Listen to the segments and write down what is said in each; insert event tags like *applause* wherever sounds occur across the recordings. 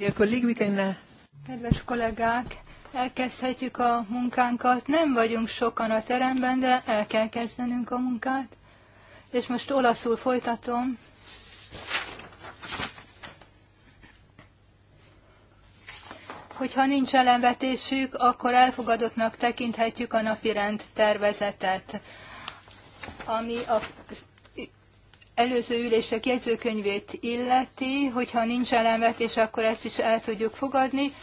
Uh, Kedves kollégák, elkezdhetjük a munkánkat. Nem vagyunk sokan a teremben, de el kell kezdenünk a munkát. És most olaszul folytatom. Hogyha nincs ellenvetésük, akkor elfogadottnak tekinthetjük a napirend tervezetet, ami a előző ülések jegyzőkönyvét illeti, hogyha nincs elemvetés, akkor ezt is el tudjuk fogadni.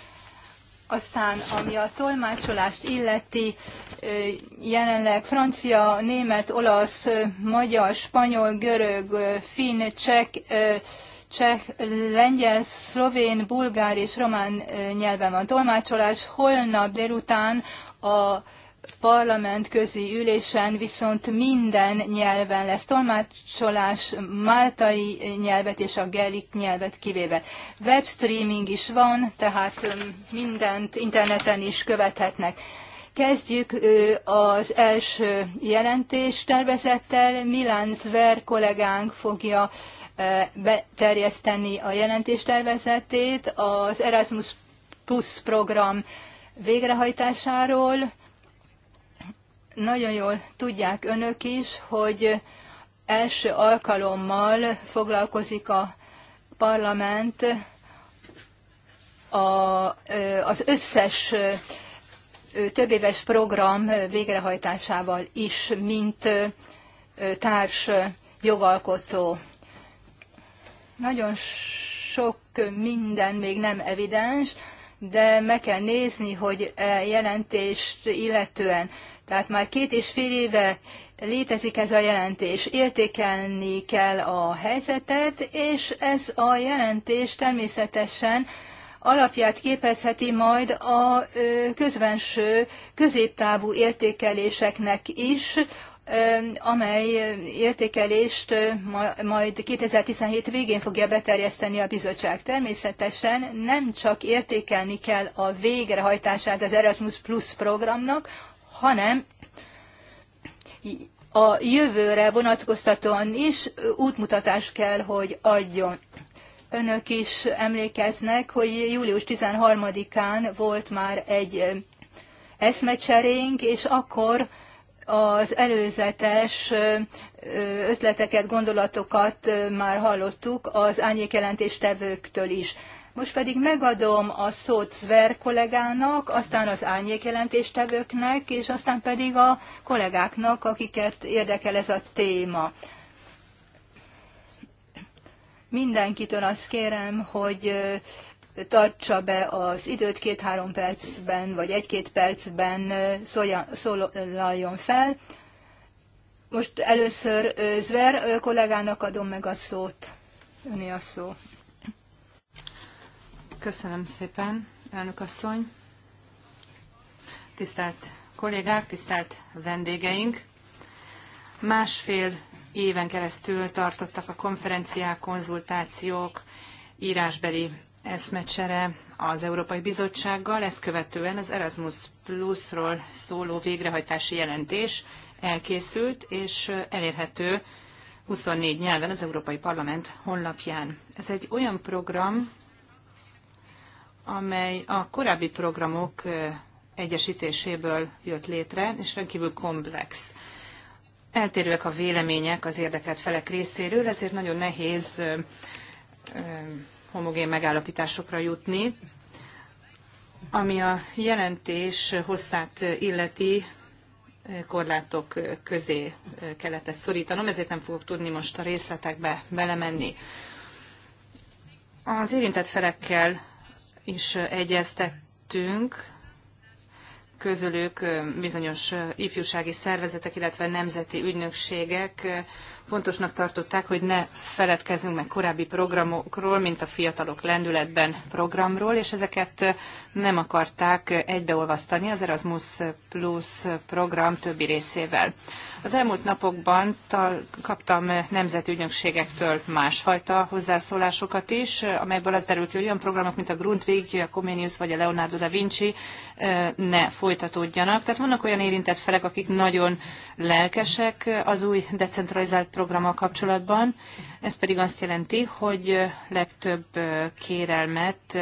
Aztán, ami a tolmácsolást illeti, jelenleg francia, német, olasz, magyar, spanyol, görög, finn, cseh, cseh, lengyel, szlovén, bulgár és román nyelven van tolmácsolás. Holnap délután a parlamentközi ülésen viszont minden nyelven lesz tolmácsolás, máltai nyelvet és a gelik nyelvet kivéve. Webstreaming is van, tehát mindent interneten is követhetnek. Kezdjük az első tervezettel. Milán Zver kollégánk fogja beterjeszteni a tervezetét az Erasmus Plus program végrehajtásáról nagyon jól tudják önök is, hogy első alkalommal foglalkozik a parlament a, az összes többéves program végrehajtásával is, mint társ jogalkotó. Nagyon sok minden még nem evidens, de meg kell nézni, hogy e jelentést illetően tehát már két és fél éve létezik ez a jelentés. Értékelni kell a helyzetet, és ez a jelentés természetesen alapját képezheti majd a közvenső középtávú értékeléseknek is, amely értékelést majd 2017 végén fogja beterjeszteni a bizottság. Természetesen nem csak értékelni kell a végrehajtását az Erasmus Plus programnak, hanem a jövőre vonatkoztatóan is útmutatás kell, hogy adjon. Önök is emlékeznek, hogy július 13-án volt már egy eszmecserénk, és akkor az előzetes ötleteket, gondolatokat már hallottuk az árnyékjelentéstevőktől is. Most pedig megadom a szót Zver kollégának, aztán az jelentéstevőknek, és aztán pedig a kollégáknak, akiket érdekel ez a téma. Mindenkitől azt kérem, hogy tartsa be az időt két-három percben, vagy egy-két percben szólaljon fel. Most először Zver kollégának adom meg a szót. Öné a szó. Köszönöm szépen, elnök asszony. Tisztelt kollégák, tisztelt vendégeink. Másfél éven keresztül tartottak a konferenciák, konzultációk, írásbeli eszmecsere az Európai Bizottsággal, ezt követően az Erasmus Plus-ról szóló végrehajtási jelentés elkészült és elérhető 24 nyelven az Európai Parlament honlapján. Ez egy olyan program, amely a korábbi programok egyesítéséből jött létre, és rendkívül komplex. Eltérőek a vélemények az érdekelt felek részéről, ezért nagyon nehéz homogén megállapításokra jutni. Ami a jelentés hosszát illeti, korlátok közé kellett ezt szorítanom, ezért nem fogok tudni most a részletekbe belemenni. Az érintett felekkel is egyeztettünk, közülük bizonyos ifjúsági szervezetek, illetve nemzeti ügynökségek fontosnak tartották, hogy ne feledkezzünk meg korábbi programokról, mint a Fiatalok Lendületben programról, és ezeket nem akarták egybeolvasztani az Erasmus Plus program többi részével. Az elmúlt napokban kaptam nemzetügynökségektől másfajta hozzászólásokat is, amelyből az derült ki, hogy olyan programok, mint a Grundtvig, a Comenius vagy a Leonardo da Vinci ne folytatódjanak. Tehát vannak olyan érintett felek, akik nagyon lelkesek az új decentralizált programmal kapcsolatban. Ez pedig azt jelenti, hogy legtöbb kérelmet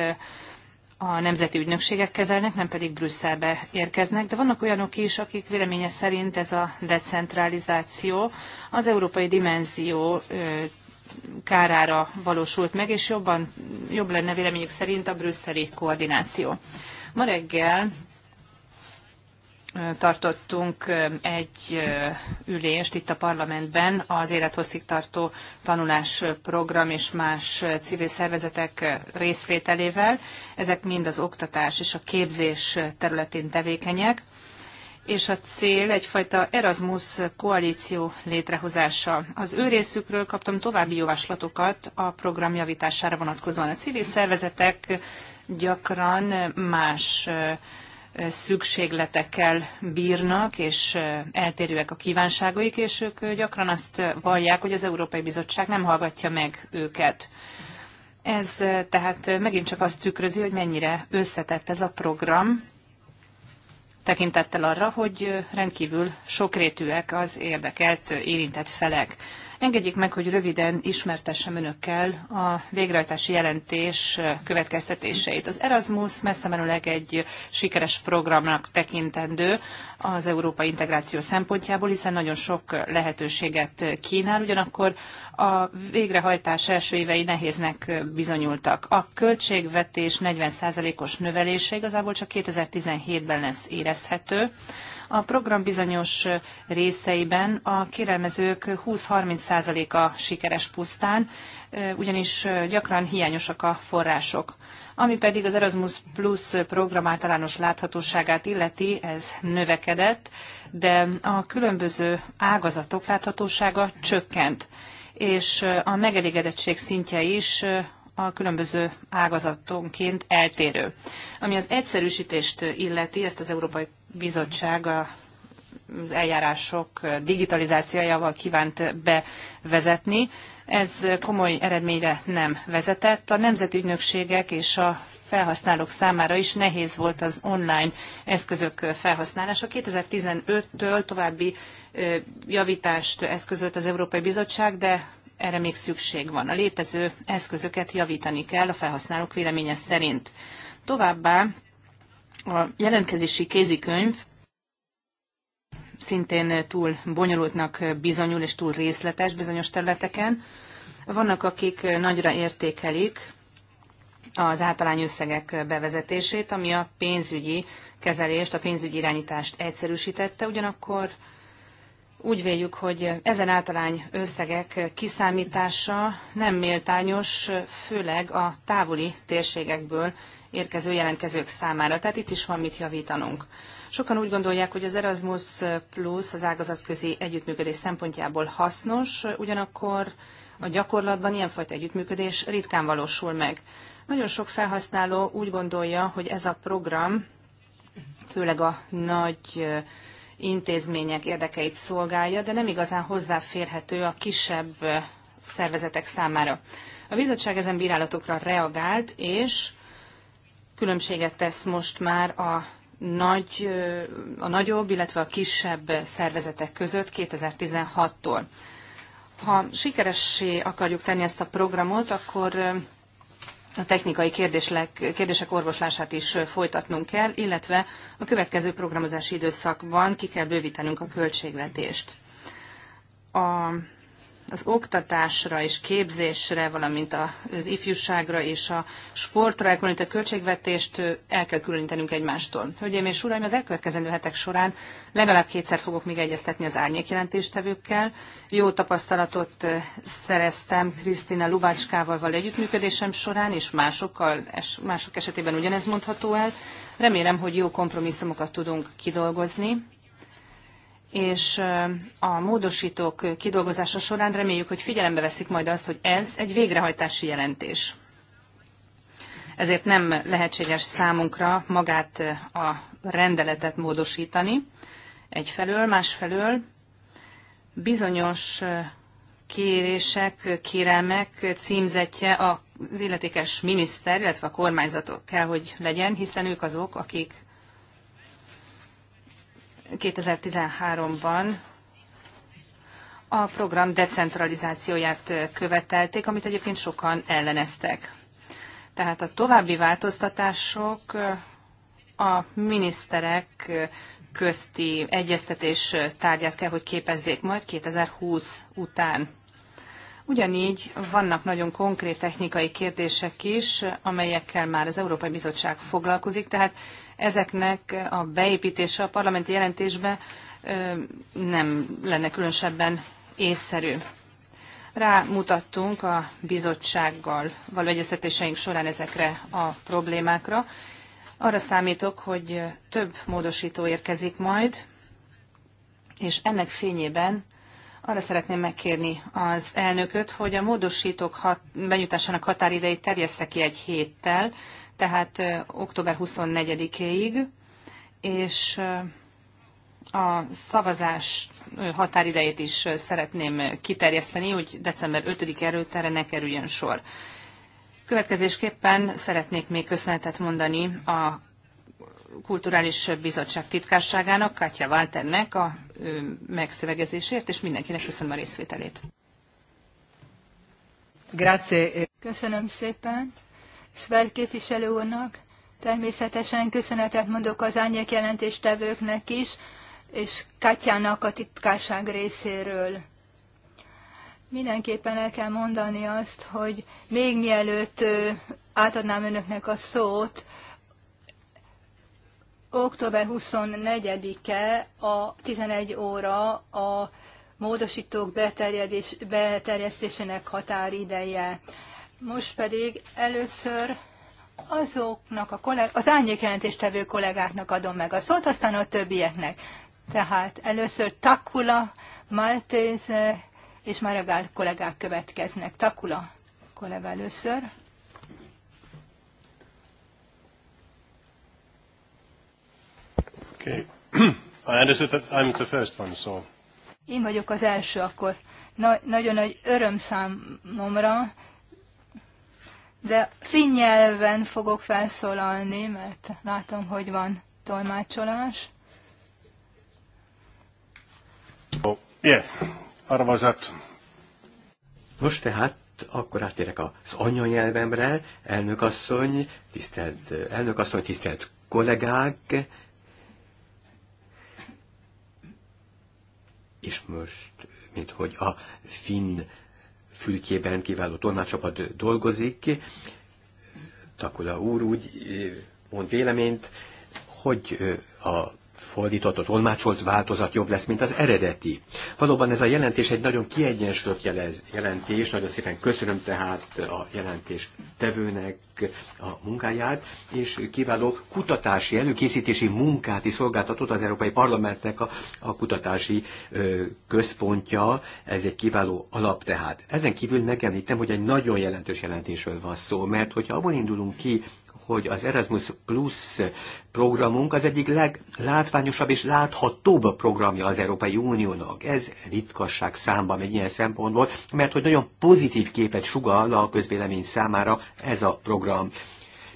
a nemzeti ügynökségek kezelnek, nem pedig Brüsszelbe érkeznek, de vannak olyanok is, akik véleménye szerint ez a decentralizáció az európai dimenzió kárára valósult meg, és jobban, jobb lenne véleményük szerint a brüsszeli koordináció. Ma reggel tartottunk egy ülést itt a parlamentben az élethosszígtartó tartó tanulás program és más civil szervezetek részvételével. Ezek mind az oktatás és a képzés területén tevékenyek, és a cél egyfajta Erasmus koalíció létrehozása. Az ő részükről kaptam további javaslatokat a program javítására vonatkozóan. A civil szervezetek gyakran más szükségletekkel bírnak, és eltérőek a kívánságaik, és ők gyakran azt vallják, hogy az Európai Bizottság nem hallgatja meg őket. Ez tehát megint csak azt tükrözi, hogy mennyire összetett ez a program, tekintettel arra, hogy rendkívül sokrétűek az érdekelt, érintett felek. Engedjék meg, hogy röviden ismertessem önökkel a végrehajtási jelentés következtetéseit. Az Erasmus messze menőleg egy sikeres programnak tekintendő az európai integráció szempontjából, hiszen nagyon sok lehetőséget kínál, ugyanakkor a végrehajtás első évei nehéznek bizonyultak. A költségvetés 40%-os növelése igazából csak 2017-ben lesz érezhető a program bizonyos részeiben a kérelmezők 20-30%-a sikeres pusztán, ugyanis gyakran hiányosak a források. Ami pedig az Erasmus Plus program általános láthatóságát illeti, ez növekedett, de a különböző ágazatok láthatósága csökkent és a megelégedettség szintje is a különböző ágazatonként eltérő. Ami az egyszerűsítést illeti, ezt az Európai Bizottság az eljárások digitalizációjával kívánt bevezetni. Ez komoly eredményre nem vezetett. A nemzeti ügynökségek és a felhasználók számára is nehéz volt az online eszközök felhasználása. 2015-től további javítást eszközölt az Európai Bizottság, de erre még szükség van. A létező eszközöket javítani kell a felhasználók véleménye szerint. Továbbá a jelentkezési kézikönyv szintén túl bonyolultnak bizonyul és túl részletes bizonyos területeken. Vannak, akik nagyra értékelik az általány összegek bevezetését, ami a pénzügyi kezelést, a pénzügyi irányítást egyszerűsítette, ugyanakkor úgy véljük, hogy ezen általány összegek kiszámítása nem méltányos, főleg a távoli térségekből érkező jelentkezők számára. Tehát itt is van mit javítanunk. Sokan úgy gondolják, hogy az Erasmus Plus az ágazatközi együttműködés szempontjából hasznos, ugyanakkor a gyakorlatban ilyenfajta együttműködés ritkán valósul meg. Nagyon sok felhasználó úgy gondolja, hogy ez a program, főleg a nagy intézmények érdekeit szolgálja, de nem igazán hozzáférhető a kisebb szervezetek számára. A bizottság ezen bírálatokra reagált, és különbséget tesz most már a nagy, a nagyobb, illetve a kisebb szervezetek között 2016-tól. Ha sikeressé akarjuk tenni ezt a programot, akkor a technikai kérdések orvoslását is folytatnunk kell, illetve a következő programozási időszakban ki kell bővítenünk a költségvetést. A az oktatásra és képzésre, valamint az ifjúságra és a sportra elkülönített költségvetést el kell különítenünk egymástól. Hölgyeim és uraim, az elkövetkezendő hetek során legalább kétszer fogok még egyeztetni az árnyékjelentéstevőkkel. Jó tapasztalatot szereztem Krisztina Lubácskával való együttműködésem során, és másokkal, mások esetében ugyanez mondható el. Remélem, hogy jó kompromisszumokat tudunk kidolgozni és a módosítók kidolgozása során reméljük, hogy figyelembe veszik majd azt, hogy ez egy végrehajtási jelentés. Ezért nem lehetséges számunkra magát a rendeletet módosítani egyfelől, másfelől bizonyos kérések, kérelmek címzetje az illetékes miniszter, illetve a kormányzatok kell, hogy legyen, hiszen ők azok, akik 2013-ban a program decentralizációját követelték, amit egyébként sokan elleneztek. Tehát a további változtatások a miniszterek közti egyeztetés tárgyát kell, hogy képezzék majd 2020 után. Ugyanígy vannak nagyon konkrét technikai kérdések is, amelyekkel már az Európai Bizottság foglalkozik, tehát ezeknek a beépítése a parlamenti jelentésbe nem lenne különösebben észszerű. Rámutattunk a bizottsággal való egyeztetéseink során ezekre a problémákra. Arra számítok, hogy több módosító érkezik majd, és ennek fényében arra szeretném megkérni az elnököt, hogy a módosítók hat, benyújtásának határidejét terjessze ki egy héttel, tehát október 24-éig, és a szavazás határidejét is szeretném kiterjeszteni, hogy december 5 erőtere ne kerüljön sor. Következésképpen szeretnék még köszönetet mondani a Kulturális Bizottság titkárságának, Katja Walternek a megszövegezésért, és mindenkinek köszönöm a részvételét. Grazie. Köszönöm szépen. Szver képviselő úrnak. Természetesen köszönetet mondok az árnyék jelentéstevőknek is, és Katyának a titkárság részéről. Mindenképpen el kell mondani azt, hogy még mielőtt átadnám önöknek a szót, október 24-e a 11 óra a módosítók beterjesztésének határideje. Most pedig először azoknak a kolleg- az árnyékjelentéstevő kollégáknak adom meg a szót, aztán a többieknek. Tehát először Takula, Maltese eh, és Maragall kollégák következnek. Takula kollega először. Okay. *clears throat* I understood that I'm the first one, so. Én vagyok az első, akkor na- nagyon nagy öröm számomra, de finnyelven fogok felszólalni, mert látom, hogy van tolmácsolás. Oh, yeah. Arvazat. Most tehát akkor átérek az anyanyelvemre, elnökasszony, tisztelt elnökasszony, tisztelt kollégák, és most, mint hogy a finn fülkében kiváló tornácsapat dolgozik. Takula úr úgy eh, mond véleményt, hogy eh, a fordított, tolmácsolt változat jobb lesz, mint az eredeti. Valóban ez a jelentés egy nagyon kiegyensúlyozott jelentés, nagyon szépen köszönöm tehát a jelentés tevőnek a munkáját, és kiváló kutatási, előkészítési munkát is szolgáltatott az Európai Parlamentnek a, a kutatási ö, központja, ez egy kiváló alap tehát. Ezen kívül megemlítem, hogy egy nagyon jelentős jelentésről van szó, mert hogyha abból indulunk ki, hogy az Erasmus Plus programunk az egyik leglátványosabb és láthatóbb programja az Európai Uniónak. Ez ritkasság számba egy ilyen szempontból, mert hogy nagyon pozitív képet sugall a közvélemény számára ez a program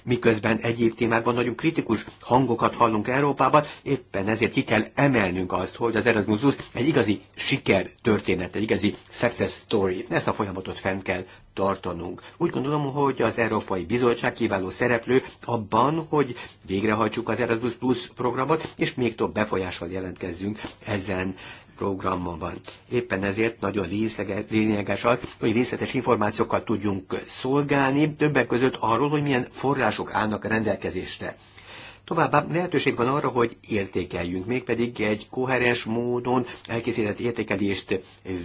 miközben egyéb témákban nagyon kritikus hangokat hallunk Európában, éppen ezért ki kell emelnünk azt, hogy az Erasmus egy igazi siker történet, egy igazi success story. Ezt a folyamatot fenn kell tartanunk. Úgy gondolom, hogy az Európai Bizottság kiváló szereplő abban, hogy végrehajtsuk az Erasmus Plus programot, és még több befolyással jelentkezzünk ezen programban van. Éppen ezért nagyon lényeges az, hogy részletes információkat tudjunk szolgálni, többek között arról, hogy milyen források állnak a rendelkezésre. Továbbá lehetőség van arra, hogy értékeljünk, mégpedig egy koherens módon elkészített értékelést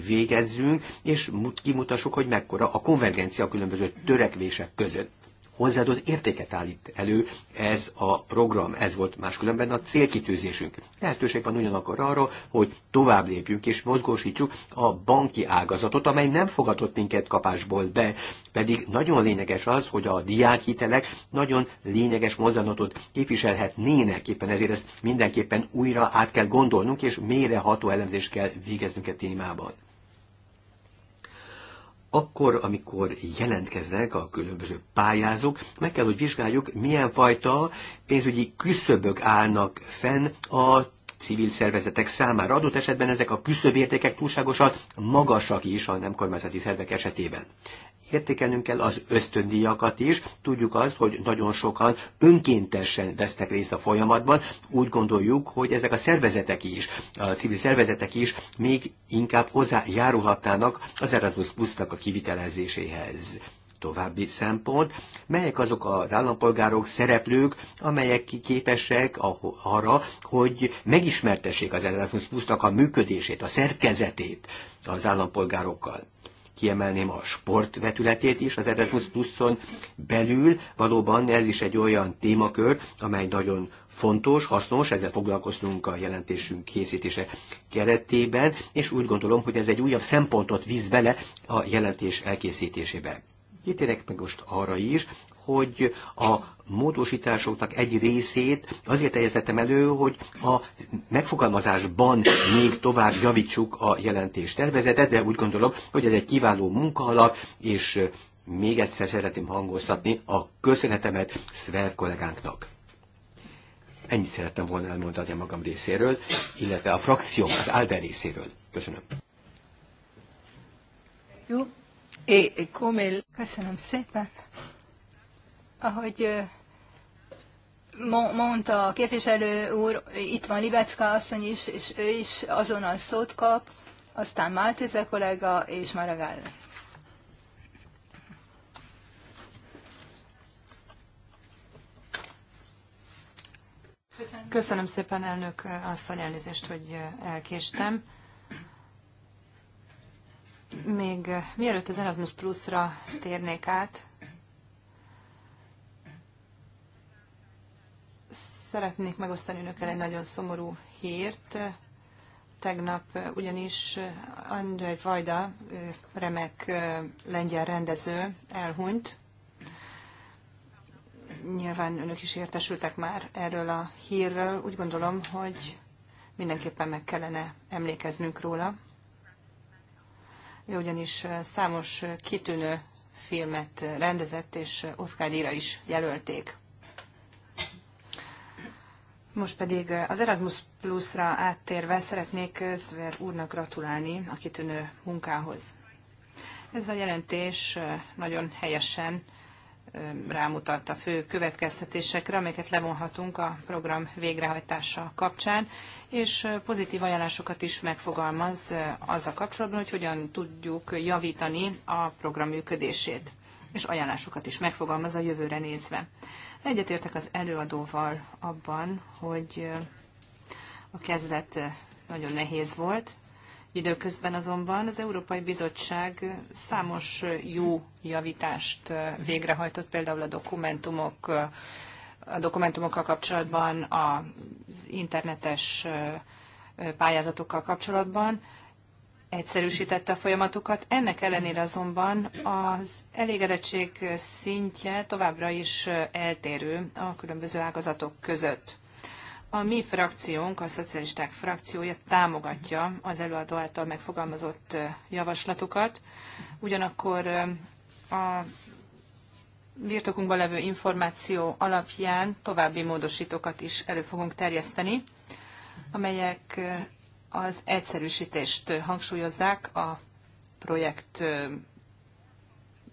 végezzünk, és kimutassuk, hogy mekkora a konvergencia a különböző törekvések között hozzáadott értéket állít elő ez a program, ez volt máskülönben a célkitűzésünk. Lehetőség van ugyanakkor arra, hogy tovább lépjünk és mozgósítsuk a banki ágazatot, amely nem fogadott minket kapásból be, pedig nagyon lényeges az, hogy a diákhitelek nagyon lényeges mozzanatot képviselhetnének, éppen ezért ezt mindenképpen újra át kell gondolnunk, és mélyreható elemzést kell végeznünk a e témában akkor, amikor jelentkeznek a különböző pályázók, meg kell, hogy vizsgáljuk, milyen fajta pénzügyi küszöbök állnak fenn a civil szervezetek számára. Adott esetben ezek a küszöbértékek túlságosan magasak is a nem kormányzati szervek esetében értékelnünk kell az ösztöndíjakat is. Tudjuk azt, hogy nagyon sokan önkéntesen vesznek részt a folyamatban. Úgy gondoljuk, hogy ezek a szervezetek is, a civil szervezetek is még inkább hozzájárulhatnának az Erasmus plus a kivitelezéséhez. További szempont, melyek azok az állampolgárok, szereplők, amelyek képesek arra, hogy megismertessék az Erasmus plus a működését, a szerkezetét az állampolgárokkal kiemelném a sport vetületét is az Erasmus Pluszon belül. Valóban ez is egy olyan témakör, amely nagyon fontos, hasznos, ezzel foglalkoztunk a jelentésünk készítése keretében, és úgy gondolom, hogy ez egy újabb szempontot visz bele a jelentés elkészítésébe. Kitérek meg most arra is, hogy a módosításoknak egy részét azért teljesítettem elő, hogy a megfogalmazásban még tovább javítsuk a jelentés tervezetet, de úgy gondolom, hogy ez egy kiváló munkaalap, és még egyszer szeretném hangoztatni a köszönetemet Szver kollégánknak. Ennyit szerettem volna elmondani a magam részéről, illetve a frakcióm, az ALDE részéről. Köszönöm. Jó. Köszönöm szépen. Ahogy mondta a képviselő úr, itt van Libecka asszony is, és ő is azonnal szót kap, aztán Máltéze kollega és Maragall. Köszönöm. Köszönöm szépen, elnök asszony, elnézést, hogy elkéstem. Még mielőtt az Erasmus Plus-ra térnék át, Szeretnék megosztani önökkel egy nagyon szomorú hírt. Tegnap ugyanis Andrzej Vajda, remek lengyel rendező, elhunyt. Nyilván önök is értesültek már erről a hírről. Úgy gondolom, hogy mindenképpen meg kellene emlékeznünk róla. Ő ugyanis számos kitűnő filmet rendezett, és Oscar díjra is jelölték. Most pedig az Erasmus Plus-ra áttérve szeretnék Szver úrnak gratulálni a kitűnő munkához. Ez a jelentés nagyon helyesen rámutat a fő következtetésekre, amelyeket levonhatunk a program végrehajtása kapcsán, és pozitív ajánlásokat is megfogalmaz az a kapcsolatban, hogy hogyan tudjuk javítani a program működését, és ajánlásokat is megfogalmaz a jövőre nézve. Egyetértek az előadóval abban, hogy eh, a kezdet eh, nagyon nehéz volt. Időközben azonban az Európai Bizottság eh, számos jó javítást végrehajtott, például a dokumentumok, a dokumentumokkal kapcsolatban, az internetes pályázatokkal kapcsolatban egyszerűsítette a folyamatukat. Ennek ellenére azonban az elégedettség szintje továbbra is eltérő a különböző ágazatok között. A mi frakciónk, a szocialisták frakciója támogatja az előadó által megfogalmazott javaslatokat, ugyanakkor a birtokunkban levő információ alapján további módosítókat is elő fogunk terjeszteni, amelyek az egyszerűsítést hangsúlyozzák a projekt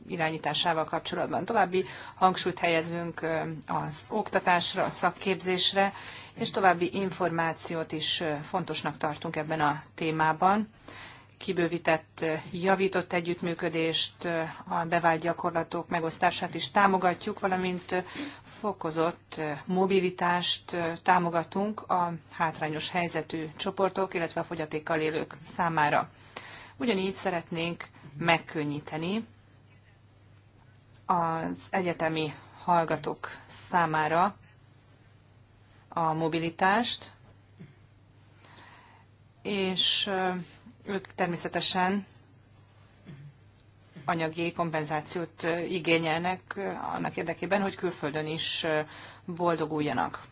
irányításával kapcsolatban. További hangsúlyt helyezünk az oktatásra, a szakképzésre, és további információt is fontosnak tartunk ebben a témában kibővített, javított együttműködést, a bevált gyakorlatok megosztását is támogatjuk, valamint fokozott mobilitást támogatunk a hátrányos helyzetű csoportok, illetve a fogyatékkal élők számára. Ugyanígy szeretnénk megkönnyíteni az egyetemi hallgatók számára a mobilitást, és ők természetesen anyagi kompenzációt igényelnek annak érdekében, hogy külföldön is boldoguljanak.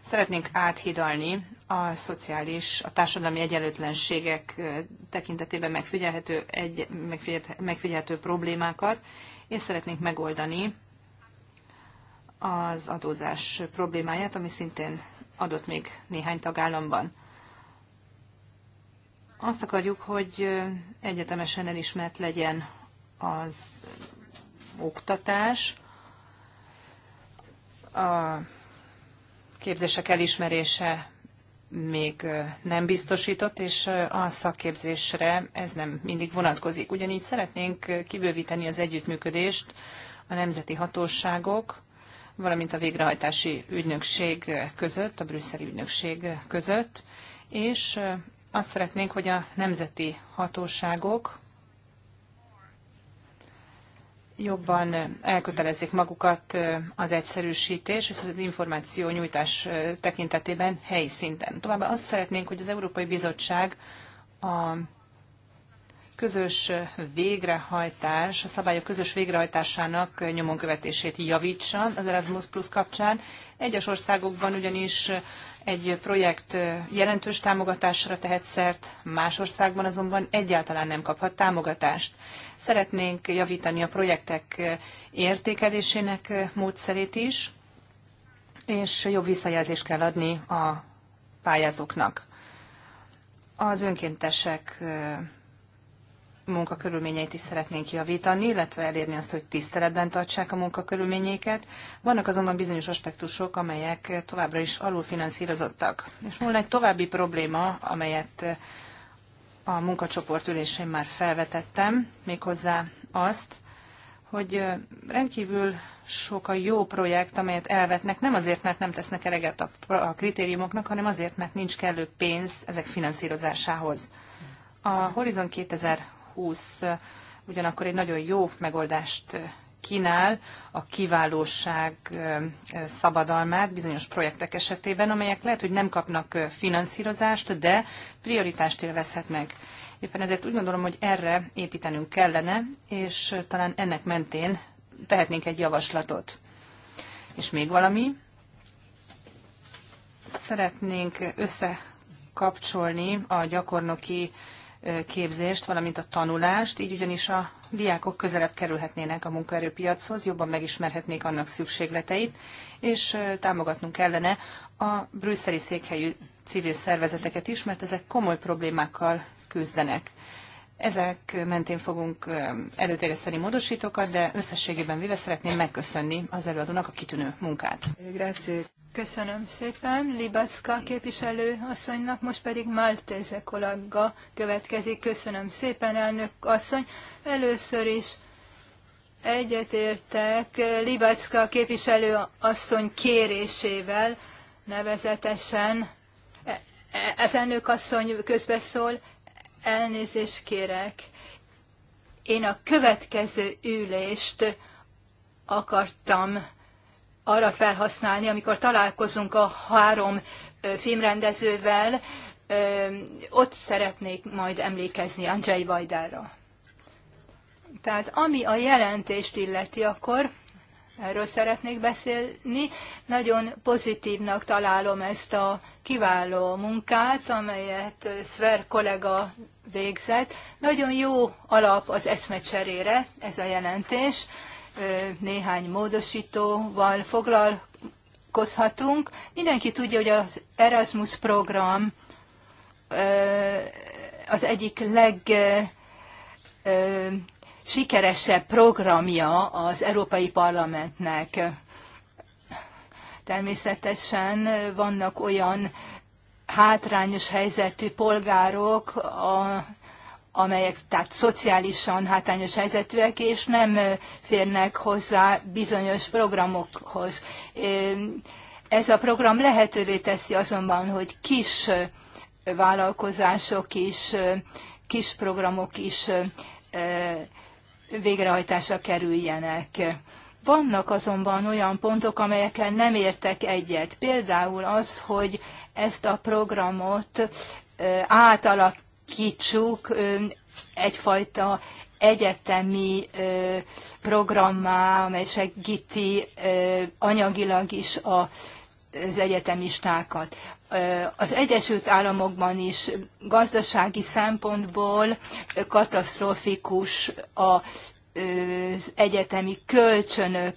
Szeretnénk áthidalni a szociális, a társadalmi egyenlőtlenségek tekintetében megfigyelhető, egy, megfigyelhető, megfigyelhető problémákat, és szeretnénk megoldani az adózás problémáját, ami szintén adott még néhány tagállamban. Azt akarjuk, hogy egyetemesen elismert legyen az oktatás, a képzések elismerése még nem biztosított, és a szakképzésre ez nem mindig vonatkozik. Ugyanígy szeretnénk kibővíteni az együttműködést a nemzeti hatóságok, valamint a végrehajtási ügynökség között, a brüsszeli ügynökség között, és azt szeretnénk, hogy a nemzeti hatóságok jobban elkötelezzék magukat az egyszerűsítés és az információ nyújtás tekintetében helyi szinten. Továbbá azt szeretnénk, hogy az Európai Bizottság a közös végrehajtás, a szabályok közös végrehajtásának nyomon követését javítsa az Erasmus Plus kapcsán. Egyes országokban ugyanis egy projekt jelentős támogatásra tehet szert, más országban azonban egyáltalán nem kaphat támogatást. Szeretnénk javítani a projektek értékelésének módszerét is, és jobb visszajelzést kell adni a pályázóknak. Az önkéntesek munkakörülményeit is szeretnénk javítani, illetve elérni azt, hogy tiszteletben tartsák a munkakörülményeiket. Vannak azonban bizonyos aspektusok, amelyek továbbra is alulfinanszírozottak. És volna egy további probléma, amelyet a munkacsoport ülésén már felvetettem, méghozzá azt, hogy rendkívül sok a jó projekt, amelyet elvetnek, nem azért, mert nem tesznek eleget a, a kritériumoknak, hanem azért, mert nincs kellő pénz ezek finanszírozásához. A Horizon 2020 ugyanakkor egy nagyon jó megoldást kínál a kiválóság szabadalmát bizonyos projektek esetében, amelyek lehet, hogy nem kapnak finanszírozást, de prioritást élvezhetnek. Éppen ezért úgy gondolom, hogy erre építenünk kellene, és talán ennek mentén tehetnénk egy javaslatot. És még valami. Szeretnénk összekapcsolni a gyakornoki képzést, valamint a tanulást, így ugyanis a diákok közelebb kerülhetnének a munkaerőpiachoz, jobban megismerhetnék annak szükségleteit, és támogatnunk kellene a brüsszeli székhelyű civil szervezeteket is, mert ezek komoly problémákkal küzdenek. Ezek mentén fogunk előterjeszteni módosítókat, de összességében véve szeretném megköszönni az előadónak a kitűnő munkát. Grazie. Köszönöm szépen Libaszka képviselő asszonynak, most pedig Maltese kollega következik. Köszönöm szépen, elnök asszony. Először is egyetértek Libaszka képviselő asszony kérésével, nevezetesen e, e, az elnök asszony közbeszól, elnézést kérek. Én a következő ülést akartam arra felhasználni, amikor találkozunk a három filmrendezővel, ott szeretnék majd emlékezni Andrzej Vajdára. Tehát ami a jelentést illeti, akkor erről szeretnék beszélni. Nagyon pozitívnak találom ezt a kiváló munkát, amelyet Szver kollega végzett. Nagyon jó alap az eszmecserére ez a jelentés néhány módosítóval foglalkozhatunk. Mindenki tudja, hogy az Erasmus program az egyik leg sikeresebb programja az Európai Parlamentnek. Természetesen vannak olyan hátrányos helyzetű polgárok, a, amelyek tehát szociálisan hátányos helyzetűek, és nem férnek hozzá bizonyos programokhoz. Ez a program lehetővé teszi azonban, hogy kis vállalkozások is, kis programok is végrehajtásra kerüljenek. Vannak azonban olyan pontok, amelyekkel nem értek egyet. Például az, hogy ezt a programot átalak, kicsuk egyfajta egyetemi programmá, amely segíti anyagilag is a az egyetemistákat. Az Egyesült Államokban is gazdasági szempontból katasztrofikus az egyetemi kölcsönök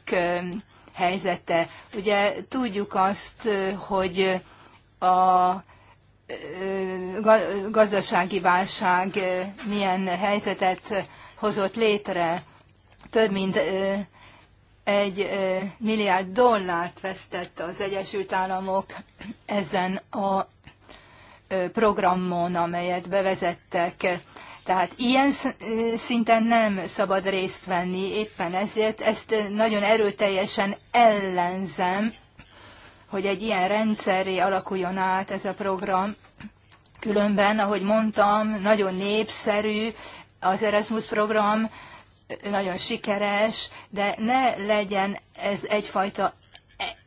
helyzete. Ugye tudjuk azt, hogy a gazdasági válság milyen helyzetet hozott létre. Több mint egy milliárd dollárt vesztett az Egyesült Államok ezen a programon, amelyet bevezettek. Tehát ilyen szinten nem szabad részt venni, éppen ezért ezt nagyon erőteljesen ellenzem, hogy egy ilyen rendszerré alakuljon át ez a program. Különben, ahogy mondtam, nagyon népszerű az Erasmus program, nagyon sikeres, de ne legyen ez egyfajta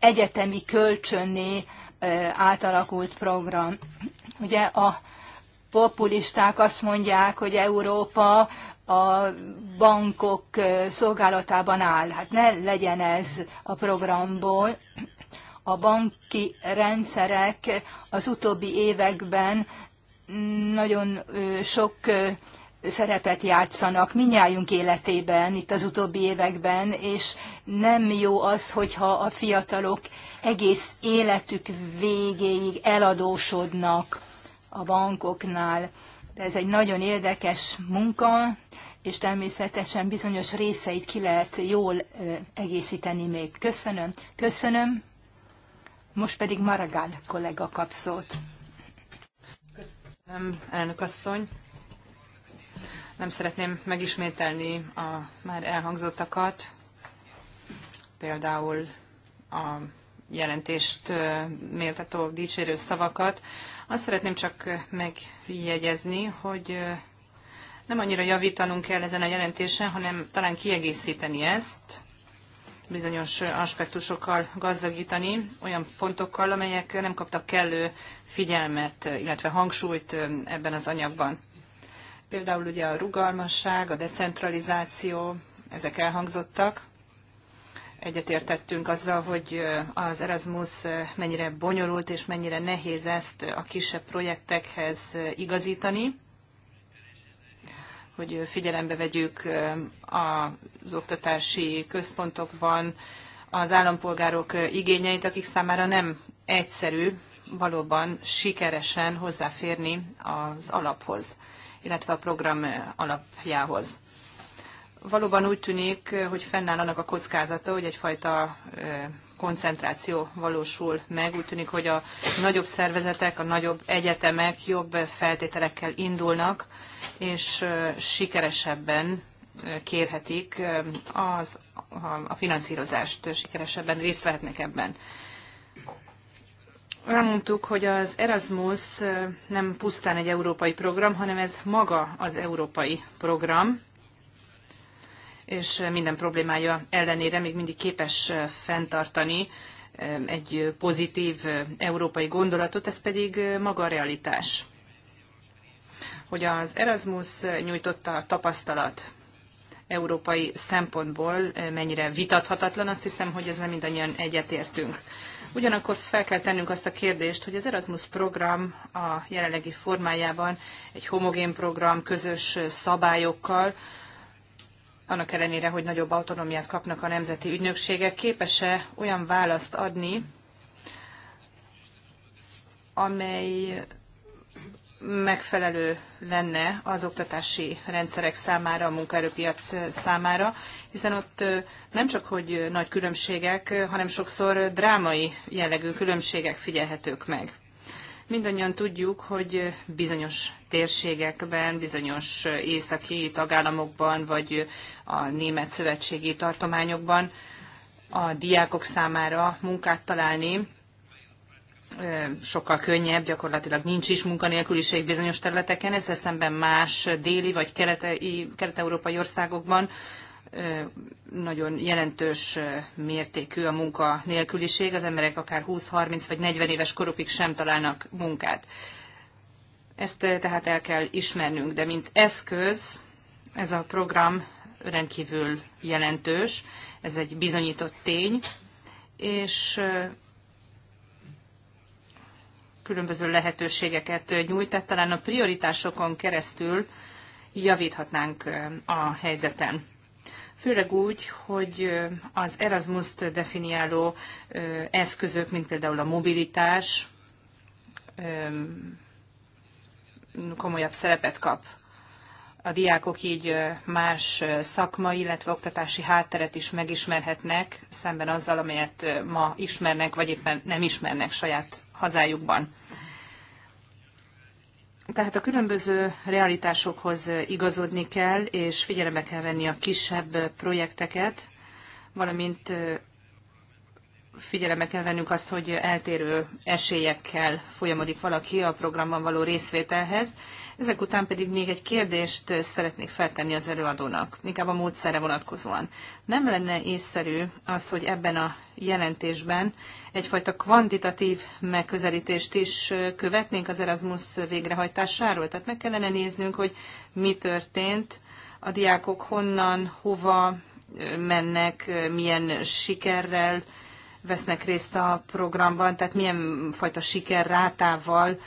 egyetemi kölcsönné átalakult program. Ugye a populisták azt mondják, hogy Európa a bankok szolgálatában áll. Hát ne legyen ez a programból a banki rendszerek az utóbbi években nagyon sok szerepet játszanak minnyájunk életében itt az utóbbi években, és nem jó az, hogyha a fiatalok egész életük végéig eladósodnak a bankoknál. De ez egy nagyon érdekes munka, és természetesen bizonyos részeit ki lehet jól egészíteni még. Köszönöm. Köszönöm. Most pedig Maragán kollega kap szót. Köszönöm, elnök asszony. Nem szeretném megismételni a már elhangzottakat, például a jelentést méltató dicsérő szavakat. Azt szeretném csak megjegyezni, hogy nem annyira javítanunk kell ezen a jelentésen, hanem talán kiegészíteni ezt, bizonyos aspektusokkal gazdagítani, olyan pontokkal, amelyek nem kaptak kellő figyelmet, illetve hangsúlyt ebben az anyagban. Például ugye a rugalmasság, a decentralizáció, ezek elhangzottak. Egyetértettünk azzal, hogy az Erasmus mennyire bonyolult és mennyire nehéz ezt a kisebb projektekhez igazítani hogy figyelembe vegyük az oktatási központokban az állampolgárok igényeit, akik számára nem egyszerű valóban sikeresen hozzáférni az alaphoz, illetve a program alapjához. Valóban úgy tűnik, hogy fennáll annak a kockázata, hogy egyfajta koncentráció valósul meg. Úgy tűnik, hogy a nagyobb szervezetek, a nagyobb egyetemek jobb feltételekkel indulnak, és sikeresebben kérhetik az, a finanszírozást, sikeresebben részt vehetnek ebben. Elmondtuk, hogy az Erasmus nem pusztán egy európai program, hanem ez maga az európai program, és minden problémája ellenére még mindig képes fenntartani egy pozitív európai gondolatot, ez pedig maga a realitás hogy az Erasmus nyújtotta tapasztalat európai szempontból mennyire vitathatatlan, azt hiszem, hogy ezzel mindannyian egyetértünk. Ugyanakkor fel kell tennünk azt a kérdést, hogy az Erasmus program a jelenlegi formájában egy homogén program, közös szabályokkal, annak ellenére, hogy nagyobb autonómiát kapnak a nemzeti ügynökségek, képes-e olyan választ adni, amely megfelelő lenne az oktatási rendszerek számára, a munkaerőpiac számára, hiszen ott nem csak hogy nagy különbségek, hanem sokszor drámai jellegű különbségek figyelhetők meg. Mindannyian tudjuk, hogy bizonyos térségekben, bizonyos északi tagállamokban, vagy a német szövetségi tartományokban a diákok számára munkát találni sokkal könnyebb, gyakorlatilag nincs is munkanélküliség bizonyos területeken, ezzel szemben más déli vagy kelet-európai országokban nagyon jelentős mértékű a munkanélküliség, az emberek akár 20-30 vagy 40 éves korukig sem találnak munkát. Ezt tehát el kell ismernünk, de mint eszköz ez a program rendkívül jelentős, ez egy bizonyított tény, és különböző lehetőségeket nyújt, tehát talán a prioritásokon keresztül javíthatnánk a helyzeten. Főleg úgy, hogy az Erasmus-t definiáló eszközök, mint például a mobilitás, komolyabb szerepet kap a diákok így más szakmai, illetve oktatási hátteret is megismerhetnek, szemben azzal, amelyet ma ismernek, vagy éppen nem ismernek saját hazájukban. Tehát a különböző realitásokhoz igazodni kell, és figyelembe kell venni a kisebb projekteket, valamint figyelembe kell vennünk azt, hogy eltérő esélyekkel folyamodik valaki a programban való részvételhez, ezek után pedig még egy kérdést szeretnék feltenni az előadónak, inkább a módszerre vonatkozóan. Nem lenne észszerű az, hogy ebben a jelentésben egyfajta kvantitatív megközelítést is követnénk az Erasmus végrehajtásáról? Tehát meg kellene néznünk, hogy mi történt, a diákok honnan, hova mennek, milyen sikerrel, vesznek részt a programban, tehát milyen fajta sikerrátával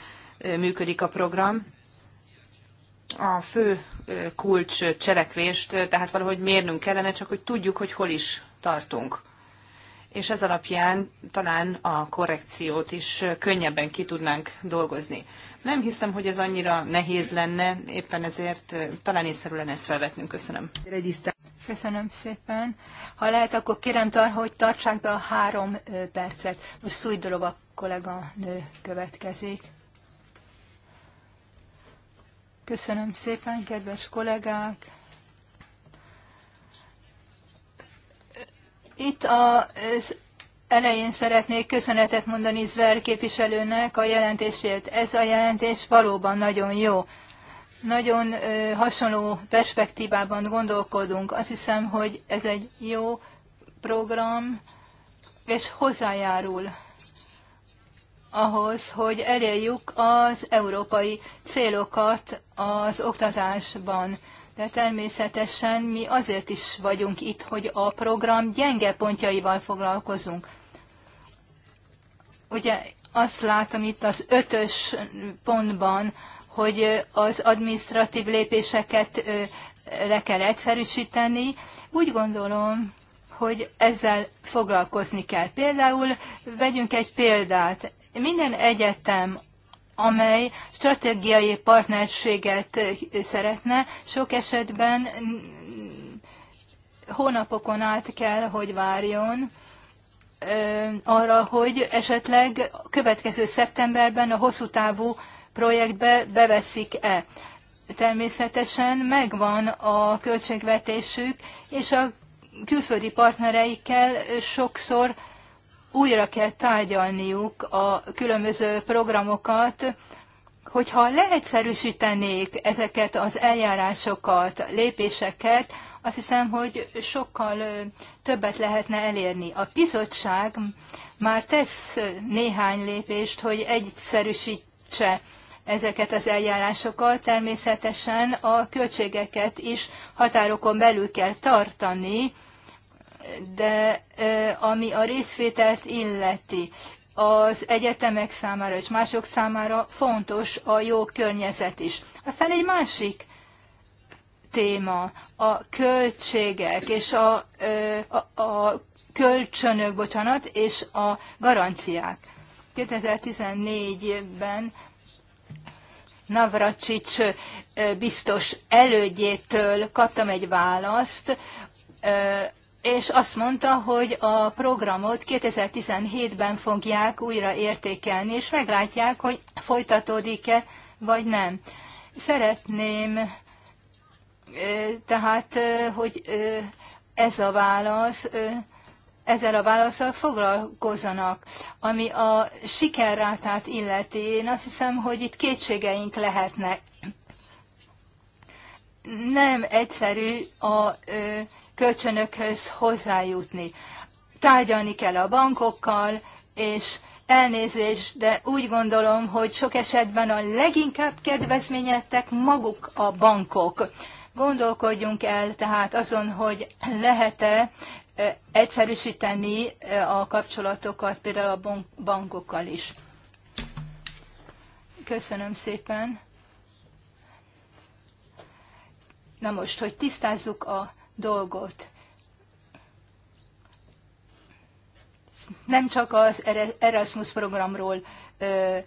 működik a program a fő kulcs cselekvést, tehát valahogy mérnünk kellene, csak hogy tudjuk, hogy hol is tartunk. És ez alapján talán a korrekciót is könnyebben ki tudnánk dolgozni. Nem hiszem, hogy ez annyira nehéz lenne, éppen ezért talán észszerű lenne ezt felvetnünk. Köszönöm. Köszönöm szépen. Ha lehet, akkor kérem, hogy tartsák be a három percet. Most Szújdorova kollega nő következik. Köszönöm szépen, kedves kollégák! Itt az elején szeretnék köszönetet mondani Zver képviselőnek a jelentését. Ez a jelentés valóban nagyon jó. Nagyon hasonló perspektívában gondolkodunk. Azt hiszem, hogy ez egy jó program, és hozzájárul ahhoz, hogy elérjük az európai célokat az oktatásban. De természetesen mi azért is vagyunk itt, hogy a program gyenge pontjaival foglalkozunk. Ugye azt látom itt az ötös pontban, hogy az administratív lépéseket le kell egyszerűsíteni. Úgy gondolom, hogy ezzel foglalkozni kell. Például vegyünk egy példát. Minden egyetem, amely stratégiai partnerséget eh, szeretne, sok esetben hónapokon át kell, hogy várjon eh, arra, hogy esetleg következő szeptemberben a hosszú távú projektbe beveszik-e. Természetesen megvan a költségvetésük, és a külföldi partnereikkel sokszor újra kell tárgyalniuk a különböző programokat, hogyha leegyszerűsítenék ezeket az eljárásokat, lépéseket, azt hiszem, hogy sokkal többet lehetne elérni. A bizottság már tesz néhány lépést, hogy egyszerűsítse ezeket az eljárásokat. Természetesen a költségeket is határokon belül kell tartani, de ami a részvételt illeti, az egyetemek számára és mások számára fontos a jó környezet is. Aztán egy másik téma, a költségek és a, a, a kölcsönök, bocsánat, és a garanciák. 2014-ben Navracsics biztos elődjétől kaptam egy választ és azt mondta, hogy a programot 2017-ben fogják újra értékelni, és meglátják, hogy folytatódik-e, vagy nem. Szeretném tehát, hogy ez a válasz, ezzel a válaszsal foglalkozzanak. Ami a sikerrátát illeti, én azt hiszem, hogy itt kétségeink lehetnek. Nem egyszerű a kölcsönökhöz hozzájutni. Tárgyalni kell a bankokkal, és elnézés, de úgy gondolom, hogy sok esetben a leginkább kedvezményettek maguk a bankok. Gondolkodjunk el tehát azon, hogy lehet-e egyszerűsíteni a kapcsolatokat például a bankokkal is. Köszönöm szépen. Na most, hogy tisztázzuk a dolgot. Nem csak az Erasmus programról ö,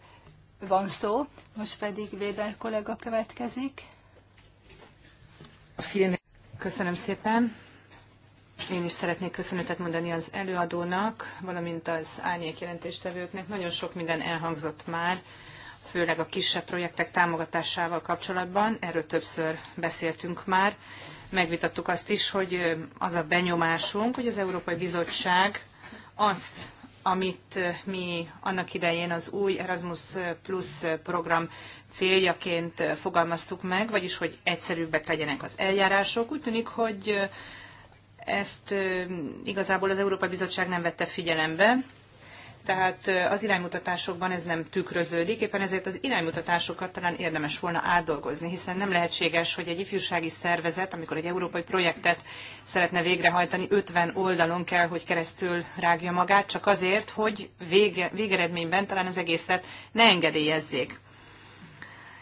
van szó, most pedig Weber kollega következik. Köszönöm szépen. Én is szeretnék köszönetet mondani az előadónak, valamint az árnyék jelentéstevőknek. Nagyon sok minden elhangzott már, főleg a kisebb projektek támogatásával kapcsolatban. Erről többször beszéltünk már, megvitattuk azt is, hogy az a benyomásunk, hogy az Európai Bizottság azt, amit mi annak idején az új Erasmus Plus program céljaként fogalmaztuk meg, vagyis hogy egyszerűbbek legyenek az eljárások. Úgy tűnik, hogy ezt igazából az Európai Bizottság nem vette figyelembe, tehát az iránymutatásokban ez nem tükröződik, éppen ezért az iránymutatásokat talán érdemes volna átdolgozni, hiszen nem lehetséges, hogy egy ifjúsági szervezet, amikor egy európai projektet szeretne végrehajtani, 50 oldalon kell, hogy keresztül rágja magát, csak azért, hogy vége, végeredményben talán az egészet ne engedélyezzék.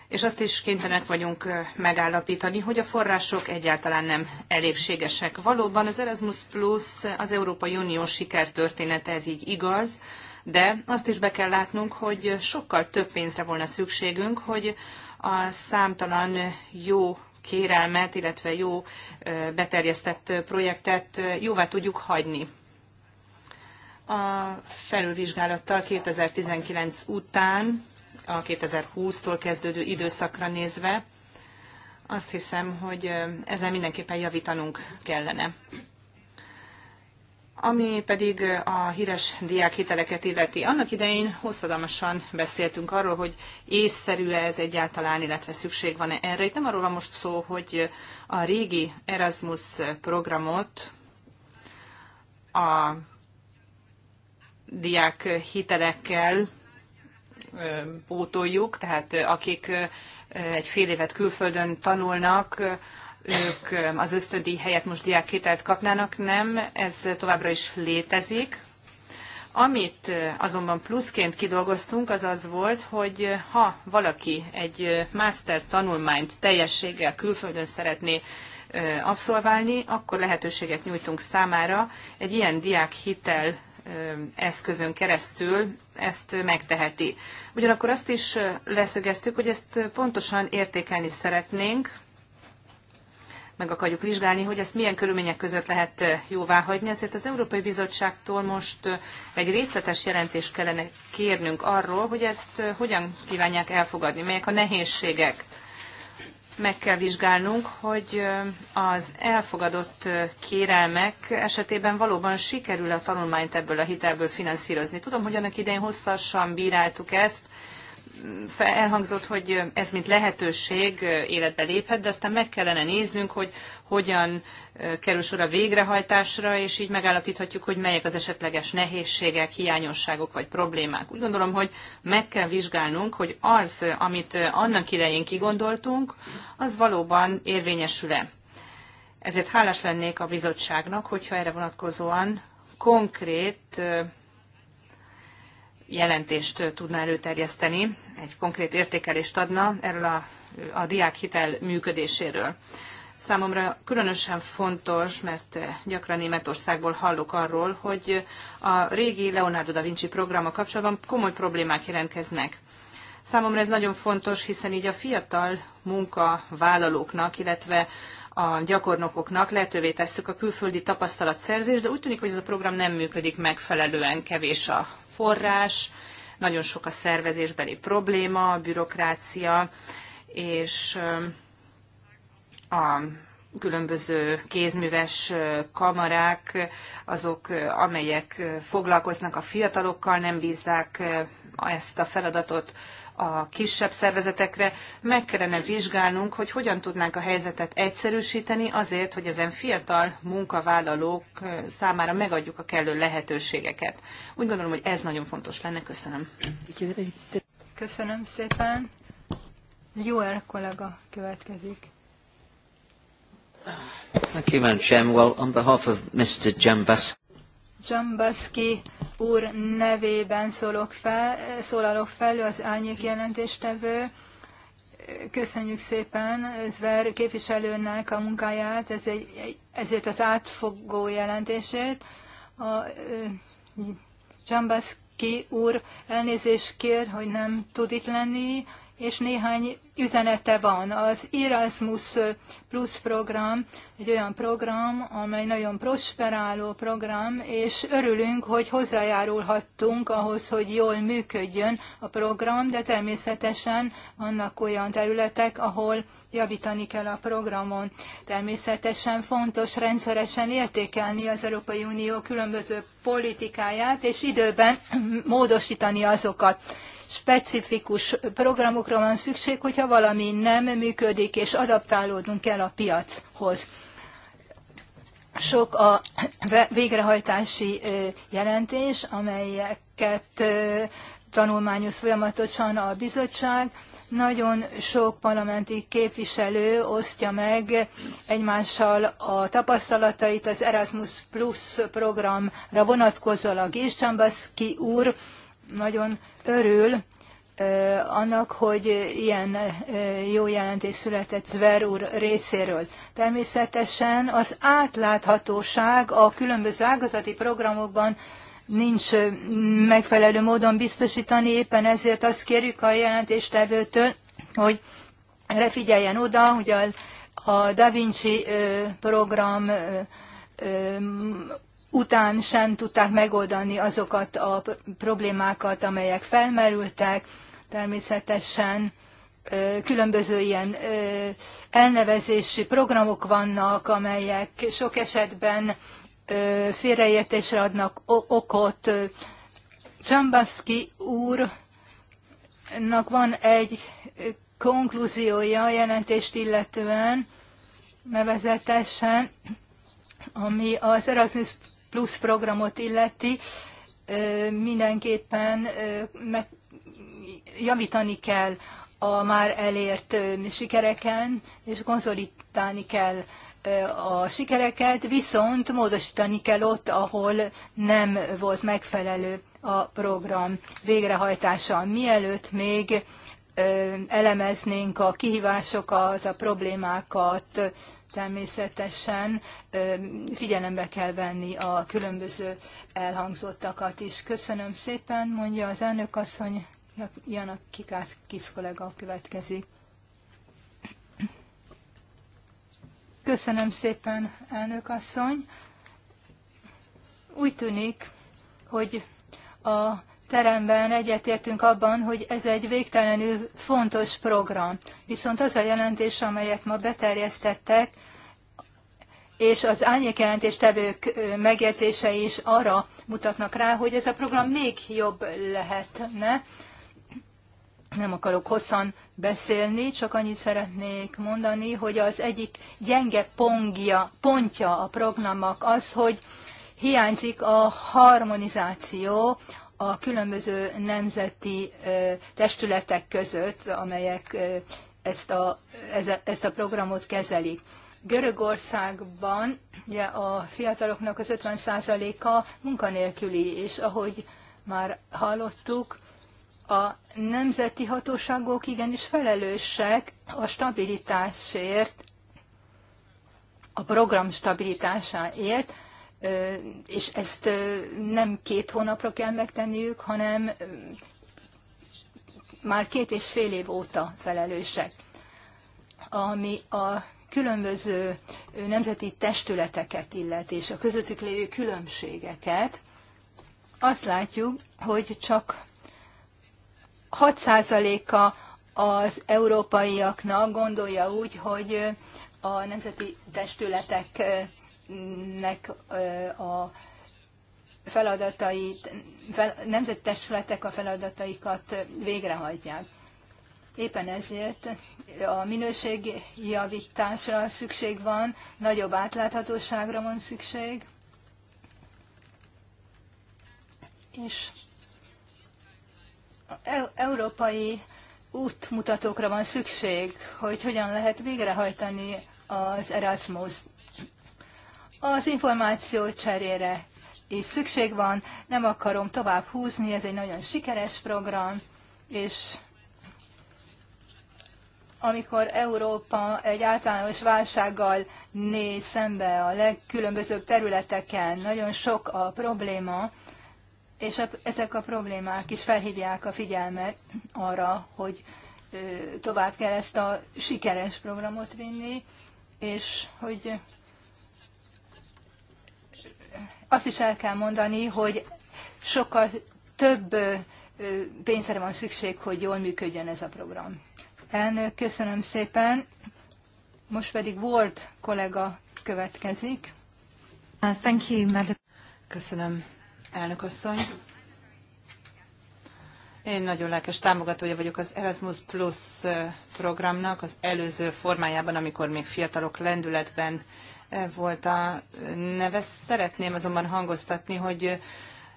És azt is kénytelenek vagyunk megállapítani, hogy a források egyáltalán nem elégségesek. Valóban az Erasmus Plus az Európai Unió sikertörténete, ez így igaz, de azt is be kell látnunk, hogy sokkal több pénzre volna szükségünk, hogy a számtalan jó kérelmet, illetve jó beterjesztett projektet jóvá tudjuk hagyni. A felülvizsgálattal 2019 után, a 2020-tól kezdődő időszakra nézve, azt hiszem, hogy ezzel mindenképpen javítanunk kellene. Ami pedig a híres diákhiteleket illeti. Annak idején hosszadalmasan beszéltünk arról, hogy észszerű -e ez egyáltalán, illetve szükség van-e erre. Itt nem arról van most szó, hogy a régi Erasmus programot a diák hitelekkel pótoljuk, tehát akik egy fél évet külföldön tanulnak, ők az ösztöndi helyett most diákkételt kapnának, nem, ez továbbra is létezik. Amit azonban pluszként kidolgoztunk, az az volt, hogy ha valaki egy master tanulmányt teljességgel külföldön szeretné abszolválni, akkor lehetőséget nyújtunk számára egy ilyen diákhitel eszközön keresztül ezt megteheti. Ugyanakkor azt is leszögeztük, hogy ezt pontosan értékelni szeretnénk, meg akarjuk vizsgálni, hogy ezt milyen körülmények között lehet jóvá hagyni. Ezért az Európai Bizottságtól most egy részletes jelentést kellene kérnünk arról, hogy ezt hogyan kívánják elfogadni, melyek a nehézségek. Meg kell vizsgálnunk, hogy az elfogadott kérelmek esetében valóban sikerül a tanulmányt ebből a hitelből finanszírozni. Tudom, hogy annak idején hosszasan bíráltuk ezt, elhangzott, hogy ez mint lehetőség életbe léphet, de aztán meg kellene néznünk, hogy hogyan kerül sor a végrehajtásra, és így megállapíthatjuk, hogy melyek az esetleges nehézségek, hiányosságok vagy problémák. Úgy gondolom, hogy meg kell vizsgálnunk, hogy az, amit annak idején kigondoltunk, az valóban érvényesül-e. Ezért hálás lennék a bizottságnak, hogyha erre vonatkozóan konkrét jelentést tudna előterjeszteni, egy konkrét értékelést adna erről a, a diákhitel működéséről. Számomra különösen fontos, mert gyakran Németországból hallok arról, hogy a régi Leonardo da Vinci programma kapcsolatban komoly problémák jelentkeznek. Számomra ez nagyon fontos, hiszen így a fiatal munkavállalóknak, illetve a gyakornokoknak lehetővé tesszük a külföldi tapasztalatszerzést, de úgy tűnik, hogy ez a program nem működik megfelelően, kevés a forrás, nagyon sok a szervezésbeli probléma, a bürokrácia, és a különböző kézműves kamarák, azok, amelyek foglalkoznak a fiatalokkal, nem bízzák ezt a feladatot a kisebb szervezetekre, meg kellene vizsgálnunk, hogy hogyan tudnánk a helyzetet egyszerűsíteni azért, hogy ezen fiatal munkavállalók számára megadjuk a kellő lehetőségeket. Úgy gondolom, hogy ez nagyon fontos lenne. Köszönöm. Köszönöm szépen. el, kollega következik. Thank you, Madam Chairman. Well, on behalf of Mr. Jambas. Dzsambaszki úr nevében szólok fel, szólalok fel, az árnyék jelentéstevő. Köszönjük szépen Zver képviselőnek a munkáját, ez egy, ezért az átfogó jelentését. A Dzsambaszki úr elnézést kér, hogy nem tud itt lenni, és néhány üzenete van. Az Erasmus Plus program egy olyan program, amely nagyon prosperáló program, és örülünk, hogy hozzájárulhattunk ahhoz, hogy jól működjön a program, de természetesen vannak olyan területek, ahol javítani kell a programon. Természetesen fontos rendszeresen értékelni az Európai Unió különböző politikáját, és időben *clears throat* módosítani azokat specifikus programokra van szükség, hogyha valami nem működik, és adaptálódunk kell a piachoz sok a végrehajtási jelentés, amelyeket tanulmányoz folyamatosan a bizottság. Nagyon sok parlamenti képviselő osztja meg egymással a tapasztalatait az Erasmus Plus programra vonatkozólag is. Csambaszki úr nagyon örül annak, hogy ilyen jó jelentés született Zver úr részéről. Természetesen az átláthatóság a különböző ágazati programokban nincs megfelelő módon biztosítani, éppen ezért azt kérjük a jelentéstevőtől, hogy erre figyeljen oda, hogy a, a Da Vinci program után sem tudták megoldani azokat a problémákat, amelyek felmerültek, természetesen különböző ilyen elnevezési programok vannak, amelyek sok esetben félreértésre adnak okot. Csambaszki úrnak van egy konklúziója a jelentést illetően, nevezetesen, ami az Erasmus Plus programot illeti, mindenképpen meg javítani kell a már elért sikereken, és konszolidálni kell a sikereket, viszont módosítani kell ott, ahol nem volt megfelelő a program végrehajtása. Mielőtt még elemeznénk a kihívásokat, a problémákat, természetesen figyelembe kell venni a különböző elhangzottakat is. Köszönöm szépen, mondja az elnök asszony, Hát, a Kikász kis kollega következik. Köszönöm szépen, elnök asszony. Úgy tűnik, hogy a teremben egyetértünk abban, hogy ez egy végtelenül fontos program. Viszont az a jelentés, amelyet ma beterjesztettek, és az árnyékjelentéstevők megjegyzése is arra mutatnak rá, hogy ez a program még jobb lehetne nem akarok hosszan beszélni, csak annyit szeretnék mondani, hogy az egyik gyenge pongja, pontja a programnak az, hogy hiányzik a harmonizáció a különböző nemzeti testületek között, amelyek ezt a, ezt a programot kezelik. Görögországban ugye, a fiataloknak az 50%-a munkanélküli, és ahogy már hallottuk, a nemzeti hatóságok igenis felelősek a stabilitásért, a program stabilitásáért, és ezt nem két hónapra kell megtenniük, hanem már két és fél év óta felelősek. Ami a különböző nemzeti testületeket illeti, és a közöttük lévő különbségeket, azt látjuk, hogy csak 6%-a az európaiaknak gondolja úgy, hogy a nemzeti testületeknek a feladatait, fel, nemzeti testületek a feladataikat végrehajtják. Éppen ezért a minőségjavításra szükség van, nagyobb átláthatóságra van szükség, és európai útmutatókra van szükség, hogy hogyan lehet végrehajtani az Erasmus. Az információ cserére is szükség van, nem akarom tovább húzni, ez egy nagyon sikeres program, és amikor Európa egy általános válsággal néz szembe a legkülönbözőbb területeken, nagyon sok a probléma, és ezek a problémák is felhívják a figyelmet arra, hogy tovább kell ezt a sikeres programot vinni, és hogy azt is el kell mondani, hogy sokkal több pénzre van szükség, hogy jól működjön ez a program. Elnök, köszönöm szépen. Most pedig Ward kollega következik. Uh, thank you, Madam. Köszönöm, Elnök asszony. Én nagyon lelkes támogatója vagyok az Erasmus Plus programnak, az előző formájában, amikor még fiatalok lendületben volt a neve. Szeretném azonban hangoztatni, hogy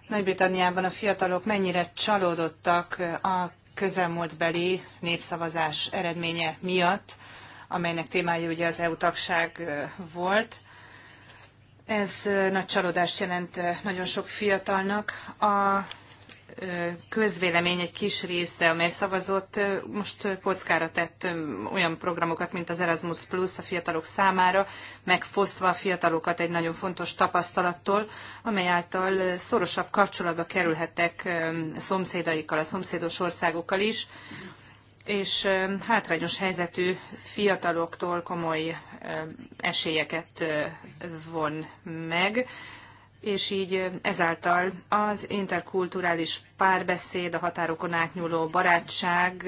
Nagy-Britanniában a fiatalok mennyire csalódottak a közelmúltbeli népszavazás eredménye miatt, amelynek témája ugye az EU tagság volt. Ez nagy csalódást jelent nagyon sok fiatalnak. A közvélemény egy kis része, amely szavazott, most kockára tett olyan programokat, mint az Erasmus Plus a fiatalok számára, megfosztva a fiatalokat egy nagyon fontos tapasztalattól, amely által szorosabb kapcsolatba kerülhettek szomszédaikkal, a szomszédos országokkal is, és hátrányos helyzetű fiataloktól komoly esélyeket von meg, és így ezáltal az interkulturális párbeszéd, a határokon átnyúló barátság,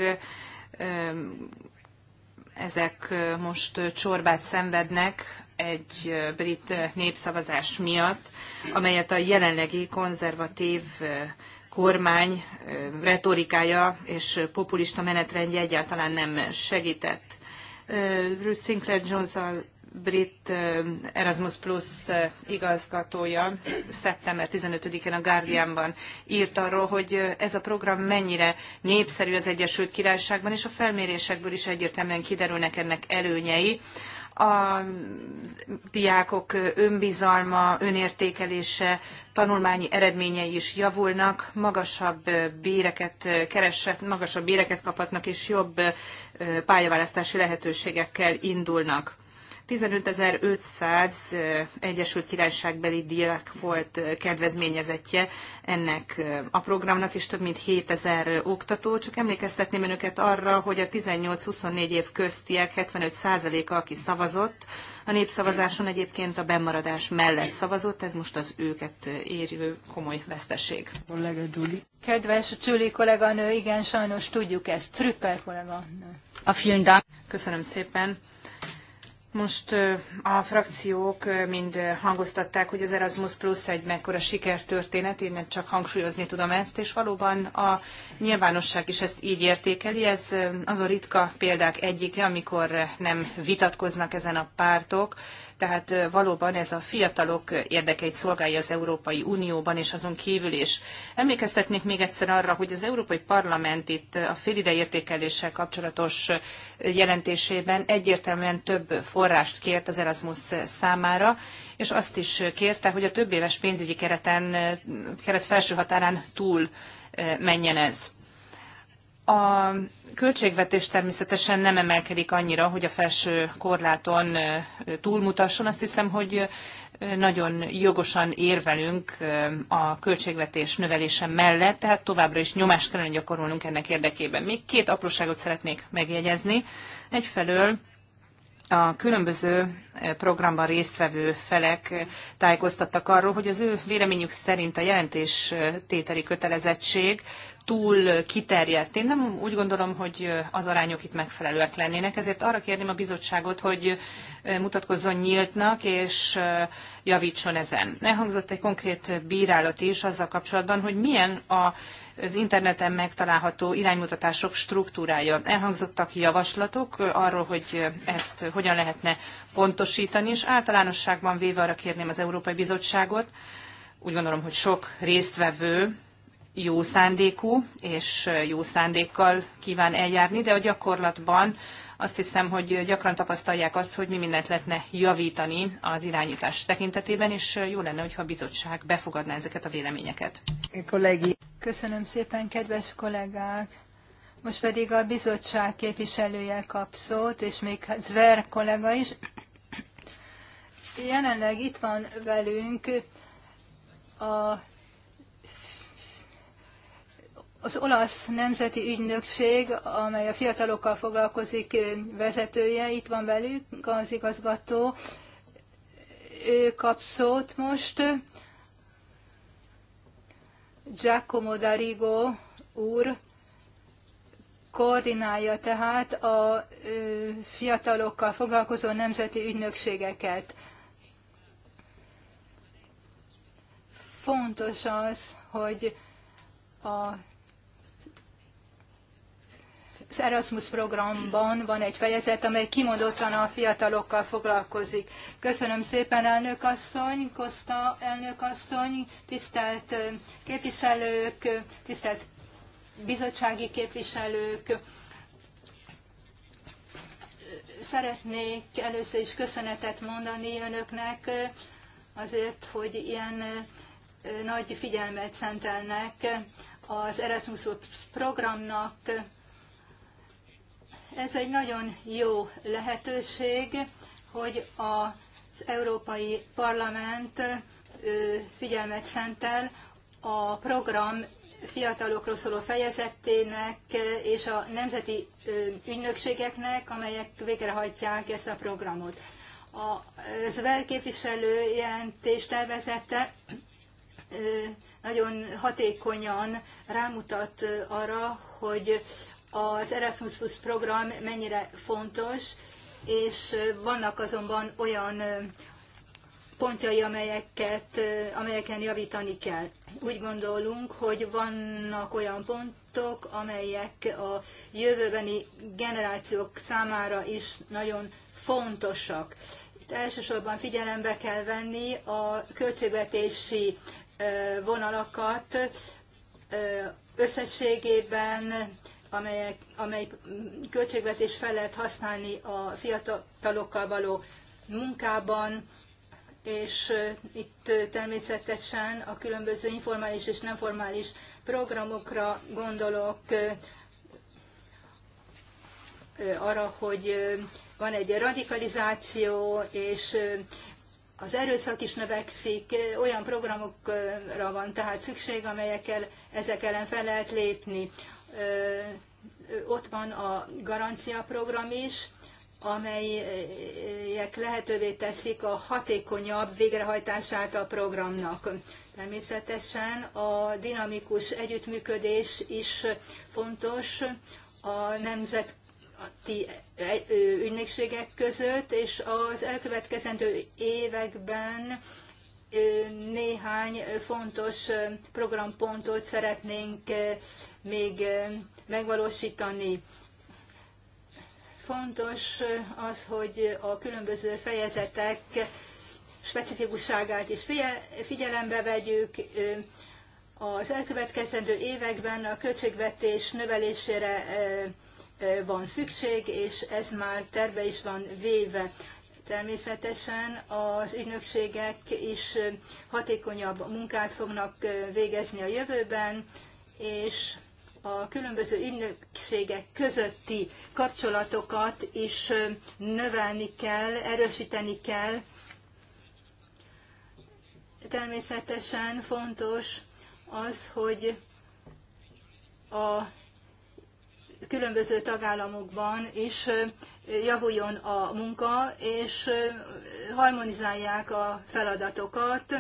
ezek most csorbát szenvednek egy brit népszavazás miatt, amelyet a jelenlegi konzervatív kormány retorikája és populista menetrendje egyáltalán nem segített. Bruce Sinclair Jones a brit Erasmus Plus igazgatója szeptember 15-én a Guardianban írt arról, hogy ez a program mennyire népszerű az Egyesült Királyságban, és a felmérésekből is egyértelműen kiderülnek ennek előnyei a diákok önbizalma, önértékelése, tanulmányi eredményei is javulnak, magasabb béreket keresett, magasabb béreket kaphatnak, és jobb pályaválasztási lehetőségekkel indulnak. 15.500 Egyesült Királyságbeli diák volt kedvezményezetje ennek a programnak, és több mint 7000 oktató. Csak emlékeztetném önöket arra, hogy a 18-24 év köztiek 75%-a, aki szavazott, a népszavazáson egyébként a bemaradás mellett szavazott, ez most az őket érő komoly veszteség. Kollega Gyuli. Kedves Csüli kolléganő, igen, sajnos tudjuk ezt. Trüppel kolléganő. A film Köszönöm szépen. Most a frakciók mind hangoztatták, hogy az Erasmus Plus egy mekkora sikertörténet, én csak hangsúlyozni tudom ezt, és valóban a nyilvánosság is ezt így értékeli. Ez az a ritka példák egyike, amikor nem vitatkoznak ezen a pártok, tehát valóban ez a fiatalok érdekeit szolgálja az Európai Unióban és azon kívül is. Emlékeztetnék még egyszer arra, hogy az Európai Parlament itt a félidei kapcsolatos jelentésében egyértelműen több forrást kért az Erasmus számára, és azt is kérte, hogy a több éves pénzügyi kereten, keret felső határán túl menjen ez. A költségvetés természetesen nem emelkedik annyira, hogy a felső korláton túlmutasson. Azt hiszem, hogy nagyon jogosan érvelünk a költségvetés növelése mellett, tehát továbbra is nyomást kellene gyakorolnunk ennek érdekében. Még két apróságot szeretnék megjegyezni. Egyfelől a különböző programban résztvevő felek tájékoztattak arról, hogy az ő véleményük szerint a jelentés tételi kötelezettség túl kiterjedt. Én nem úgy gondolom, hogy az arányok itt megfelelőek lennének, ezért arra kérném a bizottságot, hogy mutatkozzon nyíltnak és javítson ezen. Elhangzott egy konkrét bírálat is azzal kapcsolatban, hogy milyen a az interneten megtalálható iránymutatások struktúrája. Elhangzottak javaslatok arról, hogy ezt hogyan lehetne pontosítani, és általánosságban véve arra kérném az Európai Bizottságot, úgy gondolom, hogy sok résztvevő jó szándékú és jó szándékkal kíván eljárni, de a gyakorlatban azt hiszem, hogy gyakran tapasztalják azt, hogy mi mindent lehetne javítani az irányítás tekintetében, és jó lenne, hogyha a bizottság befogadná ezeket a véleményeket. Kollégi. Köszönöm szépen, kedves kollégák! Most pedig a bizottság képviselője kap szót, és még Zver kollega is. Jelenleg itt van velünk a az olasz nemzeti ügynökség, amely a fiatalokkal foglalkozik vezetője, itt van velük az igazgató, ő kap szót most. Giacomo Darigo úr koordinálja tehát a fiatalokkal foglalkozó nemzeti ügynökségeket. Fontos az, hogy a az Erasmus programban van egy fejezet, amely kimondottan a fiatalokkal foglalkozik. Köszönöm szépen, elnök asszony, Koszta elnök asszony, tisztelt képviselők, tisztelt bizottsági képviselők, szeretnék először is köszönetet mondani önöknek azért, hogy ilyen nagy figyelmet szentelnek az Erasmus programnak, ez egy nagyon jó lehetőség, hogy az Európai Parlament figyelmet szentel a program fiatalokról szóló fejezetének és a nemzeti ügynökségeknek, amelyek végrehajtják ezt a programot. A Zver képviselő jelentés tervezete nagyon hatékonyan rámutat arra, hogy az Erasmus Plus program mennyire fontos, és vannak azonban olyan pontjai, amelyeket, amelyeken javítani kell. Úgy gondolunk, hogy vannak olyan pontok, amelyek a jövőbeni generációk számára is nagyon fontosak. Itt elsősorban figyelembe kell venni a költségvetési vonalakat összességében amelyek, amely költségvetés fel lehet használni a fiatalokkal való munkában, és itt természetesen a különböző informális és nem formális programokra gondolok, arra, hogy van egy radikalizáció, és az erőszak is növekszik, olyan programokra van tehát szükség, amelyekkel ezek ellen fel lehet lépni ott van a garancia program is, amelyek lehetővé teszik a hatékonyabb végrehajtását a programnak. Természetesen a dinamikus együttműködés is fontos a nemzeti ügynökségek között, és az elkövetkezendő években néhány fontos programpontot szeretnénk még megvalósítani. Fontos az, hogy a különböző fejezetek specifikusságát is figyelembe vegyük. Az elkövetkezendő években a költségvetés növelésére van szükség, és ez már terve is van véve. Természetesen az ügynökségek is hatékonyabb munkát fognak végezni a jövőben, és a különböző ügynökségek közötti kapcsolatokat is növelni kell, erősíteni kell. Természetesen fontos az, hogy a különböző tagállamokban is javuljon a munka, és harmonizálják a feladatokat.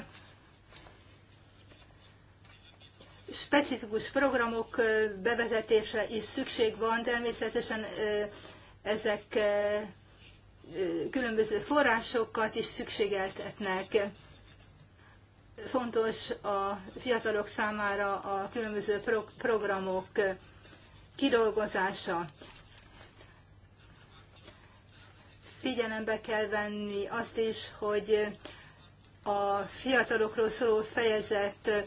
Specifikus programok bevezetése is szükség van, természetesen ezek különböző forrásokat is szükségeltetnek. Fontos a fiatalok számára a különböző pro- programok kidolgozása. figyelembe kell venni azt is, hogy a fiatalokról szóló fejezet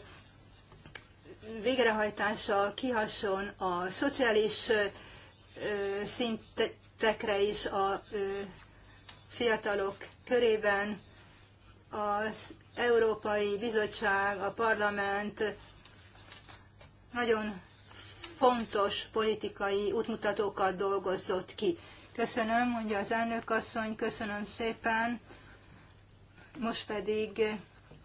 végrehajtása kihasson a szociális szintekre is a fiatalok körében. Az Európai Bizottság, a parlament nagyon fontos politikai útmutatókat dolgozott ki. Köszönöm, mondja az elnök asszony, köszönöm szépen. Most pedig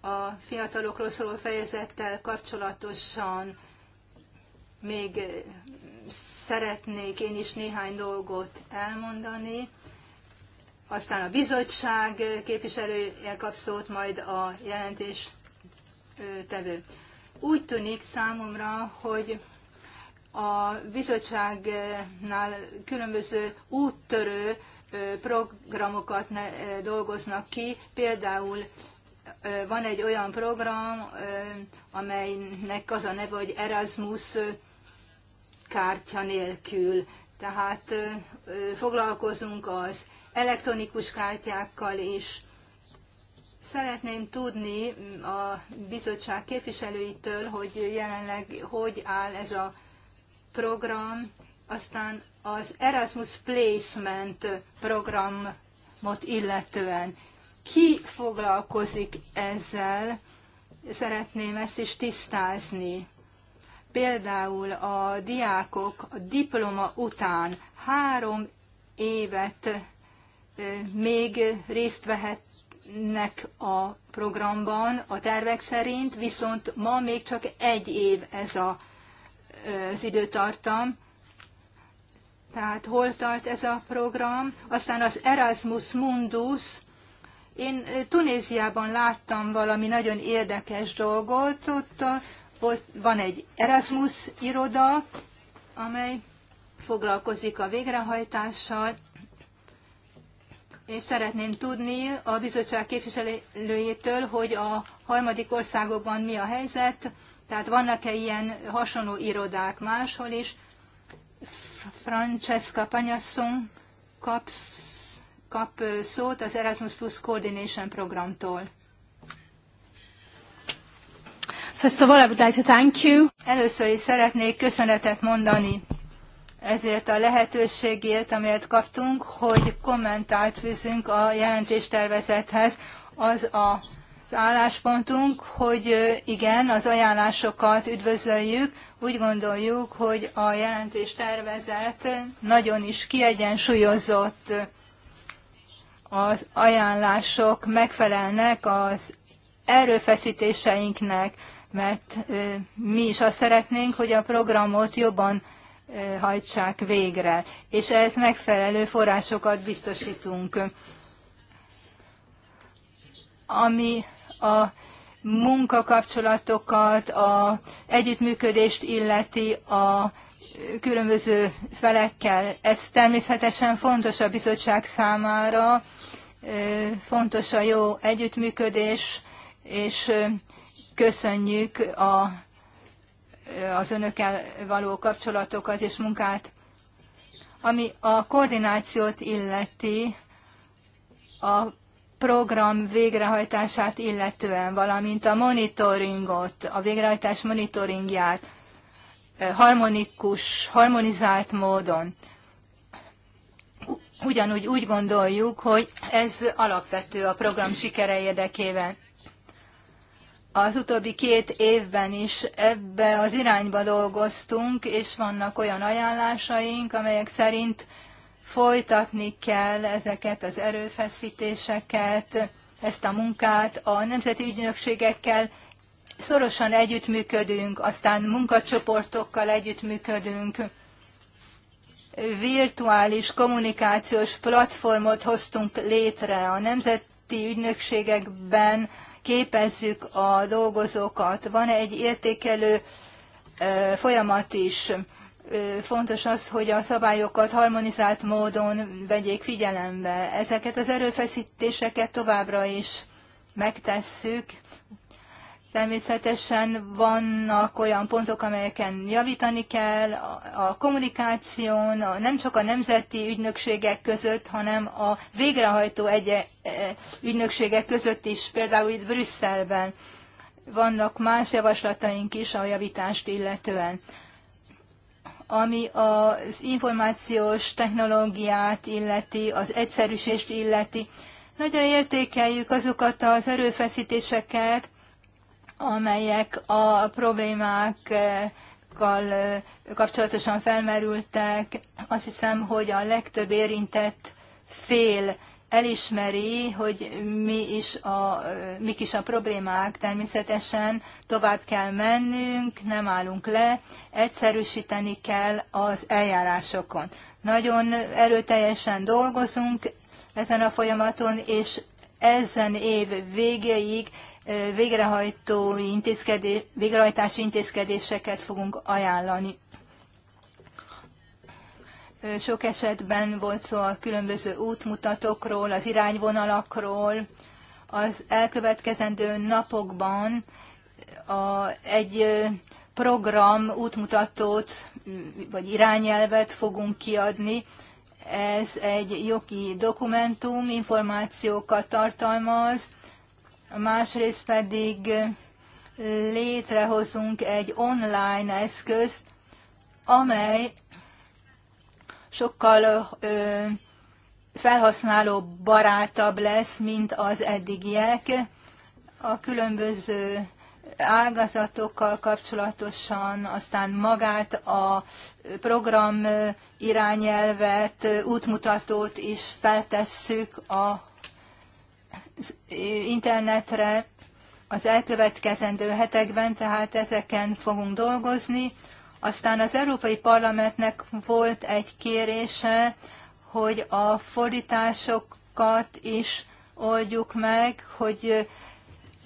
a fiatalokról szóló fejezettel kapcsolatosan még szeretnék én is néhány dolgot elmondani. Aztán a bizottság képviselője kap szót, majd a jelentés tevő. Úgy tűnik számomra, hogy a bizottságnál különböző úttörő programokat dolgoznak ki, például van egy olyan program, amelynek az a neve, hogy Erasmus kártya nélkül. Tehát foglalkozunk az elektronikus kártyákkal is. Szeretném tudni a bizottság képviselőitől, hogy jelenleg hogy áll ez a program, aztán az Erasmus Placement programot illetően. Ki foglalkozik ezzel? Szeretném ezt is tisztázni. Például a diákok a diploma után három évet még részt vehetnek a programban a tervek szerint, viszont ma még csak egy év ez a az időtartam, tehát hol tart ez a program, aztán az Erasmus Mundus, én Tunéziában láttam valami nagyon érdekes dolgot, ott van egy Erasmus iroda, amely foglalkozik a végrehajtással, és szeretném tudni a bizottság képviselőjétől, hogy a harmadik országokban mi a helyzet, tehát vannak-e ilyen hasonló irodák máshol is? Francesca Panyasszon kap, kap szót az Erasmus Plus Coordination programtól. First of all, I would like to thank you. Először is szeretnék köszönetet mondani ezért a lehetőségért, amelyet kaptunk, hogy kommentált fűzünk a jelentéstervezethez. Az a álláspontunk, hogy igen, az ajánlásokat üdvözöljük. Úgy gondoljuk, hogy a jelentés tervezet nagyon is kiegyensúlyozott az ajánlások megfelelnek az erőfeszítéseinknek, mert mi is azt szeretnénk, hogy a programot jobban hajtsák végre, és ehhez megfelelő forrásokat biztosítunk. Ami a munkakapcsolatokat, a együttműködést illeti a különböző felekkel. Ez természetesen fontos a bizottság számára, fontos a jó együttműködés, és köszönjük a, az önökkel való kapcsolatokat és munkát. Ami a koordinációt illeti, a program végrehajtását illetően, valamint a monitoringot, a végrehajtás monitoringját eh, harmonikus, harmonizált módon. Ugyanúgy úgy gondoljuk, hogy ez alapvető a program sikere érdekében. Az utóbbi két évben is ebbe az irányba dolgoztunk, és vannak olyan ajánlásaink, amelyek szerint folytatni kell ezeket az erőfeszítéseket, ezt a munkát a nemzeti ügynökségekkel szorosan együttműködünk, aztán munkacsoportokkal együttműködünk, virtuális kommunikációs platformot hoztunk létre a nemzeti ügynökségekben, képezzük a dolgozókat. Van egy értékelő folyamat is fontos az, hogy a szabályokat harmonizált módon vegyék figyelembe. Ezeket az erőfeszítéseket továbbra is megtesszük. Természetesen vannak olyan pontok, amelyeken javítani kell a kommunikáción, a, nem csak a nemzeti ügynökségek között, hanem a végrehajtó egy e, ügynökségek között is, például itt Brüsszelben. Vannak más javaslataink is a javítást illetően ami az információs technológiát illeti, az egyszerűsést illeti. Nagyon értékeljük azokat az erőfeszítéseket, amelyek a problémákkal kapcsolatosan felmerültek. Azt hiszem, hogy a legtöbb érintett fél elismeri, hogy mi is a, mik is a problémák. Természetesen tovább kell mennünk, nem állunk le, egyszerűsíteni kell az eljárásokon. Nagyon erőteljesen dolgozunk ezen a folyamaton, és ezen év végéig eh, végrehajtó intézkedés, végrehajtási intézkedéseket fogunk ajánlani sok esetben volt szó a különböző útmutatókról, az irányvonalakról. Az elkövetkezendő napokban a, egy program útmutatót vagy irányelvet fogunk kiadni. Ez egy jogi dokumentum, információkat tartalmaz, másrészt pedig létrehozunk egy online eszközt, amely sokkal felhasználó barátabb lesz, mint az eddigiek. A különböző ágazatokkal kapcsolatosan, aztán magát a program irányelvet, útmutatót is feltesszük az internetre az elkövetkezendő hetekben, tehát ezeken fogunk dolgozni. Aztán az Európai Parlamentnek volt egy kérése, hogy a fordításokat is oldjuk meg, hogy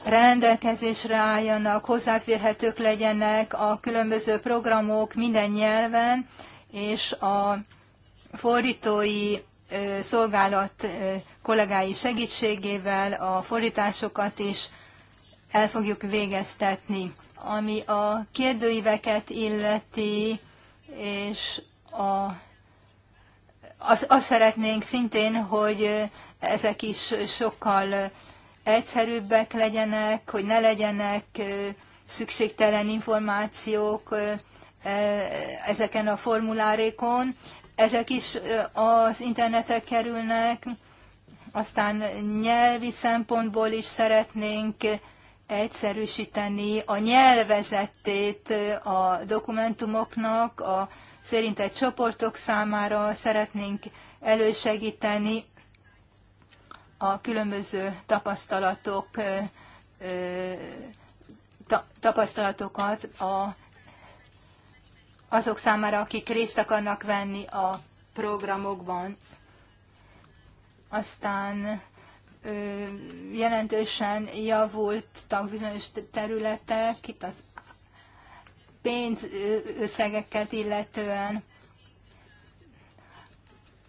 rendelkezésre álljanak, hozzáférhetők legyenek a különböző programok minden nyelven, és a fordítói szolgálat kollégái segítségével a fordításokat is el fogjuk végeztetni. Ami a kérdőíveket illeti, és a, azt, azt szeretnénk szintén, hogy ezek is sokkal egyszerűbbek legyenek, hogy ne legyenek szükségtelen információk e, ezeken a formulárékon. Ezek is az internetre kerülnek, aztán nyelvi szempontból is szeretnénk egyszerűsíteni a nyelvezetét a dokumentumoknak, a szerintett csoportok számára szeretnénk elősegíteni a különböző tapasztalatok tapasztalatokat a, azok számára, akik részt akarnak venni a programokban. Aztán jelentősen javultak bizonyos területek, itt az pénzösszegeket illetően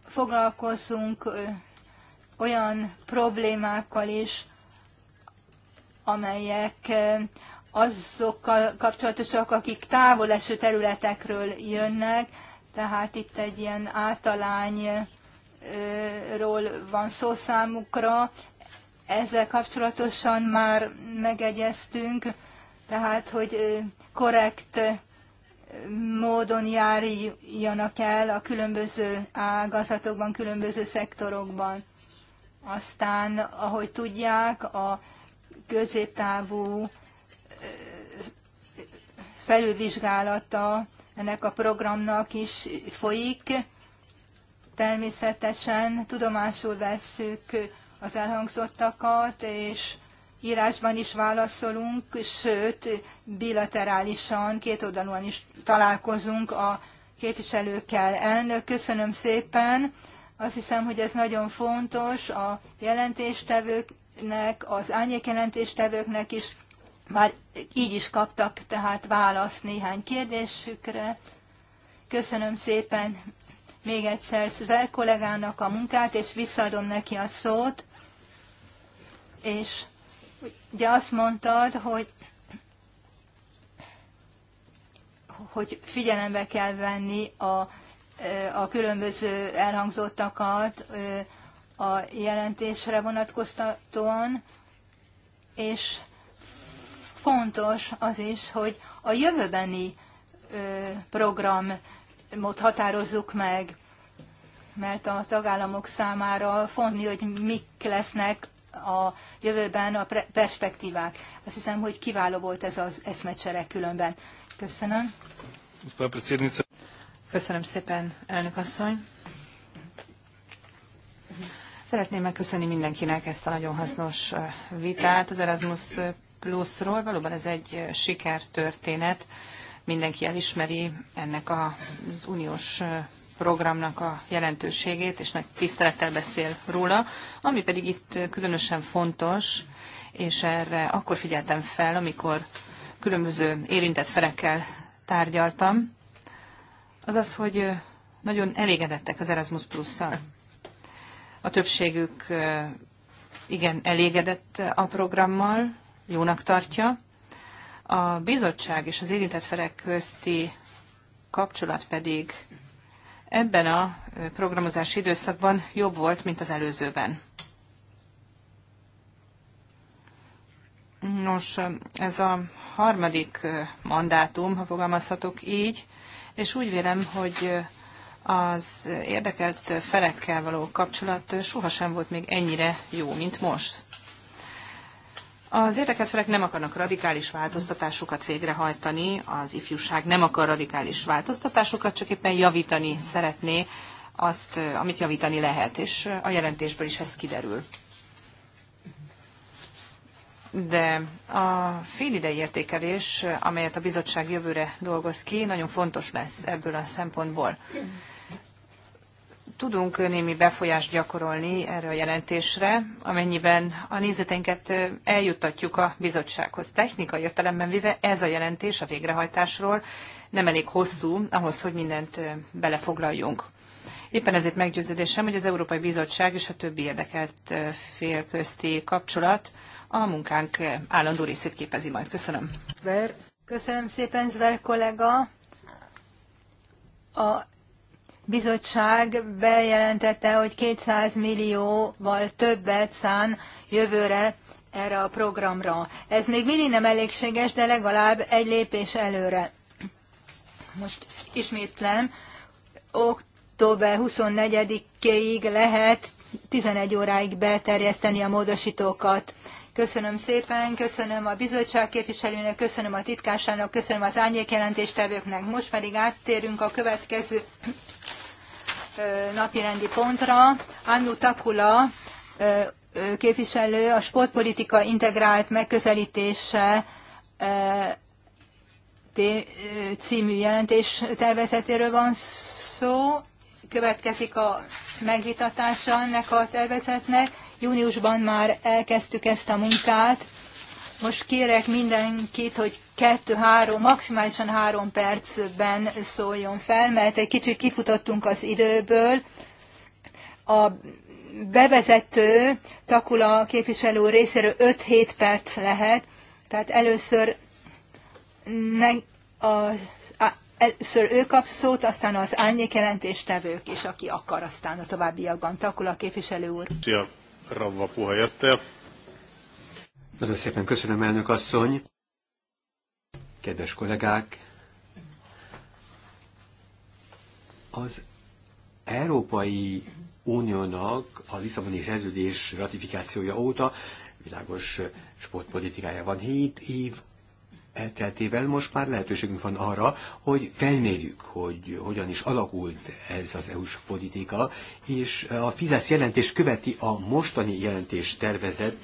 foglalkozunk olyan problémákkal is, amelyek azokkal kapcsolatosak, akik távol eső területekről jönnek, tehát itt egy ilyen általány ról van szó számukra. Ezzel kapcsolatosan már megegyeztünk, tehát, hogy korrekt módon járjanak el a különböző ágazatokban, különböző szektorokban. Aztán, ahogy tudják, a középtávú felülvizsgálata ennek a programnak is folyik, Természetesen tudomásul vesszük az elhangzottakat, és írásban is válaszolunk, sőt, bilaterálisan, két oldalon is találkozunk a képviselőkkel. Elnök, köszönöm szépen! Azt hiszem, hogy ez nagyon fontos a jelentéstevőknek, az árnyék jelentéstevőknek is, már így is kaptak tehát választ néhány kérdésükre. Köszönöm szépen még egyszer Szver kollégának a munkát, és visszaadom neki a szót. És ugye azt mondtad, hogy hogy figyelembe kell venni a, a különböző elhangzottakat a jelentésre vonatkoztatóan, és fontos az is, hogy a jövőbeni program határozzuk meg, mert a tagállamok számára fontos, hogy mik lesznek a jövőben a perspektívák. Azt hiszem, hogy kiváló volt ez az eszmecsere különben. Köszönöm. Köszönöm szépen, elnök asszony. Szeretném megköszönni mindenkinek ezt a nagyon hasznos vitát az Erasmus Plusról. Valóban ez egy sikertörténet. történet mindenki elismeri ennek az uniós programnak a jelentőségét, és nagy tisztelettel beszél róla, ami pedig itt különösen fontos, és erre akkor figyeltem fel, amikor különböző érintett felekkel tárgyaltam, az az, hogy nagyon elégedettek az Erasmus Plus-szal. A többségük igen elégedett a programmal, jónak tartja, a bizottság és az érintett felek közti kapcsolat pedig ebben a programozási időszakban jobb volt, mint az előzőben. Nos, ez a harmadik mandátum, ha fogalmazhatok így, és úgy vélem, hogy az érdekelt felekkel való kapcsolat sohasem volt még ennyire jó, mint most. Az érdekelt felek nem akarnak radikális változtatásokat végrehajtani, az ifjúság nem akar radikális változtatásokat, csak éppen javítani szeretné azt, eh, amit javítani lehet, és eh, a jelentésből is ez kiderül. De a félidei értékelés, eh, amelyet a bizottság jövőre dolgoz ki, nagyon fontos lesz ebből a szempontból tudunk némi befolyást gyakorolni erre a jelentésre, amennyiben a nézeteinket eljuttatjuk a bizottsághoz. Technikai értelemben véve ez a jelentés a végrehajtásról nem elég hosszú ahhoz, hogy mindent belefoglaljunk. Éppen ezért meggyőződésem, hogy az Európai Bizottság és a többi érdekelt félközti kapcsolat a munkánk állandó részét képezi majd. Köszönöm. Köszönöm szépen, Zver kollega. A bizottság bejelentette, hogy 200 millióval többet szán jövőre erre a programra. Ez még mindig nem elégséges, de legalább egy lépés előre. Most ismétlem, október 24-ig lehet 11 óráig beterjeszteni a módosítókat. Köszönöm szépen, köszönöm a bizottság képviselőnek, köszönöm a titkásának, köszönöm az jelentéstevőknek. Most pedig áttérünk a következő napirendi pontra. Annu Takula képviselő a sportpolitika integrált megközelítése című jelentés tervezetéről van szó. Következik a megvitatása ennek a tervezetnek. Júniusban már elkezdtük ezt a munkát. Most kérek mindenkit, hogy kettő, három, maximálisan három percben szóljon fel, mert egy kicsit kifutottunk az időből. A bevezető Takula képviselő részéről 5-7 perc lehet, tehát először, ne, a, először ő kap szót, aztán az jelentéstevők is, aki akar, aztán a továbbiakban. Takula képviselő úr. Szia, Ravva puhajöttél. Nagyon szépen köszönöm, elnök asszony. Kedves kollégák, az Európai Uniónak a Lisszaboni szerződés ratifikációja óta világos sportpolitikája van. Hét év elteltével most már lehetőségünk van arra, hogy felmérjük, hogy hogyan is alakult ez az EU-s politika, és a Fidesz jelentés követi a mostani jelentés tervezet,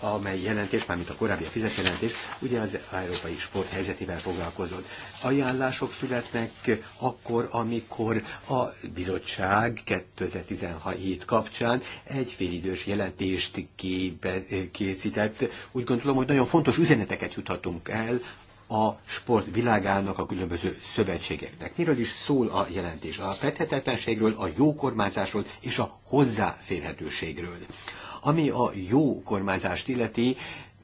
amely jelentés, mármint a korábbi a Fidesz jelentés, ugye az európai sport helyzetével foglalkozott. Ajánlások születnek akkor, amikor a bizottság 2017 kapcsán egy félidős jelentést készített. Úgy gondolom, hogy nagyon fontos üzeneteket juthatunk el a sport világának a különböző szövetségeknek. Miről is szól a jelentés? A fedhetetlenségről, a jó kormányzásról és a hozzáférhetőségről. Ami a jó kormányzást illeti,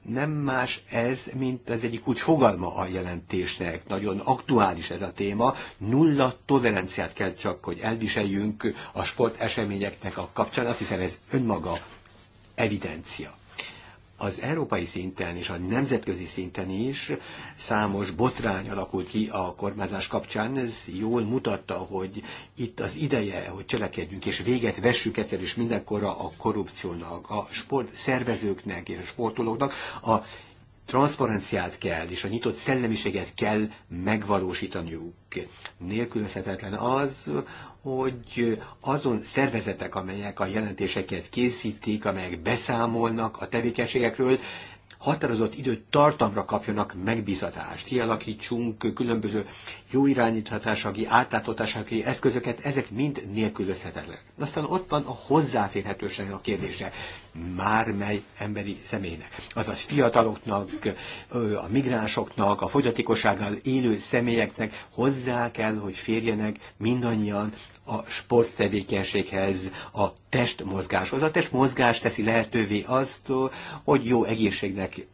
nem más ez, mint az egyik úgy fogalma a jelentésnek. Nagyon aktuális ez a téma. Nulla toleranciát kell csak, hogy elviseljünk a sporteseményeknek a kapcsán. Azt hiszem ez önmaga evidencia az európai szinten és a nemzetközi szinten is számos botrány alakult ki a kormányzás kapcsán. Ez jól mutatta, hogy itt az ideje, hogy cselekedjünk és véget vessük egyszer és mindenkorra a korrupciónak, a sport szervezőknek és a sportolóknak. A transzparenciát kell, és a nyitott szellemiséget kell megvalósítaniuk. Nélkülözhetetlen az, hogy azon szervezetek, amelyek a jelentéseket készítik, amelyek beszámolnak a tevékenységekről, határozott időt tartamra kapjanak megbízatást, kialakítsunk különböző jó irányíthatásági, átlátotásági eszközöket, ezek mind nélkülözhetetlenek. Aztán ott van a hozzáférhetőség a kérdése, már mely emberi személynek, azaz fiataloknak, a migránsoknak, a fogyatékossággal élő személyeknek hozzá kell, hogy férjenek mindannyian a sporttevékenységhez, a testmozgáshoz. A testmozgás teszi lehetővé azt, hogy jó egészségnek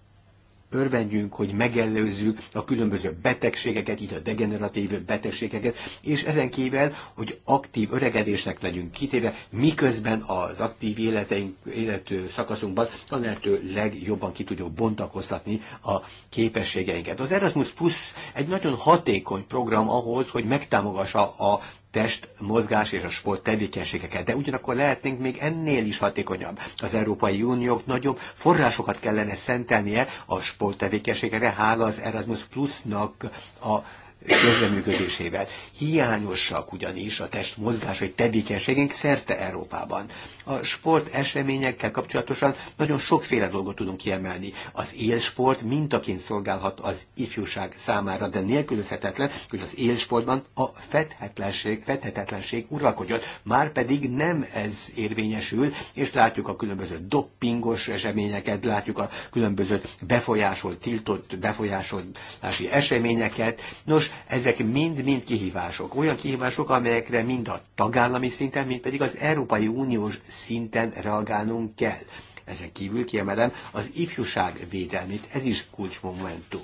örvendjünk, hogy megelőzzük a különböző betegségeket, így a degeneratív betegségeket, és ezen kívül, hogy aktív öregedésnek legyünk kitéve, miközben az aktív életeink, élető szakaszunkban a lehető legjobban ki tudjuk bontakoztatni a képességeinket. Az Erasmus Plus egy nagyon hatékony program ahhoz, hogy megtámogassa a testmozgás és a sport tevékenységeket. De ugyanakkor lehetnénk még ennél is hatékonyabb. Az Európai Uniók nagyobb forrásokat kellene szentelnie a tevékenységekre, hála az Erasmus Plusnak a közreműködésével. Hiányosak ugyanis a test mozgásai tevékenységünk szerte Európában. A sport eseményekkel kapcsolatosan nagyon sokféle dolgot tudunk kiemelni. Az élsport mintaként szolgálhat az ifjúság számára, de nélkülözhetetlen, hogy az élsportban a fethetlenség, fethetetlenség uralkodjon. Már pedig nem ez érvényesül, és látjuk a különböző doppingos eseményeket, látjuk a különböző befolyásolt, tiltott befolyásolási eseményeket. Nos, ezek mind-mind kihívások. Olyan kihívások, amelyekre mind a tagállami szinten, mind pedig az Európai Uniós szinten reagálnunk kell. Ezen kívül kiemelem az ifjúság védelmét, ez is kulcsmomentum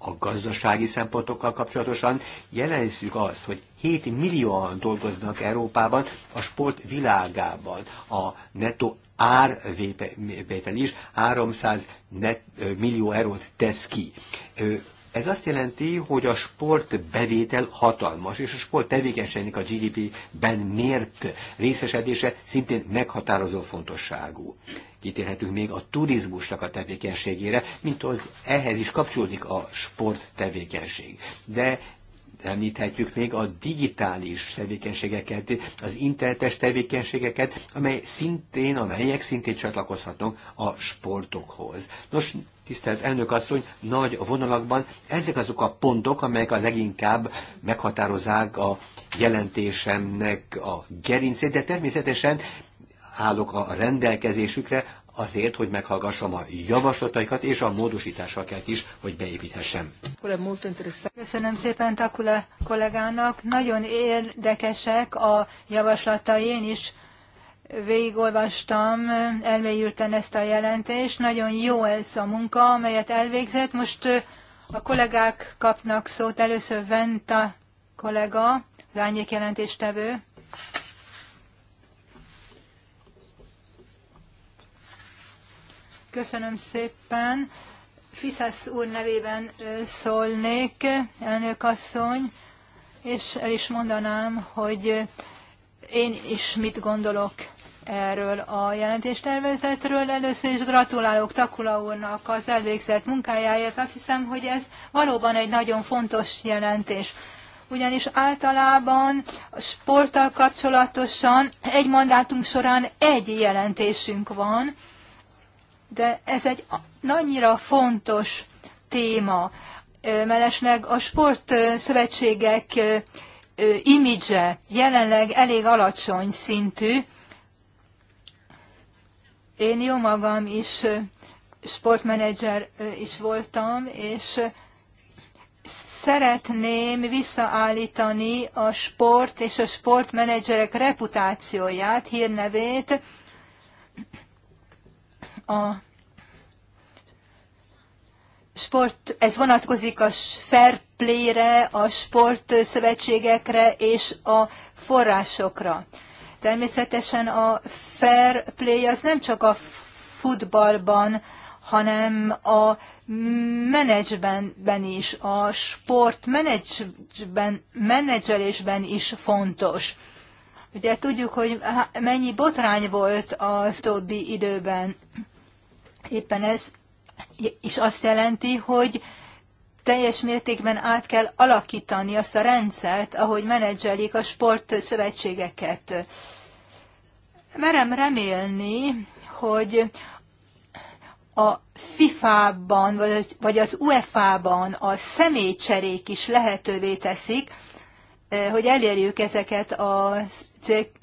a gazdasági szempontokkal kapcsolatosan jelenszük azt, hogy 7 millióan dolgoznak Európában, a sport világában. A netto árvétel is 300 net, millió eurót tesz ki. Ez azt jelenti, hogy a sport bevétel hatalmas, és a sport tevékenységnek a GDP-ben mért részesedése szintén meghatározó fontosságú. Kitérhetünk még a turizmusnak a tevékenységére, mint az ehhez is kapcsolódik a sport tevékenység. De említhetjük még a digitális tevékenységeket, az internetes tevékenységeket, amely szintén, amelyek szintén csatlakozhatnak a sportokhoz. Nos, tisztelt elnök asszony, nagy vonalakban ezek azok a pontok, amelyek a leginkább meghatározzák a jelentésemnek a gerincét, de természetesen állok a rendelkezésükre azért, hogy meghallgassam a javaslataikat és a módosításaikat is, hogy beépíthessem. Köszönöm szépen Takula kollégának. Nagyon érdekesek a javaslatai. Én is végigolvastam elmélyülten ezt a jelentést. Nagyon jó ez a munka, amelyet elvégzett. Most a kollégák kapnak szót. Először Venta kollega, az árnyék jelentéstevő. Köszönöm szépen. Fiszesz úr nevében szólnék, elnök asszony, és el is mondanám, hogy én is mit gondolok erről a jelentéstervezetről. Először is gratulálok Takula úrnak az elvégzett munkájáért. Azt hiszem, hogy ez valóban egy nagyon fontos jelentés. Ugyanis általában a sporttal kapcsolatosan egy mandátum során egy jelentésünk van, de ez egy annyira fontos téma, mellesleg a sportszövetségek imidzse jelenleg elég alacsony szintű. Én jó magam is sportmenedzser is voltam, és szeretném visszaállítani a sport és a sportmenedzserek reputációját, hírnevét, a sport, ez vonatkozik a fair play-re, a sportszövetségekre és a forrásokra. Természetesen a fair play az nem csak a futballban, hanem a menedzsbenben is, a sport menedzselésben is fontos. Ugye tudjuk, hogy mennyi botrány volt az utóbbi időben. Éppen ez is azt jelenti, hogy teljes mértékben át kell alakítani azt a rendszert, ahogy menedzselik a sportszövetségeket. Merem remélni, hogy a FIFA-ban vagy az UEFA-ban a személycserék is lehetővé teszik, eh, hogy elérjük ezeket a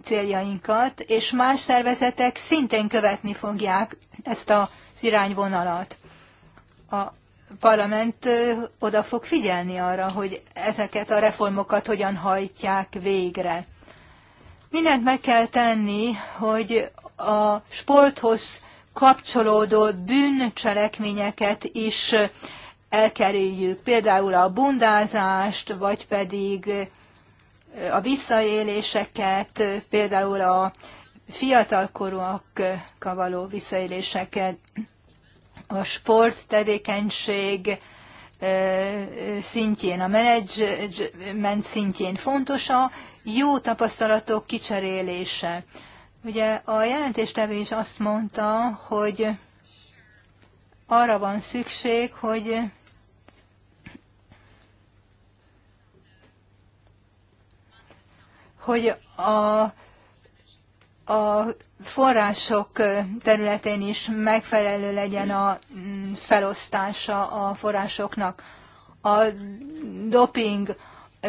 céljainkat, és más szervezetek szintén követni fogják ezt a irányvonalat. A parlament oda fog figyelni arra, hogy ezeket a reformokat hogyan hajtják végre. Mindent meg kell tenni, hogy a sporthoz kapcsolódó bűncselekményeket is elkerüljük, például a bundázást, vagy pedig a visszaéléseket, például a fiatalkorúakkal való visszaéléseket a sport tevékenység szintjén, a menedzsment szintjén fontos a jó tapasztalatok kicserélése. Ugye a jelentéstevő is azt mondta, hogy arra van szükség, hogy hogy a a források területén is megfelelő legyen a mm, felosztása a forrásoknak. A doping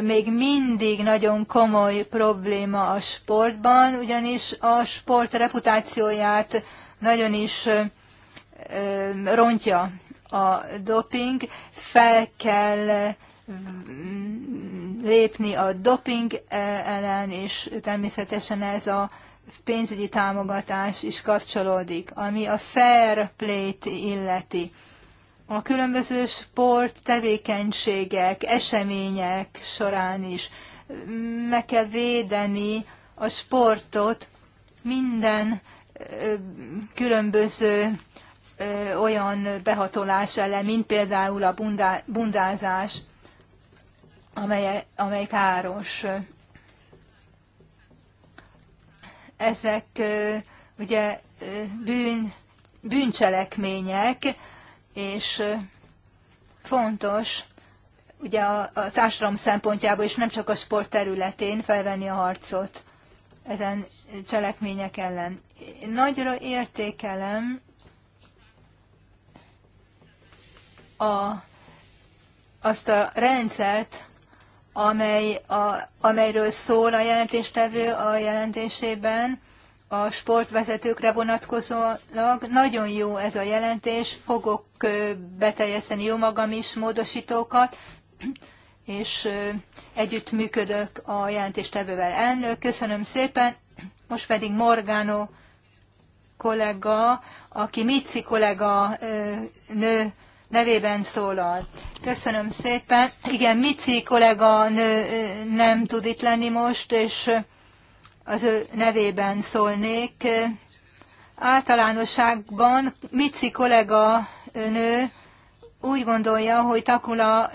még mindig nagyon komoly probléma a sportban, ugyanis a sport reputációját nagyon is rontja a doping, fel kell mm, lépni a doping ellen, és természetesen ez a pénzügyi támogatás is kapcsolódik, ami a fair play-t illeti. A különböző sport tevékenységek, események során is meg kell védeni a sportot minden különböző olyan behatolás ellen, mint például a bundázás, amely, amely káros ezek ugye bűn, bűncselekmények, és fontos ugye a, a társadalom szempontjából, és nem csak a sport területén felvenni a harcot ezen cselekmények ellen. Én nagyra értékelem a, azt a rendszert, amely a, amelyről szól a jelentéstevő a jelentésében, a sportvezetőkre vonatkozólag. Nagyon jó ez a jelentés, fogok beteljeszteni jó magam is módosítókat, és együtt működök a jelentéstevővel. Elnök, köszönöm szépen, most pedig Morgano kollega, aki Mici kollega nő nevében szólal. Köszönöm szépen. Igen, Mici kollega nő nem tud itt lenni most, és az ő nevében szólnék. Általánosságban Mici kollega nő úgy gondolja, hogy Takula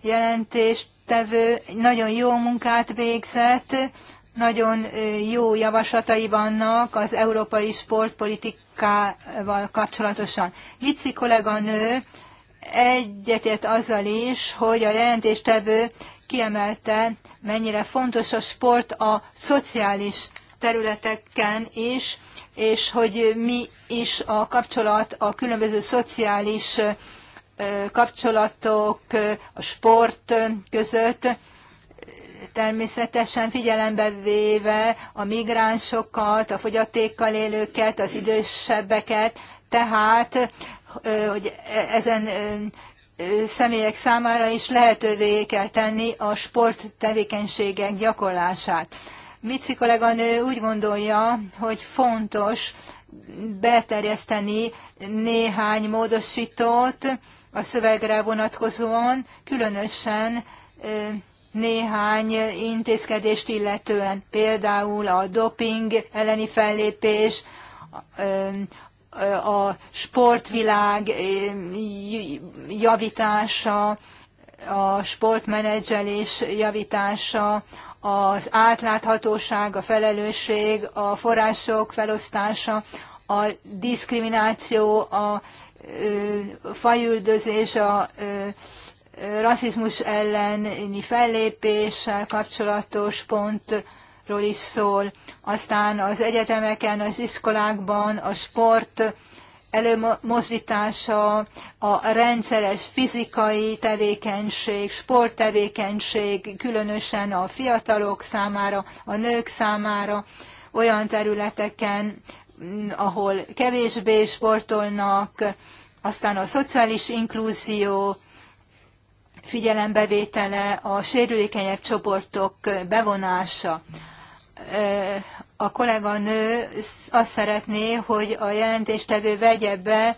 jelentést tevő nagyon jó munkát végzett, nagyon jó javaslatai vannak az európai sportpolitikával kapcsolatosan. Vici kolléganő egyetért azzal is, hogy a jelentéstevő kiemelte, mennyire fontos a sport a szociális területeken is, és hogy mi is a kapcsolat a különböző szociális kapcsolatok, a sport között, természetesen figyelembe véve a migránsokat, a fogyatékkal élőket, az idősebbeket, tehát hogy e, ezen személyek számára is lehetővé kell tenni a sport tevékenységek gyakorlását. Mici kolléganő úgy gondolja, hogy fontos beterjeszteni néhány módosítót a szövegre vonatkozóan, különösen néhány intézkedést illetően, például a doping elleni fellépés, a sportvilág javítása, a sportmenedzselés javítása, az átláthatóság, a felelősség, a források felosztása, a diszkrimináció, a fajüldözés, a rasszizmus elleni fellépéssel kapcsolatos pont, sportról is szól, aztán az egyetemeken, az iskolákban a sport előmozdítása, a rendszeres fizikai tevékenység, sporttevékenység, különösen a fiatalok számára, a nők számára, olyan területeken, mm, ahol kevésbé sportolnak, aztán a szociális inkluzió, figyelembevétele, a sérülékenyebb csoportok bevonása a kolléganő azt szeretné, hogy a jelentéstevő vegye be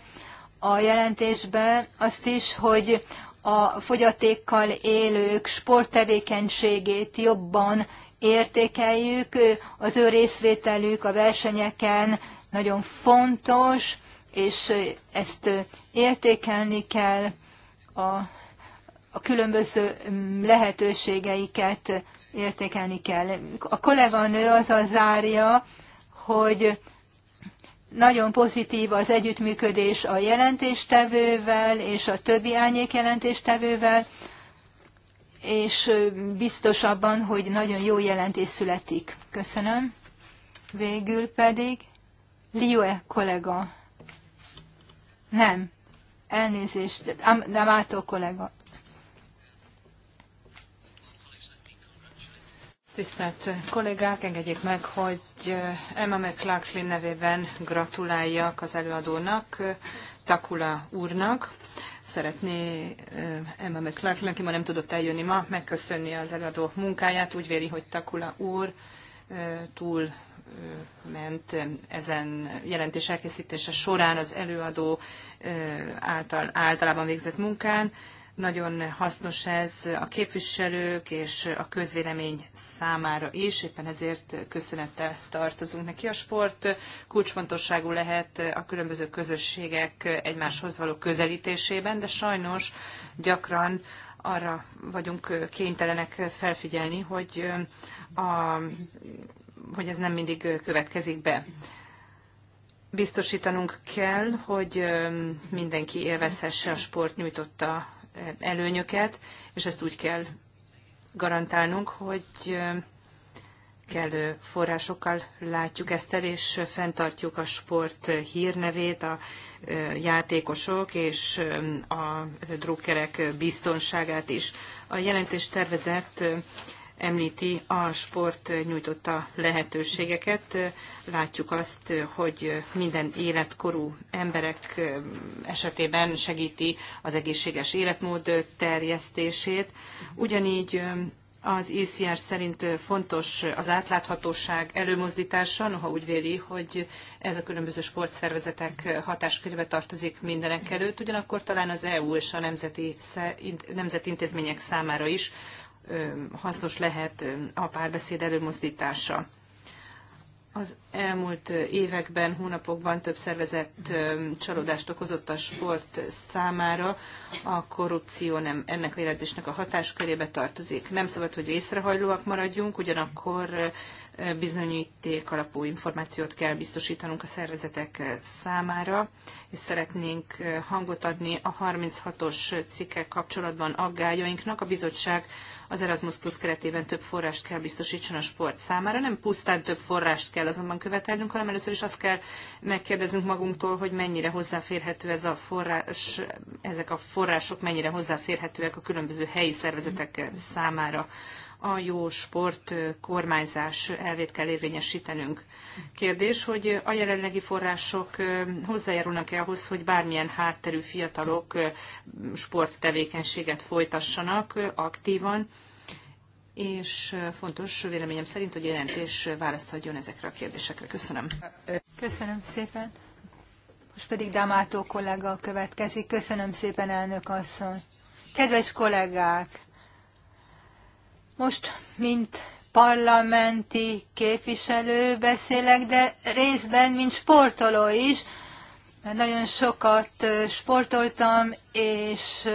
a jelentésbe azt is, hogy a fogyatékkal élők sporttevékenységét jobban értékeljük, az ő részvételük a versenyeken nagyon fontos, és ezt értékelni kell a, a különböző lehetőségeiket értékelni kell. A kolléganő a zárja, hogy nagyon pozitív az együttműködés a jelentéstevővel és a többi ányék jelentéstevővel, és biztos abban, hogy nagyon jó jelentés születik. Köszönöm. Végül pedig Liue kollega. Nem, elnézést, Nem D'Amato kollega. Tisztelt kollégák, engedjék meg, hogy eh, Emma McLaughlin nevében gratuláljak az előadónak, eh, Takula úrnak. Szeretné eh, Emma McLaughlin, aki ma nem tudott eljönni ma, megköszönni az előadó munkáját. Úgy véli, hogy Takula úr túl ment ezen jelentés elkészítése során az előadó által, általában végzett munkán. Nagyon hasznos ez a képviselők és a közvélemény számára is, éppen ezért köszönettel tartozunk neki. A sport kulcsfontosságú lehet a különböző közösségek egymáshoz való közelítésében, de sajnos gyakran arra vagyunk kénytelenek felfigyelni, hogy, a, hogy ez nem mindig következik be. Biztosítanunk kell, hogy mindenki élvezhesse a sport nyújtotta előnyöket, és ezt úgy kell garantálnunk, hogy kellő forrásokkal látjuk ezt el, és fenntartjuk a sport hírnevét, a játékosok és a drukkerek biztonságát is. A jelentés tervezett említi a sport nyújtotta lehetőségeket. Látjuk azt, hogy minden életkorú emberek eh, esetében segíti az egészséges életmód terjesztését. Ugyanígy eh, az ICR szerint fontos az átláthatóság előmozdítása, noha úgy véli, hogy ez a különböző sportszervezetek hatáskörébe tartozik mindenek előtt, ugyanakkor talán az EU és a nemzeti, nemzeti intézmények számára is hasznos lehet a párbeszéd előmozdítása. Az elmúlt években, hónapokban több szervezett csalódást okozott a sport számára. A korrupció nem ennek a jelentésnek a hatáskörébe tartozik. Nem szabad, hogy észrehajlóak maradjunk, ugyanakkor bizonyíték alapú információt kell biztosítanunk a szervezetek számára, és szeretnénk hangot adni a 36-os cikkek kapcsolatban aggájainknak. A bizottság az Erasmus Plus keretében több forrást kell biztosítson a sport számára. Nem pusztán több forrást kell azonban követelnünk, hanem először is azt kell megkérdeznünk magunktól, hogy mennyire hozzáférhető ez a forrás, ezek a források mennyire hozzáférhetőek a különböző helyi szervezetek számára a jó sport kormányzás elvét kell érvényesítenünk. Kérdés, hogy a jelenlegi források hozzájárulnak-e ahhoz, hogy bármilyen hátterű fiatalok sporttevékenységet folytassanak aktívan, és fontos véleményem szerint, hogy jelentés választ adjon ezekre a kérdésekre. Köszönöm. Köszönöm szépen. Most pedig Damátó kollega következik. Köszönöm szépen, elnök asszony. Kedves kollégák! Most, mint parlamenti képviselő beszélek, de részben, mint sportoló is, mert nagyon sokat sportoltam, és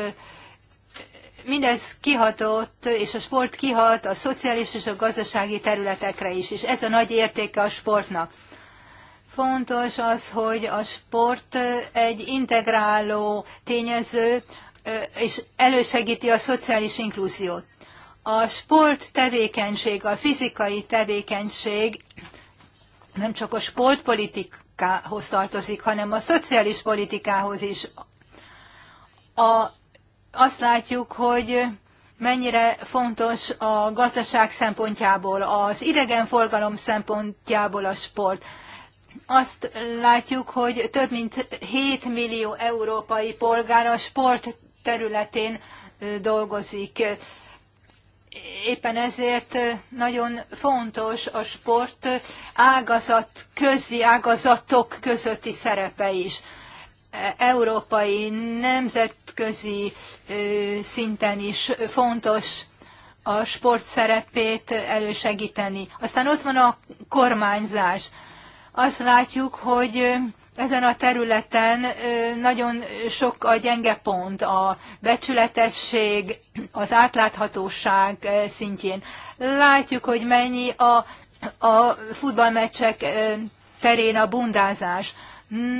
mindez kihatott, és a sport kihat a szociális és a gazdasági területekre is, és ez a nagy értéke a sportnak. Fontos az, hogy a sport egy integráló tényező, és elősegíti a szociális inkluziót a sport tevékenység, a fizikai tevékenység nem csak a sportpolitikához tartozik, hanem a szociális politikához is. A, azt látjuk, hogy mennyire fontos a gazdaság szempontjából, az idegenforgalom szempontjából a sport. Azt látjuk, hogy több mint 7 millió európai polgár a sport területén dolgozik éppen ezért nagyon fontos a sport ágazat, közi ágazatok közötti szerepe is. E, európai, nemzetközi szinten is fontos a sport szerepét elősegíteni. Aztán ott van a kormányzás. Azt látjuk, hogy ezen a területen nagyon sok a gyenge pont, a becsületesség, az átláthatóság szintjén. Látjuk, hogy mennyi a, a futballmeccsek terén a bundázás.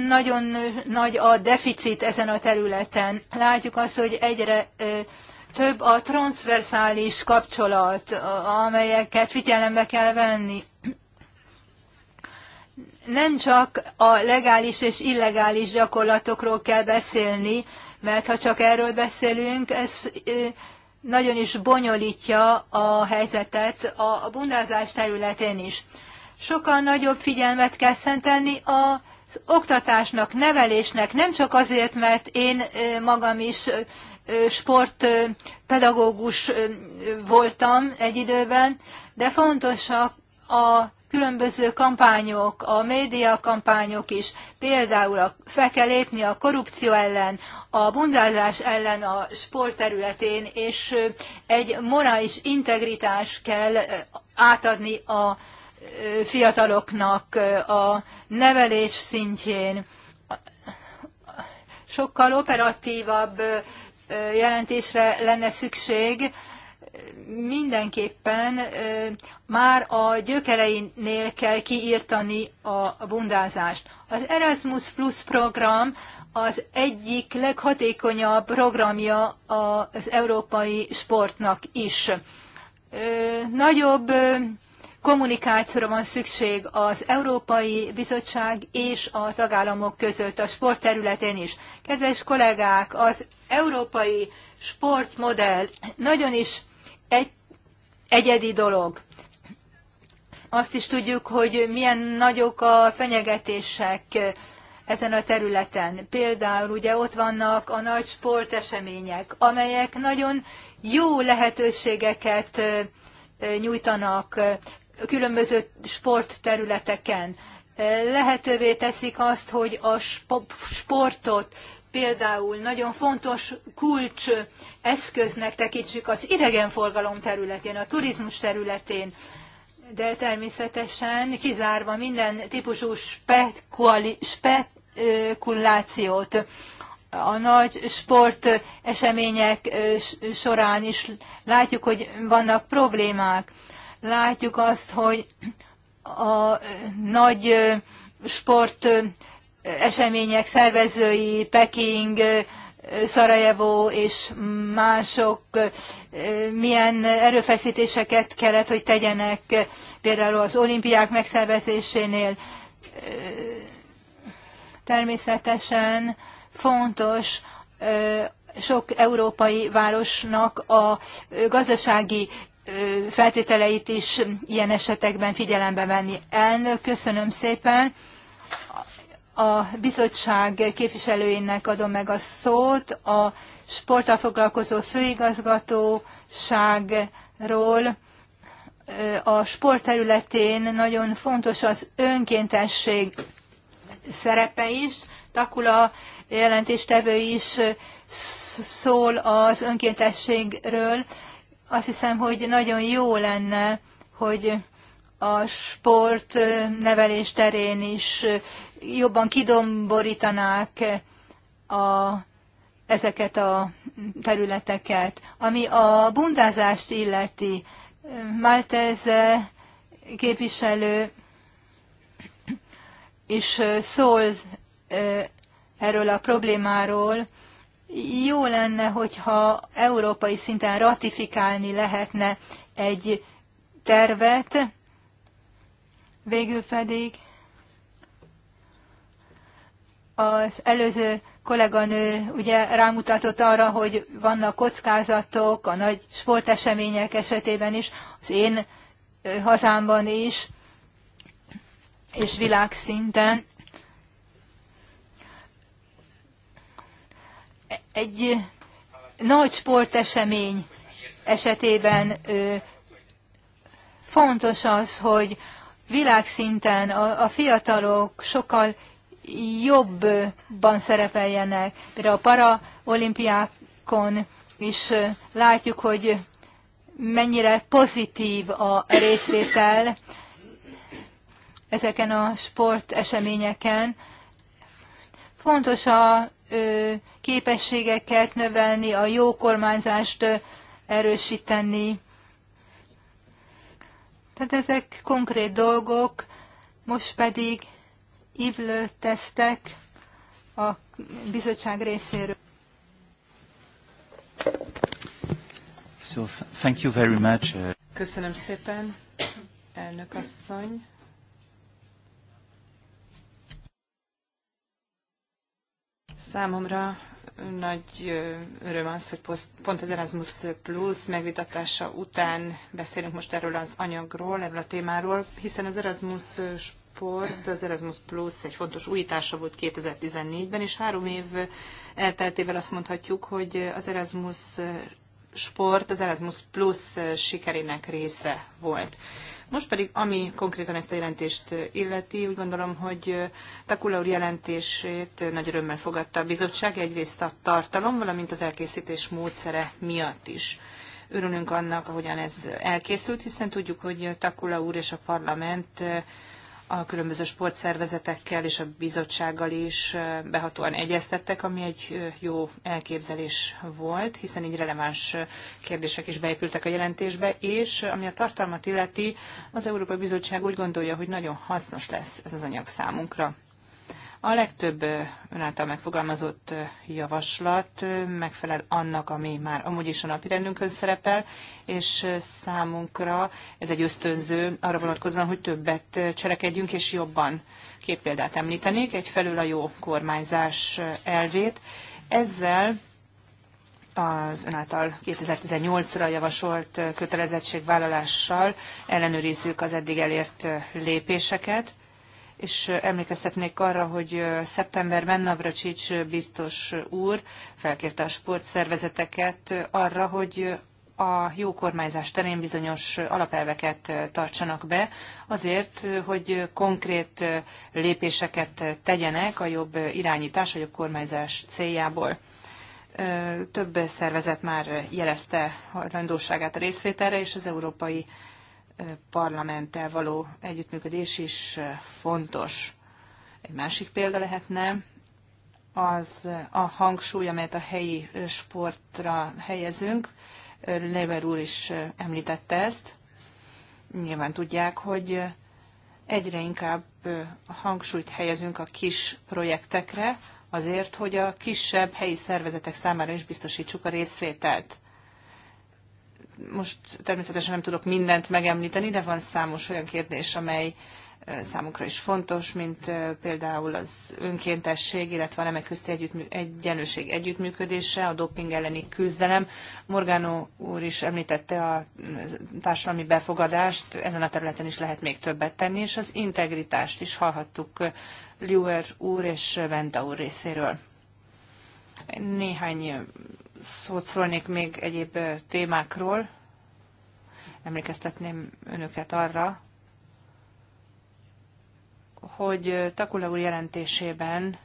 Nagyon nagy a deficit ezen a területen. Látjuk azt, hogy egyre több a transzverszális kapcsolat, amelyeket figyelembe kell venni nem csak a legális és illegális gyakorlatokról kell beszélni, mert ha csak erről beszélünk, ez nagyon is bonyolítja a helyzetet a bundázás területén is. Sokkal nagyobb figyelmet kell szentelni az oktatásnak, nevelésnek, nem csak azért, mert én magam is sportpedagógus voltam egy időben, de fontosak a különböző kampányok, a médiakampányok is, például a, fel kell lépni a korrupció ellen, a bundázás ellen a sportterületén, és egy morális integritás kell átadni a fiataloknak a nevelés szintjén. Sokkal operatívabb jelentésre lenne szükség, mindenképpen már a gyökereinél kell kiírtani a bundázást. Az Erasmus Plus program az egyik leghatékonyabb programja az európai sportnak is. Nagyobb kommunikációra van szükség az Európai Bizottság és a tagállamok között a sportterületén is. Kedves kollégák, az európai sportmodell nagyon is egy, egyedi dolog. Azt is tudjuk, hogy milyen nagyok a fenyegetések ezen a területen. Például ugye ott vannak a nagy sportesemények, amelyek nagyon jó lehetőségeket nyújtanak különböző sportterületeken. Lehetővé teszik azt, hogy a sportot például nagyon fontos kulcs eszköznek tekintsük az idegenforgalom területén, a turizmus területén, de természetesen kizárva minden típusú spekulációt. A nagy sport események során is látjuk, hogy vannak problémák. Látjuk azt, hogy a nagy sport események szervezői, Peking, Szarajevó és mások milyen erőfeszítéseket kellett, hogy tegyenek például az olimpiák megszervezésénél. Természetesen fontos sok európai városnak a gazdasági feltételeit is ilyen esetekben figyelembe venni. Elnök, köszönöm szépen! a bizottság képviselőinek adom meg a szót, a sporttal foglalkozó főigazgatóságról. A sport területén nagyon fontos az önkéntesség szerepe is. Takula jelentéstevő is szól az önkéntességről. Azt hiszem, hogy nagyon jó lenne, hogy a sport nevelés terén is jobban kidomborítanák a, ezeket a területeket. Ami a bundázást illeti, Maltez képviselő is szól erről a problémáról. Jó lenne, hogyha európai szinten ratifikálni lehetne egy tervet, végül pedig az előző kolléganő ugye rámutatott arra, hogy vannak kockázatok a nagy sportesemények esetében is, az én hazámban is, és világszinten. Egy nagy sportesemény esetében fontos az, hogy világszinten a, a fiatalok sokkal jobban szerepeljenek. Például a paraolimpiákon is látjuk, hogy mennyire pozitív a részvétel ezeken a sporteseményeken. Fontos a képességeket növelni, a jó kormányzást erősíteni. Tehát ezek konkrét dolgok, most pedig ívlő tesztek a bizottság részéről. So, thank you very much. Uh, Köszönöm szépen, elnök asszony. Számomra nagy öröm az, hogy pont az Erasmus Plus megvitatása után beszélünk most erről az anyagról, erről a témáról, hiszen az Erasmus csoport, az Erasmus Plus egy fontos újítása volt 2014-ben, és három év elteltével azt mondhatjuk, hogy az Erasmus sport az Erasmus Plus sikerének része volt. Most pedig, ami konkrétan ezt a jelentést illeti, úgy gondolom, hogy Takula úr jelentését nagy örömmel fogadta a bizottság, egyrészt a tartalom, valamint az elkészítés módszere miatt is. Örülünk annak, ahogyan ez elkészült, hiszen tudjuk, hogy Takula úr és a parlament a különböző sportszervezetekkel és a bizottsággal is behatóan egyeztettek, ami egy jó elképzelés volt, hiszen így releváns kérdések is beépültek a jelentésbe, és ami a tartalmat illeti, az Európai Bizottság úgy gondolja, hogy nagyon hasznos lesz ez az anyag számunkra. A legtöbb ön által megfogalmazott javaslat megfelel annak, ami már amúgy is a napirendünkön szerepel, és számunkra ez egy ösztönző arra vonatkozóan, hogy többet cselekedjünk és jobban. Két példát említenék, egyfelől a jó kormányzás elvét. Ezzel az ön által 2018-ra javasolt kötelezettségvállalással ellenőrizzük az eddig elért lépéseket, és emlékeztetnék arra, hogy szeptemberben Navracsics biztos úr felkérte a sportszervezeteket arra, hogy a jó kormányzás terén bizonyos alapelveket tartsanak be, azért, hogy konkrét lépéseket tegyenek a jobb irányítás, a jobb kormányzás céljából. Több szervezet már jelezte hajlandóságát a részvételre, és az Európai parlamenttel való együttműködés is fontos. Egy másik példa lehetne az a hangsúly, amelyet a helyi sportra helyezünk. Lever úr is említette ezt. Nyilván tudják, hogy egyre inkább a hangsúlyt helyezünk a kis projektekre, azért, hogy a kisebb helyi szervezetek számára is biztosítsuk a részvételt. Most természetesen nem tudok mindent megemlíteni, de van számos olyan kérdés, amely számukra is fontos, mint például az önkéntesség, illetve a nemek közti együttmű, egyenlőség együttműködése, a doping elleni küzdelem. Morgano úr is említette a társadalmi befogadást, ezen a területen is lehet még többet tenni, és az integritást is hallhattuk Liuer úr és Venta úr részéről. Néhány szót szólnék még egyéb témákról. Emlékeztetném önöket arra, hogy Takula úr jelentésében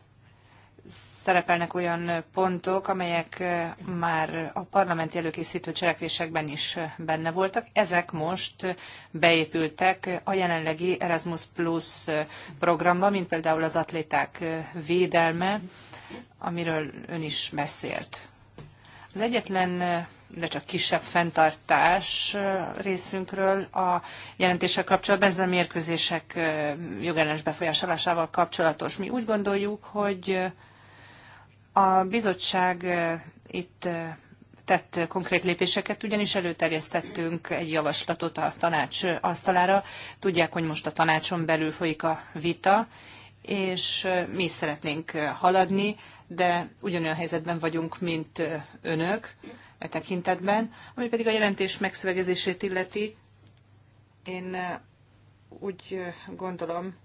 szerepelnek olyan pontok, amelyek már a parlamenti előkészítő cselekvésekben is benne voltak. Ezek most beépültek a jelenlegi Erasmus Plus programba, mint például az atléták védelme, amiről ön is beszélt. Az egyetlen de csak kisebb fenntartás részünkről a jelentéssel kapcsolatban, ez a mérkőzések jogellenes befolyásolásával kapcsolatos. Mi úgy gondoljuk, hogy a bizottság itt tett konkrét lépéseket, ugyanis előterjesztettünk egy javaslatot a tanács asztalára. Tudják, hogy most a tanácson belül folyik a vita, és mi is szeretnénk haladni, de ugyanolyan helyzetben vagyunk, mint önök e tekintetben. Ami pedig a jelentés megszövegezését illeti, én úgy gondolom,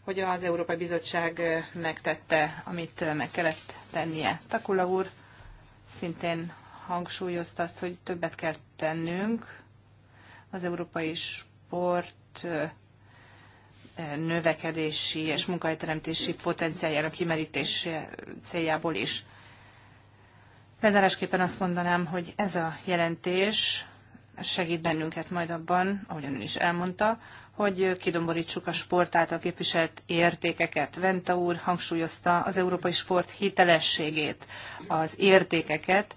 hogy az Európai Bizottság megtette, amit meg kellett tennie. Takula úr szintén hangsúlyozta azt, hogy többet kell tennünk az európai sport növekedési és munkahelyteremtési potenciáljának kimerítése céljából is. Lezárásképpen azt mondanám, hogy ez a jelentés segít bennünket majd abban, ahogyan ön is elmondta, hogy kidomborítsuk a sport által képviselt értékeket. Venta úr hangsúlyozta az európai sport hitelességét, az értékeket.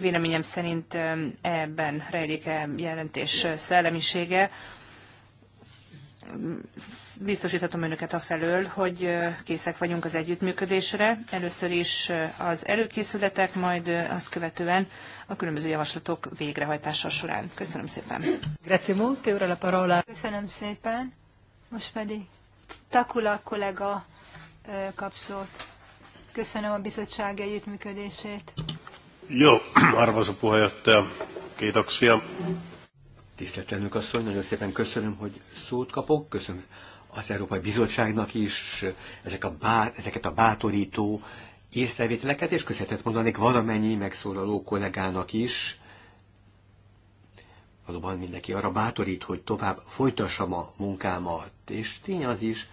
Véleményem szerint ebben rejlik -e jelentés szellemisége, biztosíthatom önöket a felől, hogy készek vagyunk az együttműködésre. Először is az előkészületek, majd azt követően a különböző javaslatok végrehajtása során. Köszönöm szépen. E parola. Köszönöm szépen. Most pedig Takula kollega kap szót. Köszönöm a bizottság együttműködését. Jó, jött két aksia. Tisztelt elnök asszony, nagyon szépen köszönöm, hogy szót kapok. Köszönöm az Európai Bizottságnak is ezek a bá, ezeket a bátorító észrevételeket, és köszönetet mondanék valamennyi megszólaló kollégának is. Valóban mindenki arra bátorít, hogy tovább folytassam a munkámat. És tény az is,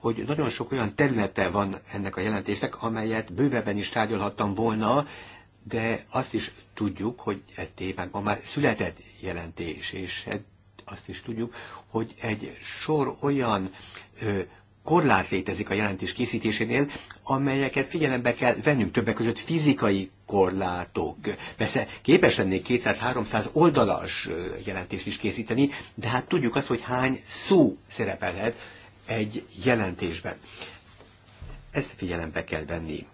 hogy nagyon sok olyan területe van ennek a jelentésnek, amelyet bővebben is tárgyalhattam volna, de azt is tudjuk, hogy e ma már született jelentés, és hát azt is tudjuk, hogy egy sor olyan ö, korlát létezik a jelentés készítésénél, amelyeket figyelembe kell vennünk többek között fizikai korlátok. Persze képes lennék 200-300 oldalas jelentést is készíteni, de hát tudjuk azt, hogy hány szó szerepelhet egy jelentésben. Ezt figyelembe kell venni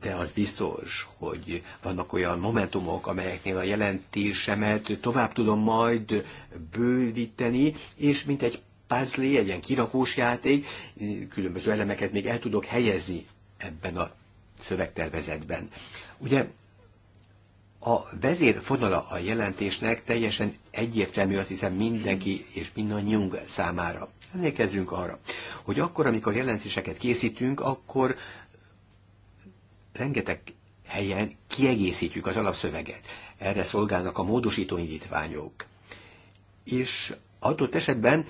de az biztos, hogy vannak olyan momentumok, amelyeknél a jelentésemet tovább tudom majd bővíteni, és mint egy puzzle, egy ilyen kirakós játék, különböző elemeket még el tudok helyezni ebben a szövegtervezetben. Ugye a vezérfonala a jelentésnek teljesen egyértelmű, azt hiszem mindenki és mindannyiunk számára. Emlékezzünk arra, hogy akkor, amikor jelentéseket készítünk, akkor rengeteg helyen kiegészítjük az alapszöveget. Erre szolgálnak a módosító indítványok. És adott esetben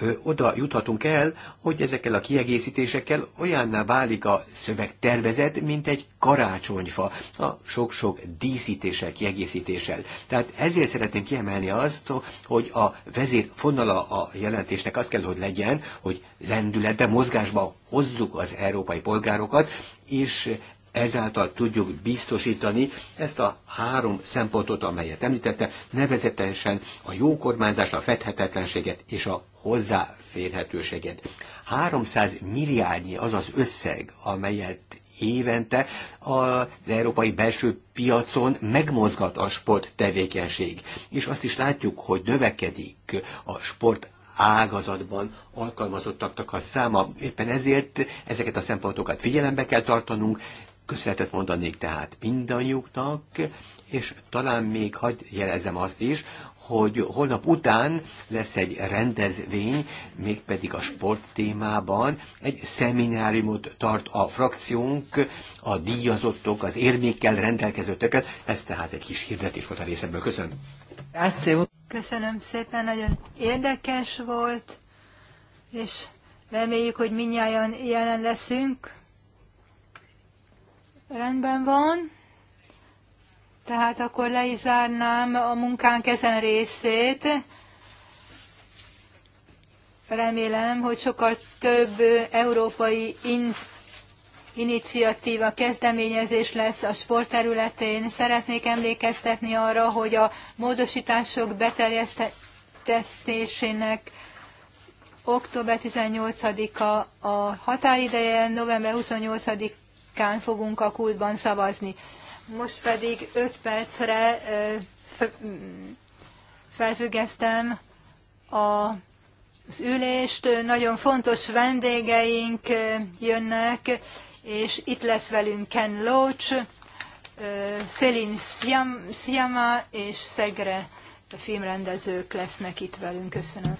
ö, oda juthatunk el, hogy ezekkel a kiegészítésekkel olyanná válik a szöveg tervezet, mint egy karácsonyfa, a sok-sok díszítéssel, kiegészítéssel. Tehát ezért szeretném kiemelni azt, hogy a vezér fonala a jelentésnek az kell, hogy legyen, hogy lendületbe, mozgásba hozzuk az európai polgárokat, és ezáltal tudjuk biztosítani ezt a három szempontot, amelyet említette, nevezetesen a jó kormányzást, a fedhetetlenséget és a hozzáférhetőséget. 300 milliárdnyi az az összeg, amelyet évente az európai belső piacon megmozgat a sport tevékenység. És azt is látjuk, hogy növekedik a sport ágazatban alkalmazottaknak a száma. Éppen ezért ezeket a szempontokat figyelembe kell tartanunk, köszönetet mondanék tehát mindannyiuknak, és talán még hagy jelezem azt is, hogy holnap után lesz egy rendezvény, mégpedig a sport témában. Egy szemináriumot tart a frakciónk, a díjazottok, az érmékkel rendelkezőtöket. Ez tehát egy kis hirdetés volt a részemből. Köszönöm. Köszönöm szépen, nagyon érdekes volt, és reméljük, hogy minnyáján jelen leszünk Rendben van. Tehát akkor le is zárnám a munkánk ezen részét. Remélem, hogy sokkal több európai in iniciatíva, kezdeményezés lesz a sportterületén. Szeretnék emlékeztetni arra, hogy a módosítások beterjesztésének október 18-a a határideje, november 28 kán fogunk a kultban szavazni. Most pedig 5 percre mm, felfüggesztem a az ülést. Nagyon fontos vendégeink jönnek, és itt lesz velünk Ken Loach, Céline Sziama és Szegre filmrendezők lesznek itt velünk. Köszönöm.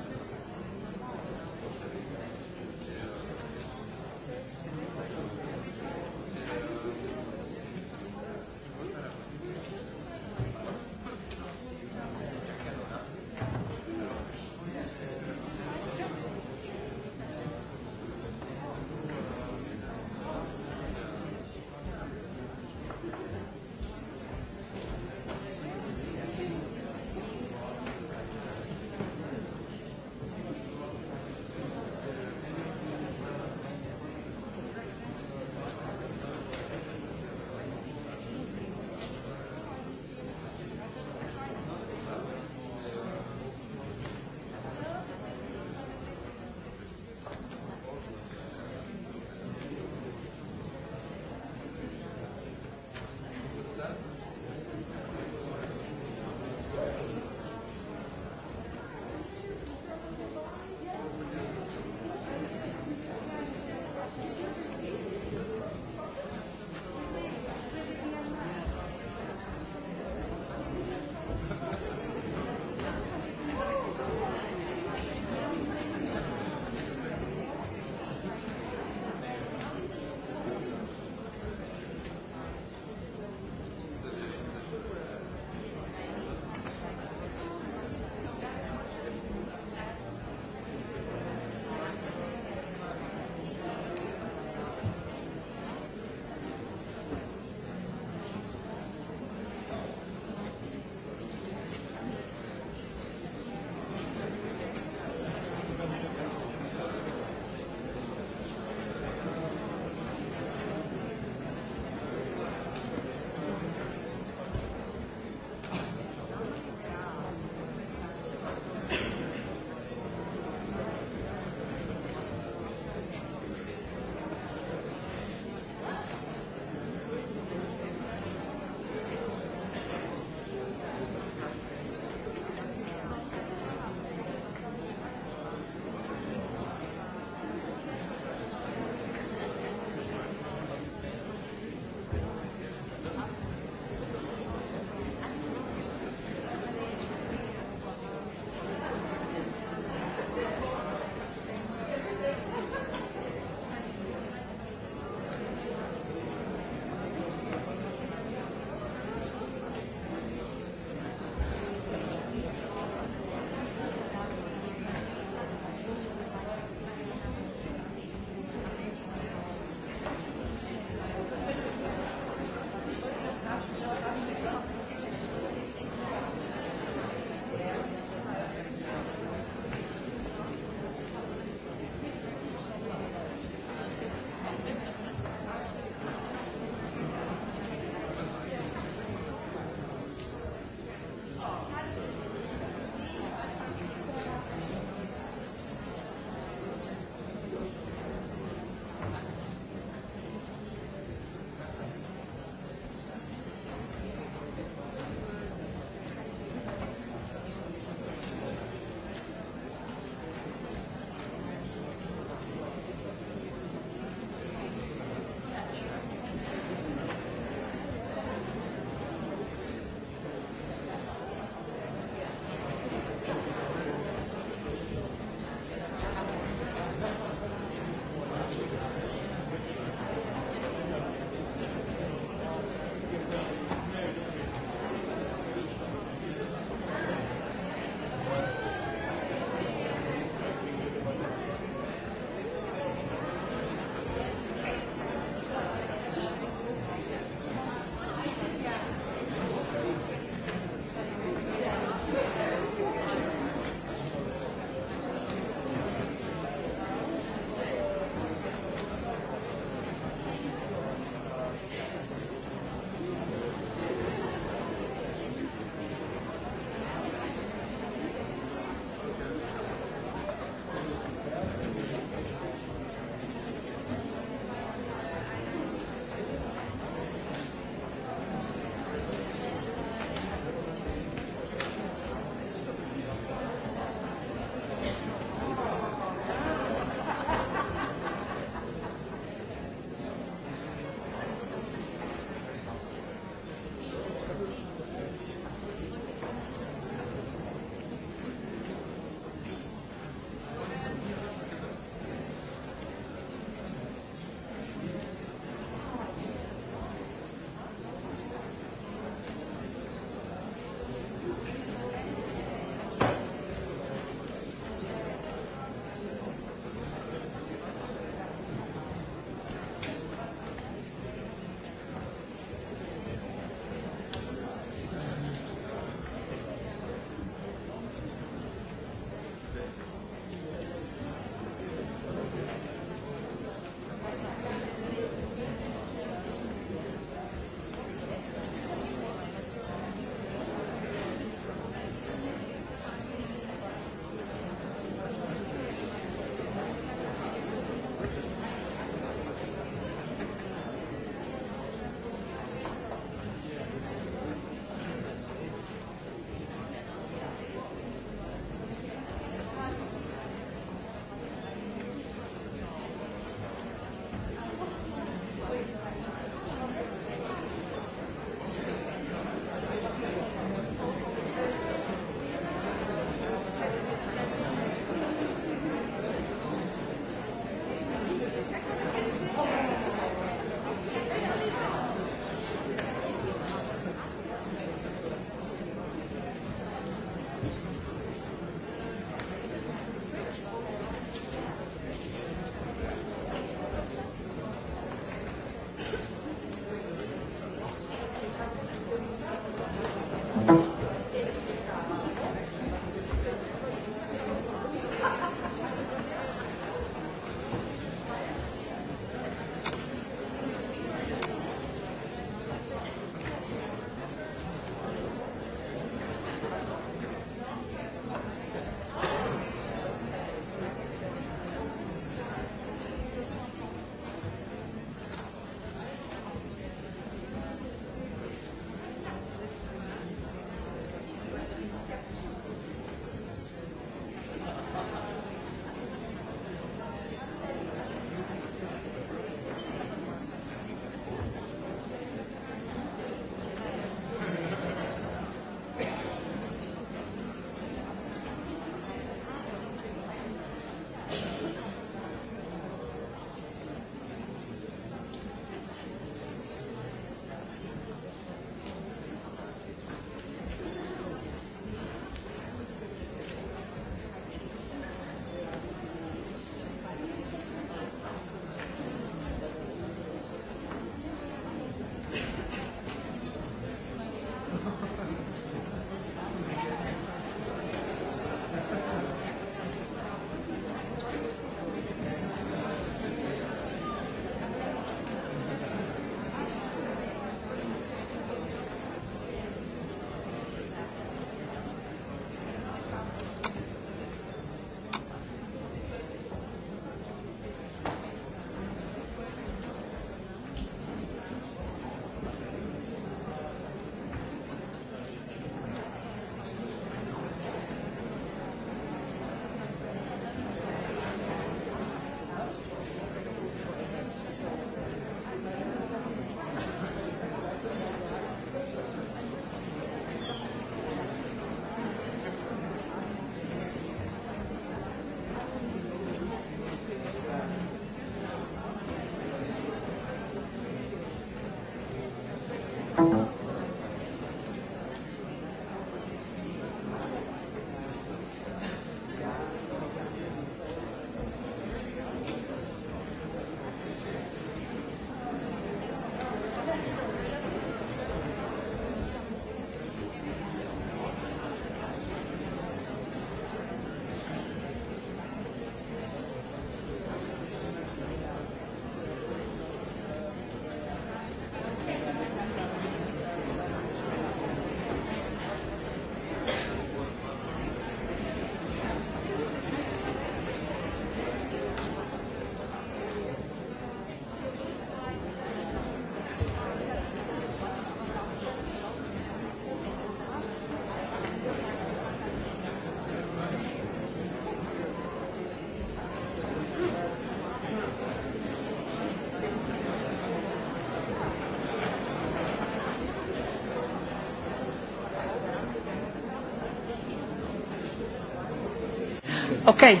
Okay.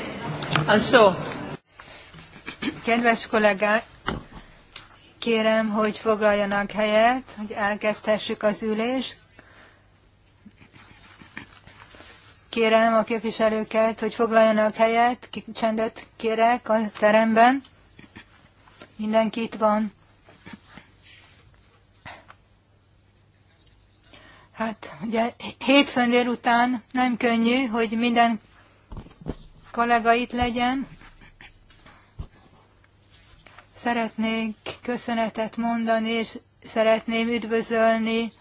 And so. Kedves kollégák, kérem, hogy foglaljanak helyet, hogy elkezdhessük az ülést. Kérem a képviselőket, hogy foglaljanak helyet, csendet kérek a teremben. Mindenki itt van. Hát ugye hétfőn délután nem könnyű, hogy minden kollega itt legyen. Szeretnék köszönetet mondani, és szeretném üdvözölni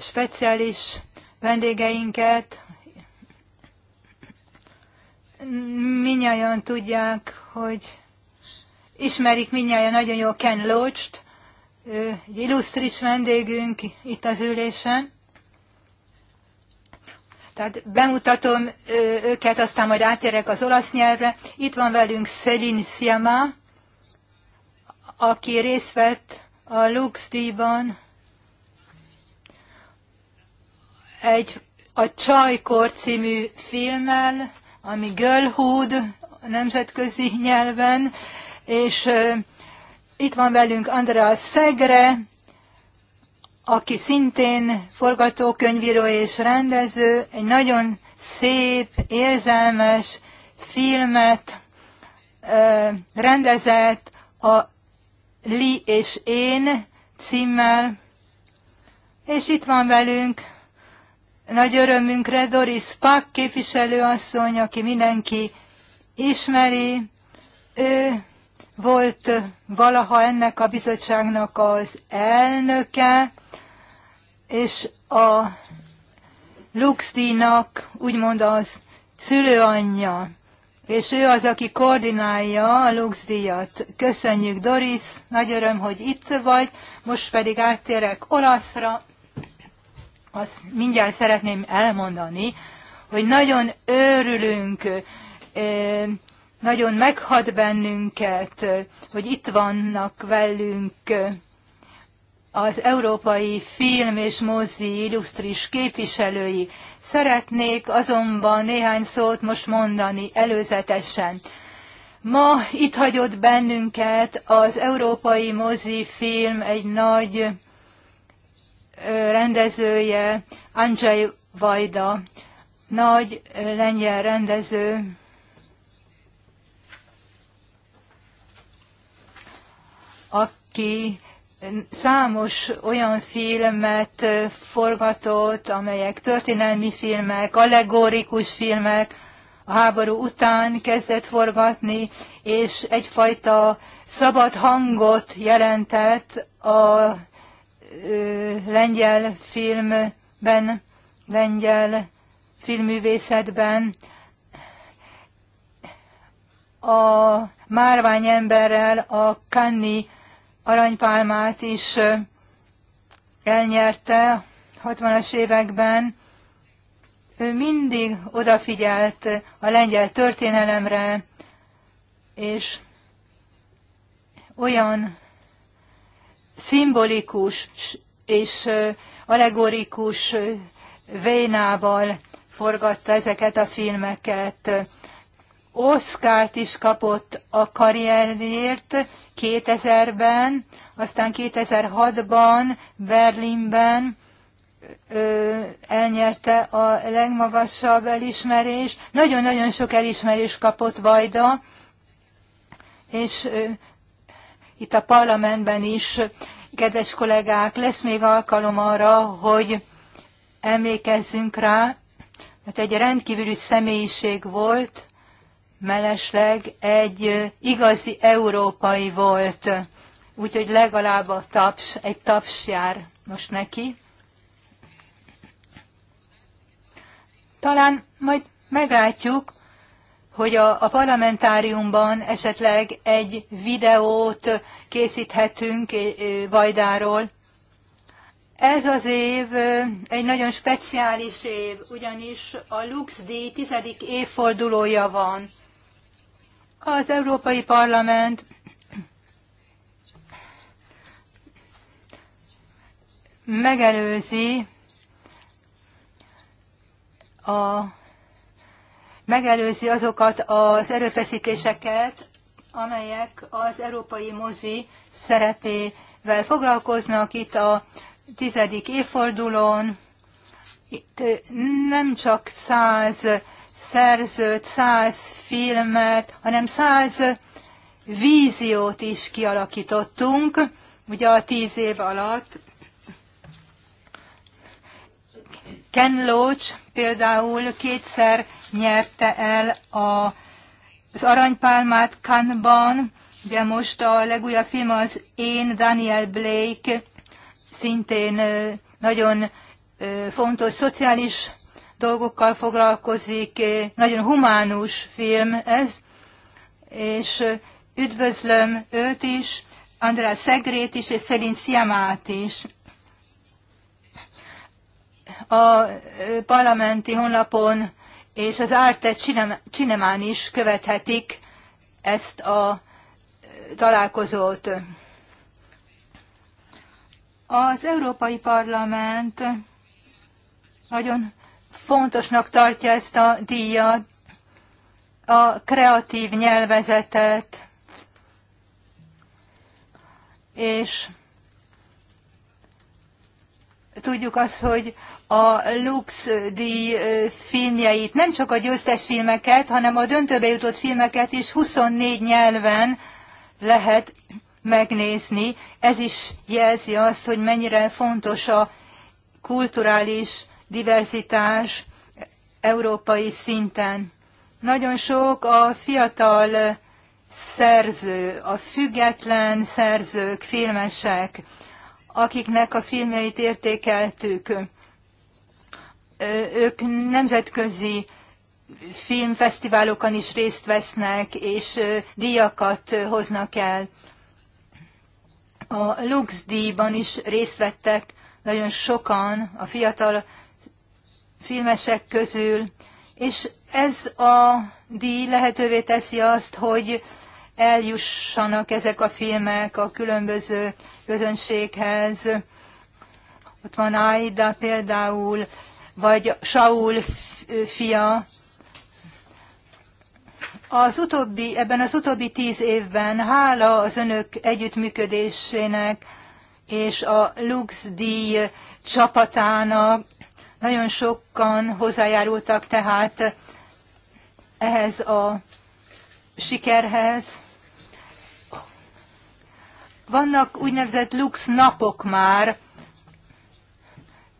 speciális vendégeinket. Minnyáján tudják, hogy ismerik minnyáján nagyon jó Ken loach ő egy illusztris vendégünk itt az ülésen. Tehát bemutatom őket, aztán majd átérek az olasz nyelvre. Itt van velünk Céline Siama, aki részt vett a Lux díjban egy a Csajkor című filmmel, ami Girlhood nemzetközi nyelven, és itt van velünk Andrea Szegre, aki szintén forgatókönyvíró és rendező, egy nagyon szép, érzelmes filmet ö, rendezett a Li és én címmel, és itt van velünk nagy örömünkre Doris Pak képviselőasszony, aki mindenki ismeri. Ő volt valaha ennek a bizottságnak az elnöke, és a Luxdínak, úgymond az szülőanyja, és ő az, aki koordinálja a Luxdíjat. Köszönjük, Doris, nagy öröm, hogy itt vagy, most pedig áttérek olaszra. Azt mindjárt szeretném elmondani, hogy nagyon örülünk nagyon meghat bennünket, hogy itt vannak velünk az európai film és mozi illusztris képviselői. Szeretnék azonban néhány szót most mondani előzetesen. Ma itt hagyott bennünket az európai mozi film egy nagy rendezője, Andrzej Vajda, nagy lengyel rendező, aki számos olyan filmet forgatott, amelyek történelmi filmek, allegórikus filmek, a háború után kezdett forgatni, és egyfajta szabad hangot jelentett a ö, lengyel filmben, lengyel filmművészetben. A emberrel a Kanni aranypálmát is elnyerte 60-as években. Ő mindig odafigyelt a lengyel történelemre, és olyan szimbolikus és allegorikus vénával forgatta ezeket a filmeket. Oszkárt is kapott a karrierért 2000-ben, aztán 2006-ban Berlinben ö, elnyerte a legmagasabb elismerést. Nagyon-nagyon sok elismerést kapott Vajda, és ö, itt a parlamentben is, kedves kollégák, lesz még alkalom arra, hogy emlékezzünk rá, mert egy rendkívüli személyiség volt, mellesleg egy igazi európai volt, úgyhogy legalább a taps, egy taps jár most neki. Talán majd meglátjuk, hogy a, a parlamentáriumban esetleg egy videót készíthetünk Vajdáról. Ez az év egy nagyon speciális év, ugyanis a Lux díj tizedik évfordulója van. Az Európai Parlament megelőzi a megelőzi azokat az erőfeszítéseket, amelyek az európai mozi szerepével foglalkoznak itt a tizedik évfordulón. Itt nem csak száz szerzőt, száz filmet, hanem száz víziót is kialakítottunk, ugye a tíz év alatt. Ken Loach például kétszer nyerte el a, az aranypálmát Cannes-ban, ugye most a legújabb film az Én, Daniel Blake, szintén nagyon fontos szociális dolgokkal foglalkozik, nagyon humánus film ez, és üdvözlöm őt is, András Szegrét is, és Szelin Sziamát is. A parlamenti honlapon és az Arte Cinemán is követhetik ezt a találkozót. Az Európai Parlament nagyon fontosnak tartja ezt a díjat, a kreatív nyelvezetet, és tudjuk azt, hogy a Lux díj filmjeit, nem csak a győztes filmeket, hanem a döntőbe jutott filmeket is 24 nyelven lehet megnézni. Ez is jelzi azt, hogy mennyire fontos a kulturális diverzitás európai szinten. Nagyon sok a fiatal szerző, a független szerzők, filmesek, akiknek a filmjeit értékeltük. Ők nemzetközi filmfesztiválokon is részt vesznek, és díjakat hoznak el. A Lux díjban is részt vettek nagyon sokan a fiatal filmesek közül, és ez a díj lehetővé teszi azt, hogy eljussanak ezek a filmek a különböző közönséghez. Ott van Aida például, vagy Saul fia. Az utóbbi, ebben az utóbbi tíz évben hála az önök együttműködésének és a Lux díj csapatának nagyon sokan hozzájárultak tehát ehhez a sikerhez. Vannak úgynevezett lux napok már.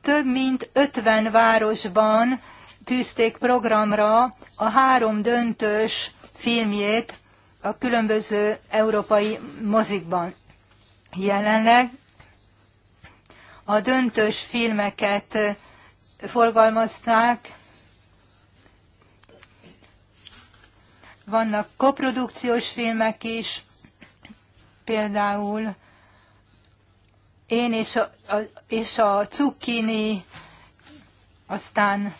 Több mint 50 városban tűzték programra a három döntős filmjét a különböző európai mozikban. Jelenleg a döntős filmeket forgalmazták. Vannak koprodukciós filmek is, például én és a, a, és a cukkini, aztán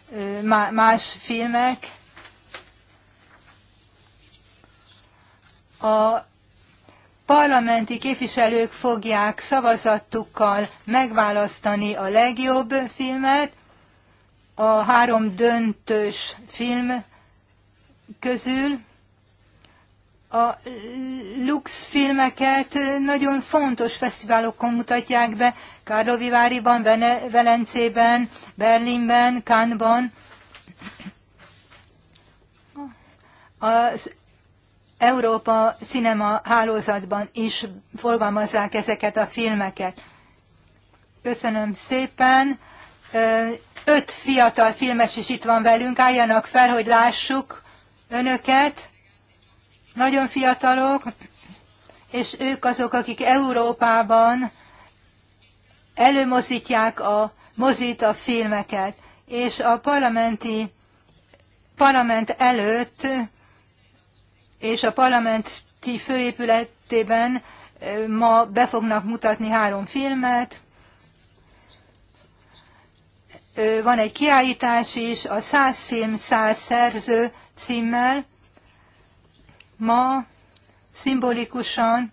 más filmek. A parlamenti képviselők fogják szavazattukkal megválasztani a legjobb filmet, a három döntős film közül a lux filmeket nagyon fontos fesztiválokon mutatják be, Kárloviváriban, Velencében, Berlinben, Cannesban. Az Európa Cinema hálózatban is forgalmazzák ezeket a filmeket. Köszönöm szépen! Öt fiatal filmes is itt van velünk, álljanak fel, hogy lássuk önöket. Nagyon fiatalok, és ők azok, akik Európában előmozítják a mozit, a filmeket. És a parlamenti parlament előtt és a parlamenti főépületében ma be fognak mutatni három filmet, van egy kiállítás is, a 100 film, 100 szerző címmel. Ma szimbolikusan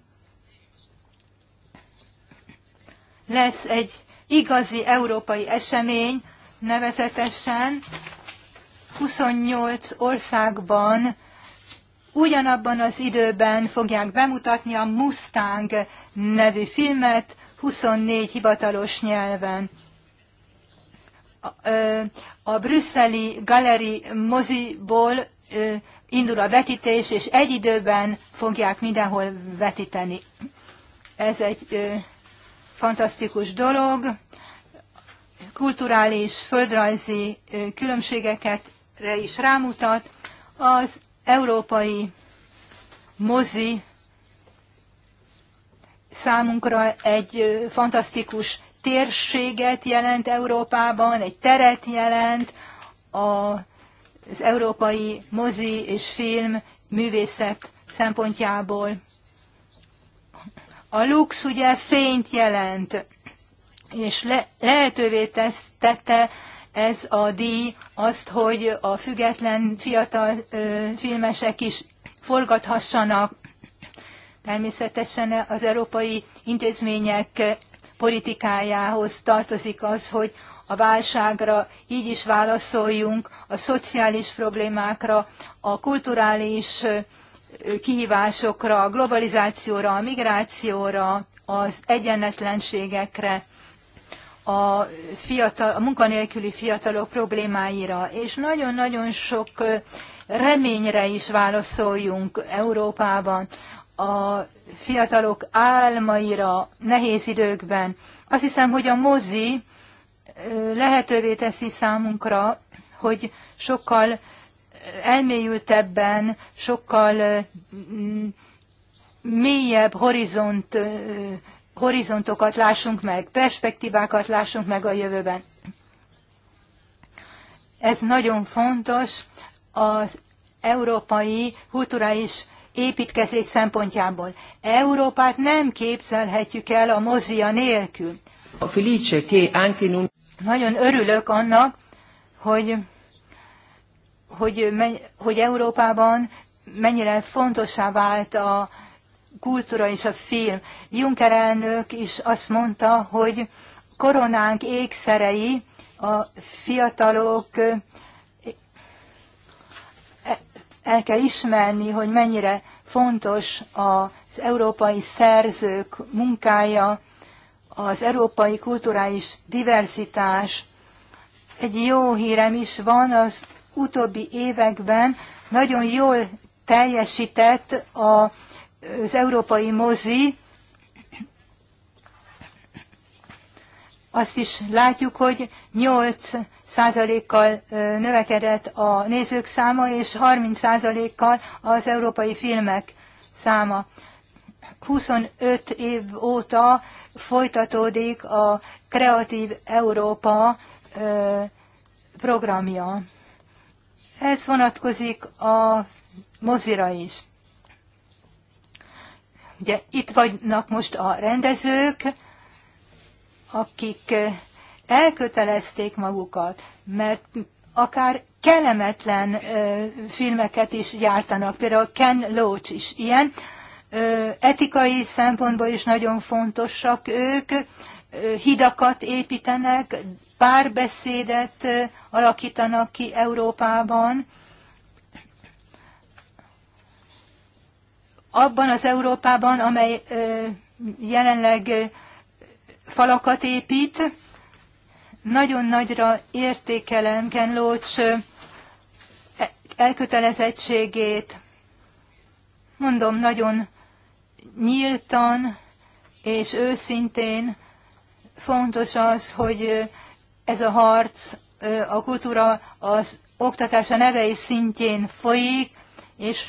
lesz egy igazi európai esemény, nevezetesen 28 országban ugyanabban az időben fogják bemutatni a Mustang nevű filmet 24 hivatalos nyelven a brüsszeli galeri moziból indul a vetítés, és egy időben fogják mindenhol vetíteni. Ez egy fantasztikus dolog, kulturális, földrajzi különbségeket is rámutat. Az európai mozi számunkra egy fantasztikus térséget jelent Európában, egy teret jelent az európai mozi és film művészet szempontjából. A lux ugye fényt jelent, és le- lehetővé tesz, tette ez a díj azt, hogy a független fiatal ö, filmesek is forgathassanak. Természetesen az európai intézmények politikájához tartozik az, hogy a válságra így is válaszoljunk, a szociális problémákra, a kulturális kihívásokra, a globalizációra, a migrációra, az egyenletlenségekre, a, fiatal, a munkanélküli fiatalok problémáira, és nagyon-nagyon sok reményre is válaszoljunk Európában. A fiatalok álmaira nehéz időkben. Azt hiszem, hogy a mozi lehetővé teszi számunkra, hogy sokkal elmélyültebben, sokkal mélyebb horizont, horizontokat lássunk meg, perspektívákat lássunk meg a jövőben. Ez nagyon fontos az európai kulturális építkezés szempontjából. Európát nem képzelhetjük el a mozia nélkül. Nagyon örülök annak, hogy, hogy, hogy Európában mennyire fontossá vált a kultúra és a film. Juncker elnök is azt mondta, hogy koronánk ékszerei a fiatalok el kell ismerni, hogy mennyire fontos az európai szerzők munkája, az európai kulturális diversitás. Egy jó hírem is van, az utóbbi években nagyon jól teljesített az európai mozi, azt is látjuk, hogy nyolc kal növekedett a nézők száma, és 30%-kal az európai filmek száma. 25 év óta folytatódik a Kreatív Európa programja. Ez vonatkozik a mozira is. Ugye itt vannak most a rendezők, akik elkötelezték magukat, mert akár kellemetlen ö, filmeket is gyártanak, például Ken Loach is ilyen. Ö, etikai szempontból is nagyon fontosak ők, ö, hidakat építenek, párbeszédet ö, alakítanak ki Európában. Abban az Európában, amely ö, jelenleg ö, falakat épít, nagyon nagyra értékelem Ken Loach e, elkötelezettségét. Mondom, nagyon nyíltan és őszintén fontos az, hogy ez a harc a kultúra az oktatása nevei szintjén folyik, és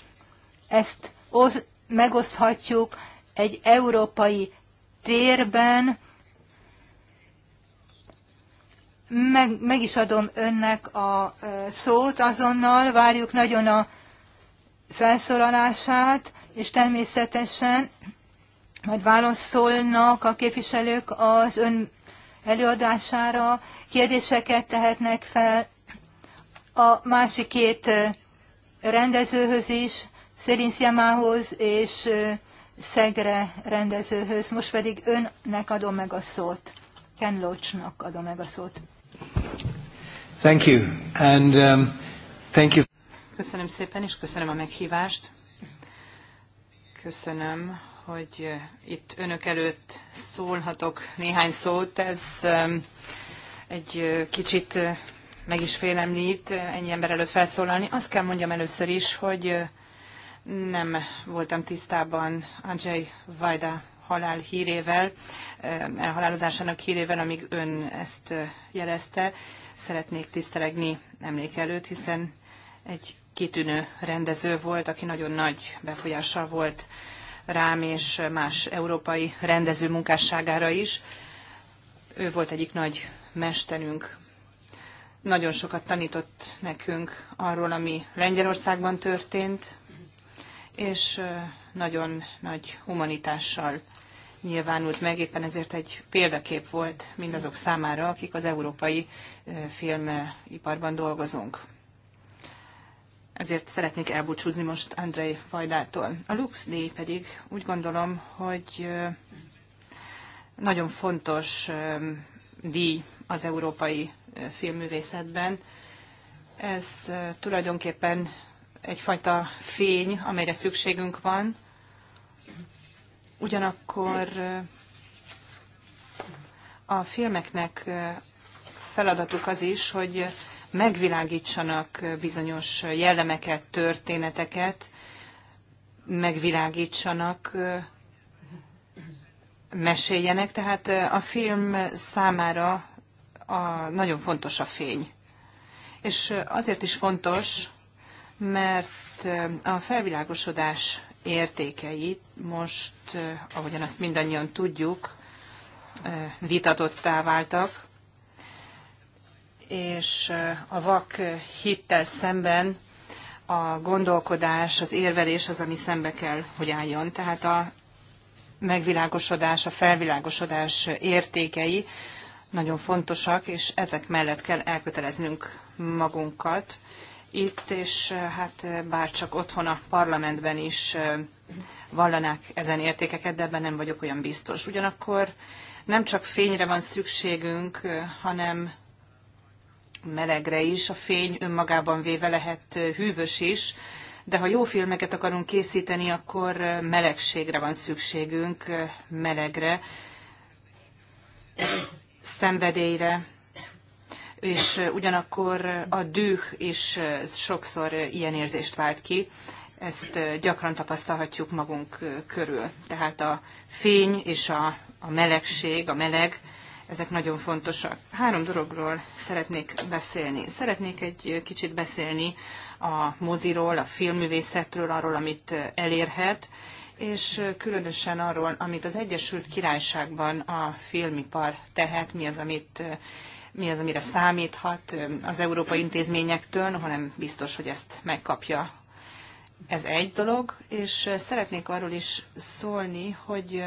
ezt megoszthatjuk egy európai térben, meg, meg is adom önnek a szót azonnal, várjuk nagyon a felszólalását, és természetesen majd válaszolnak a képviselők az ön előadására, kérdéseket tehetnek fel a másik két rendezőhöz is, Szélinsziamához és Szegre rendezőhöz. Most pedig önnek adom meg a szót. Ken Loachnak adom meg a szót. Thank you. And, um, thank you. Köszönöm szépen, és köszönöm a meghívást. Köszönöm, hogy uh, itt önök előtt szólhatok néhány szót. Ez um, egy uh, kicsit uh, meg is félemlít ennyi ember előtt felszólalni. Azt kell mondjam először is, hogy nem voltam tisztában Andrzej Vajda halál hírével, elhalálozásának hírével, amíg ön ezt jelezte, szeretnék tisztelegni emlék előtt, hiszen egy kitűnő rendező volt, aki nagyon nagy befolyással volt rám és más európai rendező munkásságára is. Ő volt egyik nagy mesterünk. Nagyon sokat tanított nekünk arról, ami Lengyelországban történt, és nagyon nagy humanitással nyilvánult meg, éppen ezért egy példakép volt mindazok számára, akik az európai filmiparban dolgozunk. Ezért szeretnék elbúcsúzni most Andrei Vajdától. A Lux Day pedig úgy gondolom, hogy nagyon fontos díj az európai filmművészetben. Ez tulajdonképpen egyfajta fény, amelyre szükségünk van. Ugyanakkor a filmeknek feladatuk az is, hogy megvilágítsanak bizonyos jellemeket, történeteket, megvilágítsanak, meséljenek. Tehát a film számára a, nagyon fontos a fény. És azért is fontos, mert a felvilágosodás értékei most, ahogyan azt mindannyian tudjuk, vitatottá váltak, és a vak hittel szemben a gondolkodás, az érvelés az, ami szembe kell, hogy álljon. Tehát a megvilágosodás, a felvilágosodás értékei nagyon fontosak, és ezek mellett kell elköteleznünk magunkat, itt, és hát bár csak otthon a parlamentben is vallanák ezen értékeket, de ebben nem vagyok olyan biztos. Ugyanakkor nem csak fényre van szükségünk, hanem melegre is. A fény önmagában véve lehet hűvös is, de ha jó filmeket akarunk készíteni, akkor melegségre van szükségünk, melegre, szenvedélyre, és ugyanakkor a düh is sokszor ilyen érzést vált ki. Ezt gyakran tapasztalhatjuk magunk körül. Tehát a fény és a, a melegség, a meleg, ezek nagyon fontosak. Három dologról szeretnék beszélni. Szeretnék egy kicsit beszélni a moziról, a filmművészetről, arról, amit elérhet, és különösen arról, amit az Egyesült Királyságban a filmipar tehet, mi az, amit mi az, amire számíthat az európai intézményektől, hanem biztos, hogy ezt megkapja. Ez egy dolog, és szeretnék arról is szólni, hogy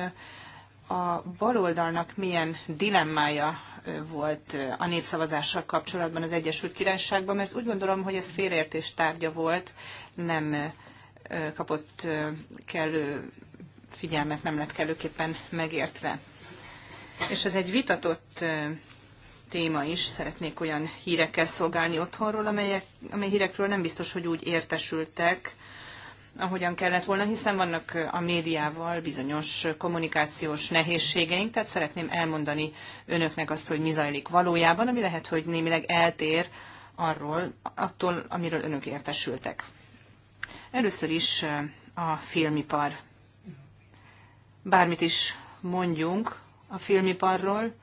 a baloldalnak milyen dilemmája volt a népszavazással kapcsolatban az Egyesült Királyságban, mert úgy gondolom, hogy ez félreértés tárgya volt, nem kapott kellő figyelmet, nem lett kellőképpen megértve. És ez egy vitatott téma is. Szeretnék olyan hírekkel szolgálni otthonról, amelyek, amely hírekről nem biztos, hogy úgy értesültek, ahogyan kellett volna, hiszen vannak a médiával bizonyos kommunikációs nehézségeink, tehát szeretném elmondani önöknek azt, hogy mi zajlik valójában, ami lehet, hogy némileg eltér arról, attól, amiről önök értesültek. Először is eh, a filmipar. Bármit is mondjunk a filmiparról,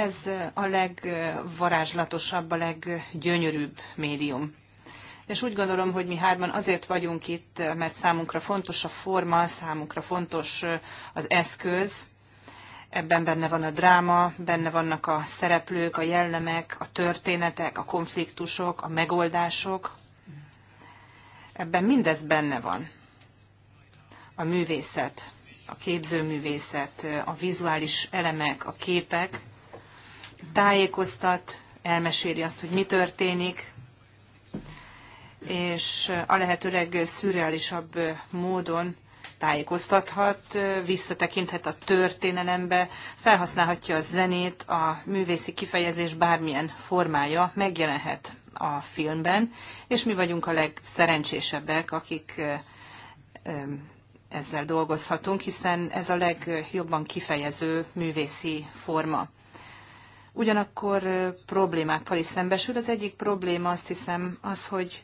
ez a legvarázslatosabb, a leggyönyörűbb médium. És úgy gondolom, hogy mi hárman azért vagyunk itt, mert számunkra fontos a forma, számunkra fontos az eszköz, ebben benne van a dráma, benne vannak a szereplők, a jellemek, a történetek, a konfliktusok, a megoldások. Ebben mindez benne van. A művészet, a képzőművészet, a vizuális elemek, a képek, tájékoztat, elmeséli azt, hogy mi történik, és a lehető legszürreálisabb módon tájékoztathat, visszatekinthet a történelembe, felhasználhatja a zenét, a művészi kifejezés bármilyen formája megjelenhet a filmben, és mi vagyunk a legszerencsésebbek, akik ezzel dolgozhatunk, hiszen ez a legjobban kifejező művészi forma ugyanakkor problémákkal is szembesül. Az egyik probléma azt hiszem az, hogy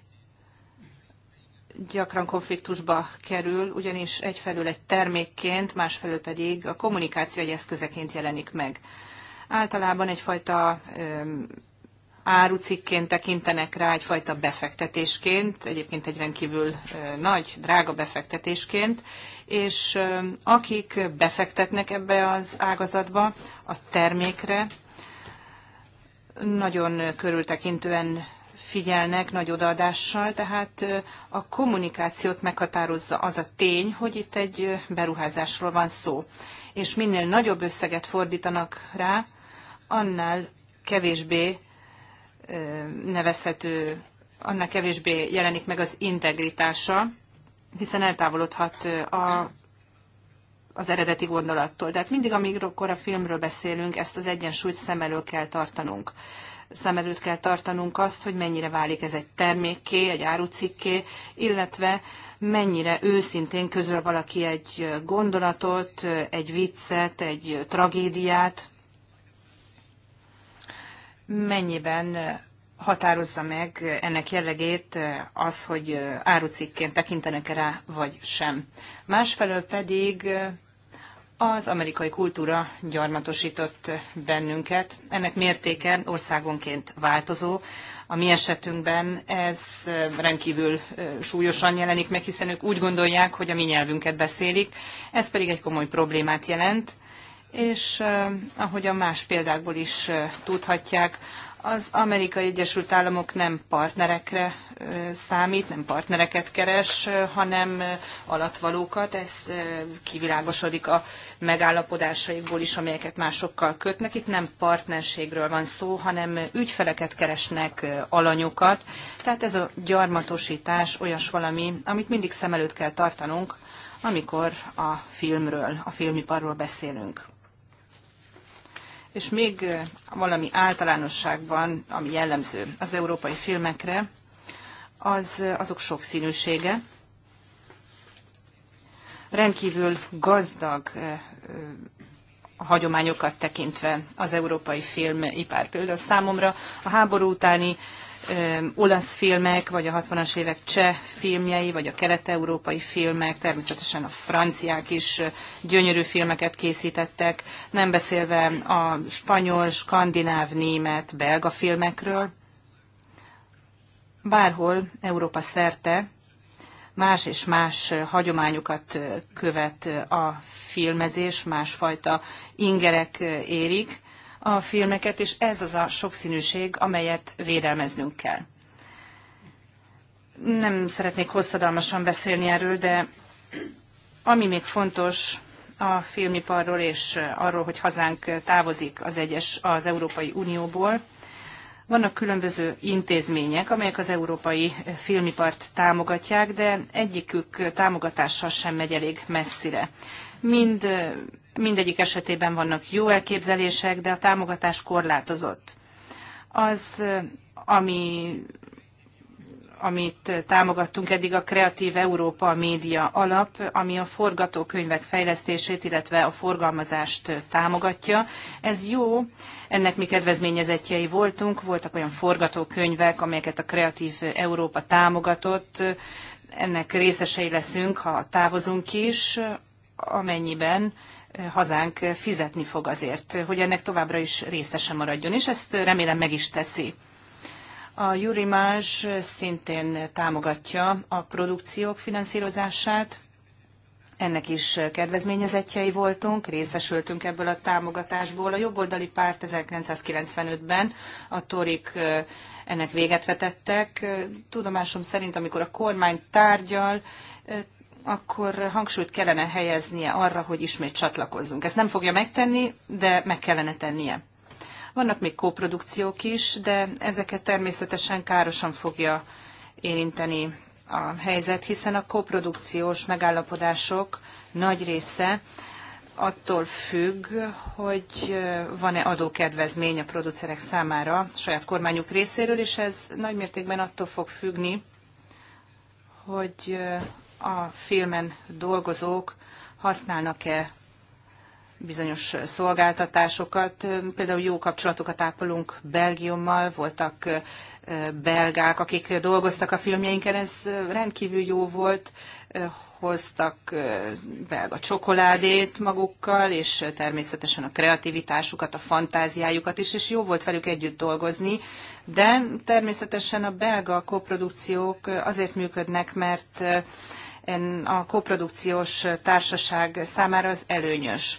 gyakran konfliktusba kerül, ugyanis egyfelől egy termékként, másfelől pedig a kommunikáció egy eszközeként jelenik meg. Általában egyfajta árucikként tekintenek rá, egyfajta befektetésként, egyébként egy rendkívül nagy, drága befektetésként, és akik befektetnek ebbe az ágazatba, a termékre, nagyon körültekintően figyelnek nagy odaadással, tehát a kommunikációt meghatározza az a tény, hogy itt egy beruházásról van szó. És minél nagyobb összeget fordítanak rá, annál kevésbé nevezhető, annál kevésbé jelenik meg az integritása, hiszen eltávolodhat a az eredeti gondolattól. Tehát mindig, amikor a filmről beszélünk, ezt az egyensúlyt szem elől kell tartanunk. Szem előtt kell tartanunk azt, hogy mennyire válik ez egy termékké, egy árucikké, illetve mennyire őszintén közöl valaki egy gondolatot, egy viccet, egy tragédiát, mennyiben határozza meg ennek jellegét az, hogy árucikként tekintenek rá, vagy sem. Másfelől pedig az amerikai kultúra gyarmatosított bennünket. Ennek mértéke országonként változó. A mi esetünkben ez rendkívül súlyosan jelenik meg, hiszen ők úgy gondolják, hogy a mi nyelvünket beszélik. Ez pedig egy komoly problémát jelent, és ahogy a más példákból is tudhatják, az Amerikai Egyesült Államok nem partnerekre számít, nem partnereket keres, hanem alatvalókat. Ez kivilágosodik a megállapodásaikból is, amelyeket másokkal kötnek. Itt nem partnerségről van szó, hanem ügyfeleket keresnek, alanyokat. Tehát ez a gyarmatosítás olyas valami, amit mindig szem előtt kell tartanunk, amikor a filmről, a filmiparról beszélünk. És még valami általánosságban, ami jellemző az európai filmekre, az azok sokszínűsége. Rendkívül gazdag a hagyományokat tekintve az európai filmipár. Például számomra a háború utáni olasz filmek, vagy a 60-as évek cseh filmjei, vagy a kelet-európai filmek, természetesen a franciák is gyönyörű filmeket készítettek, nem beszélve a spanyol, skandináv, német, belga filmekről. Bárhol Európa szerte más és más hagyományokat követ a filmezés, másfajta ingerek érik, a filmeket, és ez az a sokszínűség, amelyet védelmeznünk kell. Nem szeretnék hosszadalmasan beszélni erről, de ami még fontos a filmiparról és arról, hogy hazánk távozik az egyes az Európai Unióból, vannak különböző intézmények, amelyek az európai filmipart támogatják, de egyikük támogatással sem megy elég messzire. Mind Mindegyik esetében vannak jó elképzelések, de a támogatás korlátozott. Az, ami amit támogattunk eddig a Kreatív Európa Média Alap, ami a forgatókönyvek fejlesztését, illetve a forgalmazást támogatja. Ez jó, ennek mi kedvezményezettjei voltunk, voltak olyan forgatókönyvek, amelyeket a Kreatív Európa támogatott, ennek részesei leszünk, ha távozunk is, amennyiben hazánk fizetni fog azért, hogy ennek továbbra is részese maradjon, és ezt remélem meg is teszi. A Jurimás szintén támogatja a produkciók finanszírozását, ennek is kedvezményezettjei voltunk, részesültünk ebből a támogatásból. A jobboldali párt 1995-ben a Torik ennek véget vetettek. Tudomásom szerint, amikor a kormány tárgyal, akkor hangsúlyt kellene helyeznie arra, hogy ismét csatlakozzunk. Ezt nem fogja megtenni, de meg kellene tennie. Vannak még kóprodukciók is, de ezeket természetesen károsan fogja érinteni a helyzet, hiszen a koprodukciós megállapodások nagy része attól függ, hogy van-e adókedvezmény a producerek számára a saját kormányuk részéről, és ez nagymértékben attól fog függni, hogy a filmen dolgozók használnak-e bizonyos szolgáltatásokat. Például jó kapcsolatokat ápolunk Belgiummal, voltak belgák, akik dolgoztak a filmjeinken, ez rendkívül jó volt, hoztak belga csokoládét magukkal, és természetesen a kreativitásukat, a fantáziájukat is, és jó volt velük együtt dolgozni, de természetesen a belga koprodukciók azért működnek, mert a koprodukciós társaság számára az előnyös.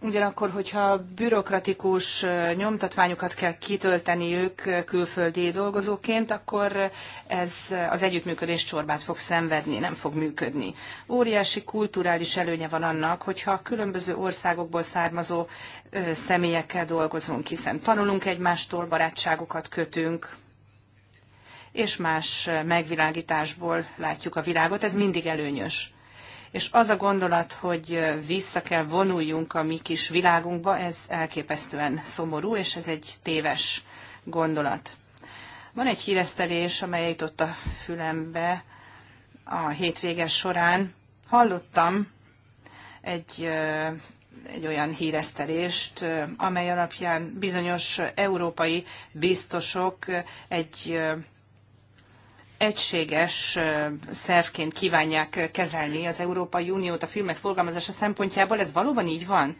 Ugyanakkor, hogyha bürokratikus nyomtatványokat kell kitölteni ők külföldi dolgozóként, akkor ez az együttműködés csorbát fog szenvedni, nem fog működni. Óriási kulturális előnye van annak, hogyha különböző országokból származó személyekkel dolgozunk, hiszen tanulunk egymástól, barátságokat kötünk, és más megvilágításból látjuk a világot, ez mindig előnyös. És az a gondolat, hogy vissza kell vonuljunk a mi kis világunkba, ez elképesztően szomorú, és ez egy téves gondolat. Van egy híresztelés, amely jutott a fülembe a hétvéges során. Hallottam egy, egy olyan híresztelést, amely alapján bizonyos európai biztosok egy egységes szervként kívánják kezelni az Európai Uniót a filmek forgalmazása szempontjából. Ez valóban így van?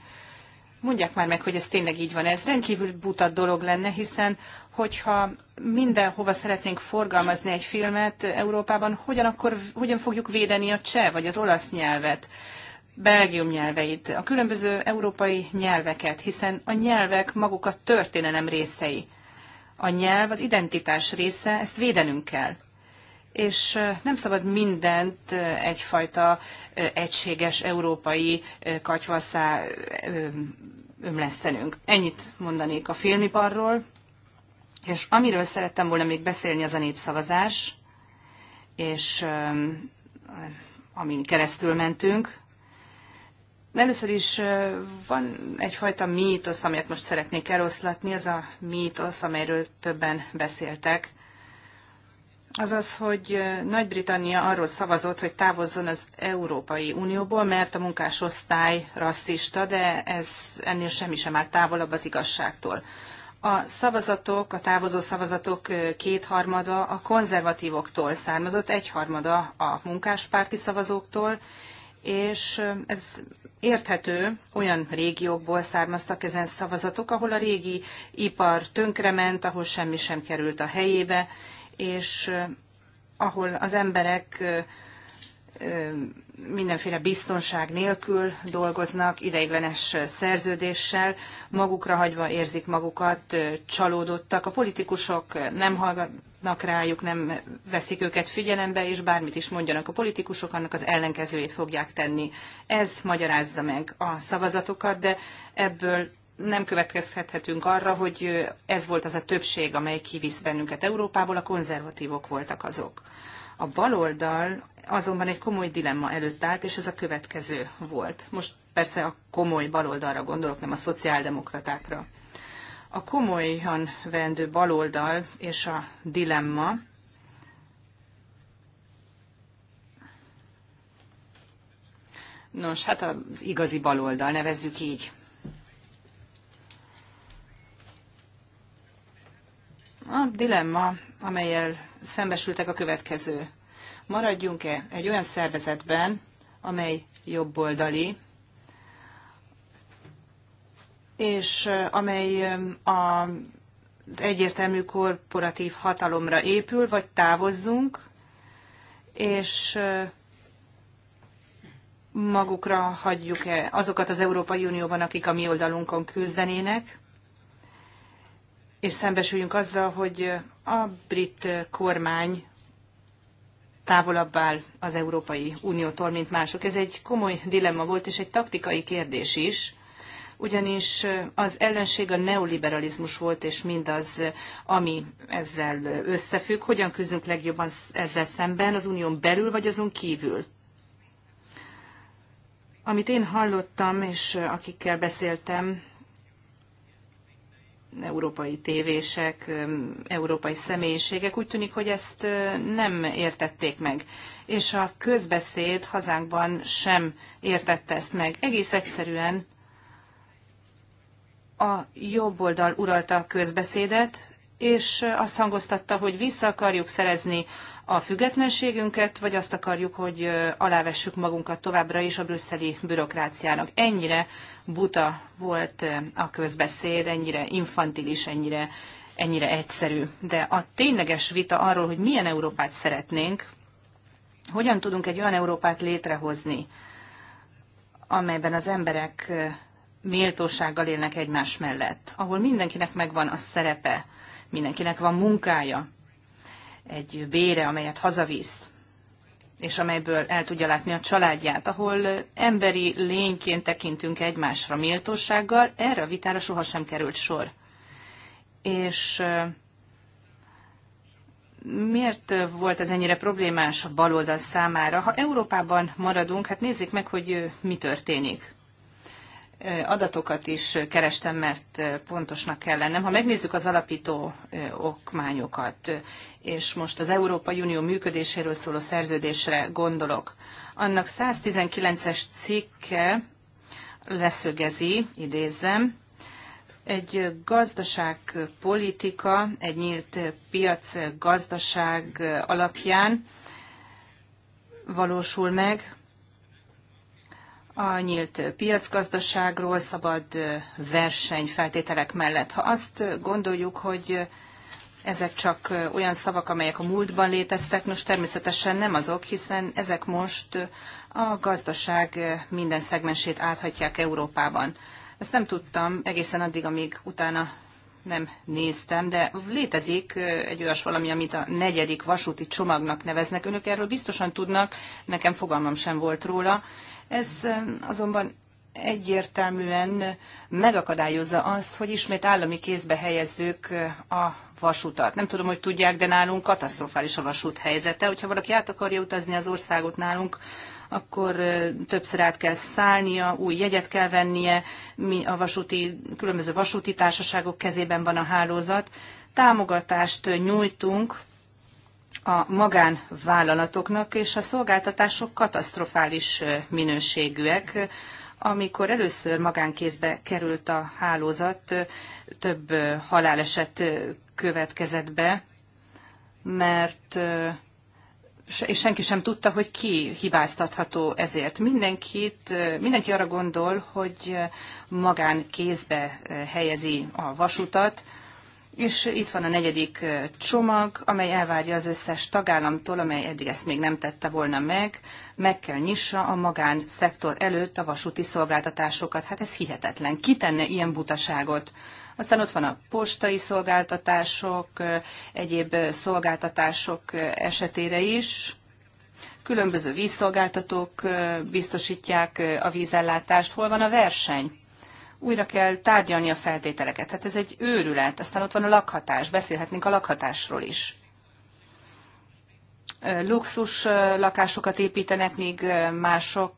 Mondják már meg, hogy ez tényleg így van. Ez rendkívül buta dolog lenne, hiszen hogyha mindenhova szeretnénk forgalmazni egy filmet Európában, hogyan, akkor, hogyan fogjuk védeni a cseh vagy az olasz nyelvet? Belgium nyelveit, a különböző európai nyelveket, hiszen a nyelvek maguk a történelem részei. A nyelv az identitás része, ezt védenünk kell és nem szabad mindent egyfajta egységes európai katyvasszá ömlesztenünk. Ennyit mondanék a filmiparról, és amiről szerettem volna még beszélni, az a népszavazás, és amin keresztül mentünk. Először is van egyfajta mítosz, amelyet most szeretnék eloszlatni, az a mítosz, amelyről többen beszéltek, azaz, hogy Nagy-Britannia arról szavazott, hogy távozzon az Európai Unióból, mert a munkásosztály rasszista, de ez ennél semmi sem áll távolabb az igazságtól. A szavazatok, a távozó szavazatok kétharmada a konzervatívoktól származott, egyharmada a munkáspárti szavazóktól, és ez érthető, olyan régiókból származtak ezen szavazatok, ahol a régi ipar tönkrement, ahol semmi sem került a helyébe, és ahol az emberek mindenféle biztonság nélkül dolgoznak, ideiglenes szerződéssel, magukra hagyva érzik magukat, csalódottak. A politikusok nem hallgatnak rájuk, nem veszik őket figyelembe, és bármit is mondjanak a politikusok, annak az ellenkezőjét fogják tenni. Ez magyarázza meg a szavazatokat, de ebből nem következhethetünk arra, hogy ez volt az a többség, amely kivisz bennünket Európából, a konzervatívok voltak azok. A baloldal azonban egy komoly dilemma előtt állt, és ez a következő volt. Most persze a komoly baloldalra gondolok, nem a szociáldemokratákra. A komolyan vendő baloldal és a dilemma Nos, hát az igazi baloldal, nevezzük így. A dilemma, amelyel szembesültek a következő. Maradjunk-e egy olyan szervezetben, amely jobboldali, és amely az egyértelmű korporatív hatalomra épül, vagy távozzunk, és magukra hagyjuk-e azokat az Európai Unióban, akik a mi oldalunkon küzdenének, és szembesüljünk azzal, hogy a brit kormány távolabb áll az Európai Uniótól, mint mások. Ez egy komoly dilemma volt, és egy taktikai kérdés is, ugyanis az ellenség a neoliberalizmus volt, és mindaz, ami ezzel összefügg. Hogyan küzdünk legjobban ezzel szemben, az unión belül, vagy azon kívül? Amit én hallottam, és akikkel beszéltem, európai tévések, európai személyiségek, úgy tűnik, hogy ezt nem értették meg. És a közbeszéd hazánkban sem értette ezt meg. Egész egyszerűen a jobb oldal uralta a közbeszédet, és azt hangoztatta, hogy vissza akarjuk szerezni a függetlenségünket, vagy azt akarjuk, hogy alávessük magunkat továbbra is a brüsszeli bürokráciának. Ennyire buta volt a közbeszéd, ennyire infantilis, ennyire, ennyire egyszerű. De a tényleges vita arról, hogy milyen Európát szeretnénk, hogyan tudunk egy olyan Európát létrehozni, amelyben az emberek méltósággal élnek egymás mellett, ahol mindenkinek megvan a szerepe, mindenkinek van munkája, egy bére amelyet hazavisz, és amelyből el tudja látni a családját, ahol emberi lényként tekintünk egymásra méltósággal, erre a vitára sohasem került sor. És miért volt ez ennyire problémás a baloldal számára? Ha Európában maradunk, hát nézzék meg, hogy mi történik adatokat is kerestem, mert pontosnak kell lennem. Ha megnézzük az alapító okmányokat, és most az Európai Unió működéséről szóló szerződésre gondolok, annak 119-es cikke leszögezi, idézem, egy gazdaságpolitika, egy nyílt piac gazdaság alapján valósul meg, a nyílt piacgazdaságról, szabad versenyfeltételek mellett. Ha azt gondoljuk, hogy ezek csak olyan szavak, amelyek a múltban léteztek, nos természetesen nem azok, hiszen ezek most a gazdaság minden szegmensét áthatják Európában. Ezt nem tudtam egészen addig, amíg utána nem néztem, de létezik egy olyas valami, amit a negyedik vasúti csomagnak neveznek. Önök erről biztosan tudnak, nekem fogalmam sem volt róla. Ez azonban egyértelműen megakadályozza azt, hogy ismét állami kézbe helyezzük a vasutat. Nem tudom, hogy tudják, de nálunk katasztrofális a vasút helyzete. Hogyha valaki át akarja utazni az országot nálunk, akkor többször át kell szállnia, új jegyet kell vennie, a vasúti, különböző vasúti társaságok kezében van a hálózat. Támogatást nyújtunk a magánvállalatoknak, és a szolgáltatások katasztrofális minőségűek. Amikor először magánkézbe került a hálózat, több haláleset következett be, mert és senki sem tudta, hogy ki hibáztatható ezért. Mindenkit, mindenki arra gondol, hogy magán kézbe helyezi a vasutat, és itt van a negyedik csomag, amely elvárja az összes tagállamtól, amely eddig ezt még nem tette volna meg, meg kell nyissa a szektor előtt a vasúti szolgáltatásokat. Hát ez hihetetlen. Ki tenne ilyen butaságot? Aztán ott van a postai szolgáltatások, egyéb szolgáltatások esetére is. Különböző vízszolgáltatók biztosítják a vízellátást. Hol van a verseny? Újra kell tárgyalni a feltételeket. Hát ez egy őrület. Aztán ott van a lakhatás. Beszélhetnénk a lakhatásról is luxus lakásokat építenek, míg mások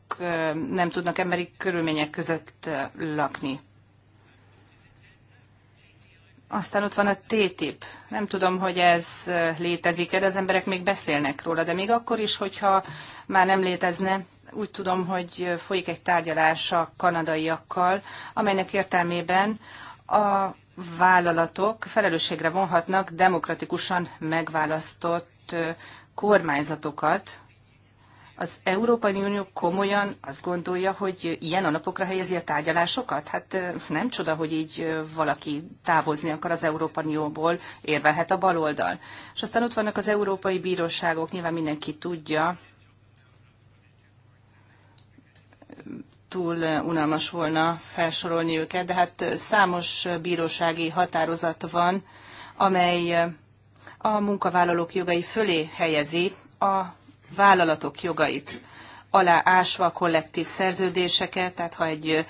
nem tudnak emberi körülmények között lakni. Aztán ott van a TTIP. Nem tudom, hogy ez létezik-e, de az emberek még beszélnek róla, de még akkor is, hogyha már nem létezne, úgy tudom, hogy folyik egy tárgyalás a kanadaiakkal, amelynek értelmében a vállalatok felelősségre vonhatnak demokratikusan megválasztott kormányzatokat, az Európai Unió komolyan azt gondolja, hogy ilyen a napokra helyezi a tárgyalásokat? Hát nem csoda, hogy így valaki távozni akar az Európai Unióból, érvelhet a baloldal. És aztán ott vannak az európai bíróságok, nyilván mindenki tudja, túl unalmas volna felsorolni őket, de hát számos bírósági határozat van, amely a munkavállalók jogai fölé helyezi a vállalatok jogait aláásva a kollektív szerződéseket, tehát ha egy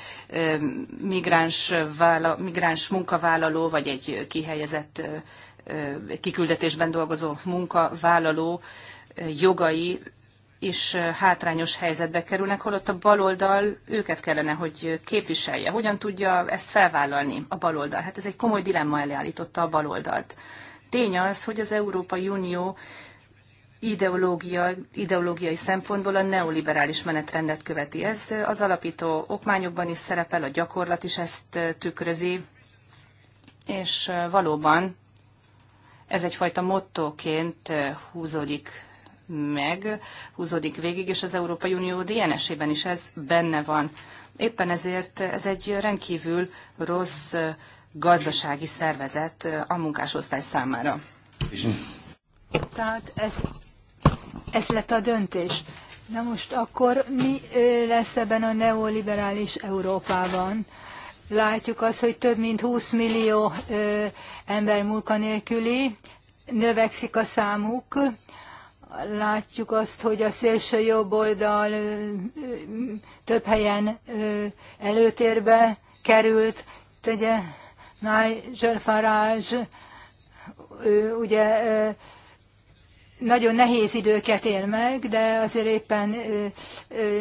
migráns, vála, migráns munkavállaló vagy egy kihelyezett kiküldetésben dolgozó munkavállaló jogai is hátrányos helyzetbe kerülnek, holott a baloldal őket kellene, hogy képviselje. Hogyan tudja ezt felvállalni a baloldal? Hát ez egy komoly dilemma elé állította a baloldalt. Tény az, hogy az Európai Unió ideológia, ideológiai szempontból a neoliberális menetrendet követi. Ez az alapító okmányokban is szerepel, a gyakorlat is ezt tükrözi, és valóban ez egyfajta mottóként húzódik meg, húzódik végig, és az Európai Unió DNS-ében is ez benne van. Éppen ezért ez egy rendkívül rossz gazdasági szervezet a munkásosztály számára. Tehát ezt ez lett a döntés. Na most akkor mi lesz ebben a neoliberális Európában? Látjuk azt, hogy több mint 20 millió ö, ember munkanélküli, növekszik a számuk, látjuk azt, hogy a szélső jobb oldal több helyen előtérbe került, tegye Nigel Farage, ugye nagyon nehéz időket él meg, de azért éppen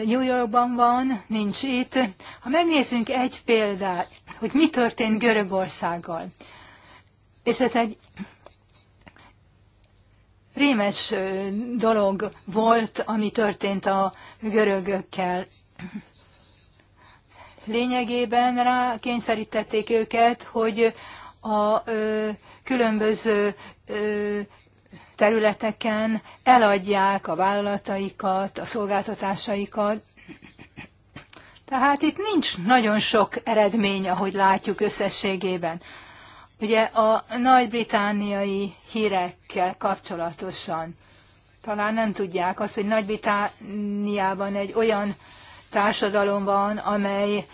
New Yorkban van, nincs itt. Ha megnézzünk egy példát, hogy mi történt Görögországgal, és ez egy rémes dolog volt, ami történt a görögökkel. Lényegében rá kényszerítették őket, hogy a ö, különböző ö, területeken eladják a vállalataikat, a szolgáltatásaikat. Tehát itt nincs nagyon sok eredmény, ahogy látjuk összességében. Ugye a nagy-britániai hírekkel kapcsolatosan talán nem tudják azt, hogy Nagy-Britániában egy olyan társadalom van, amely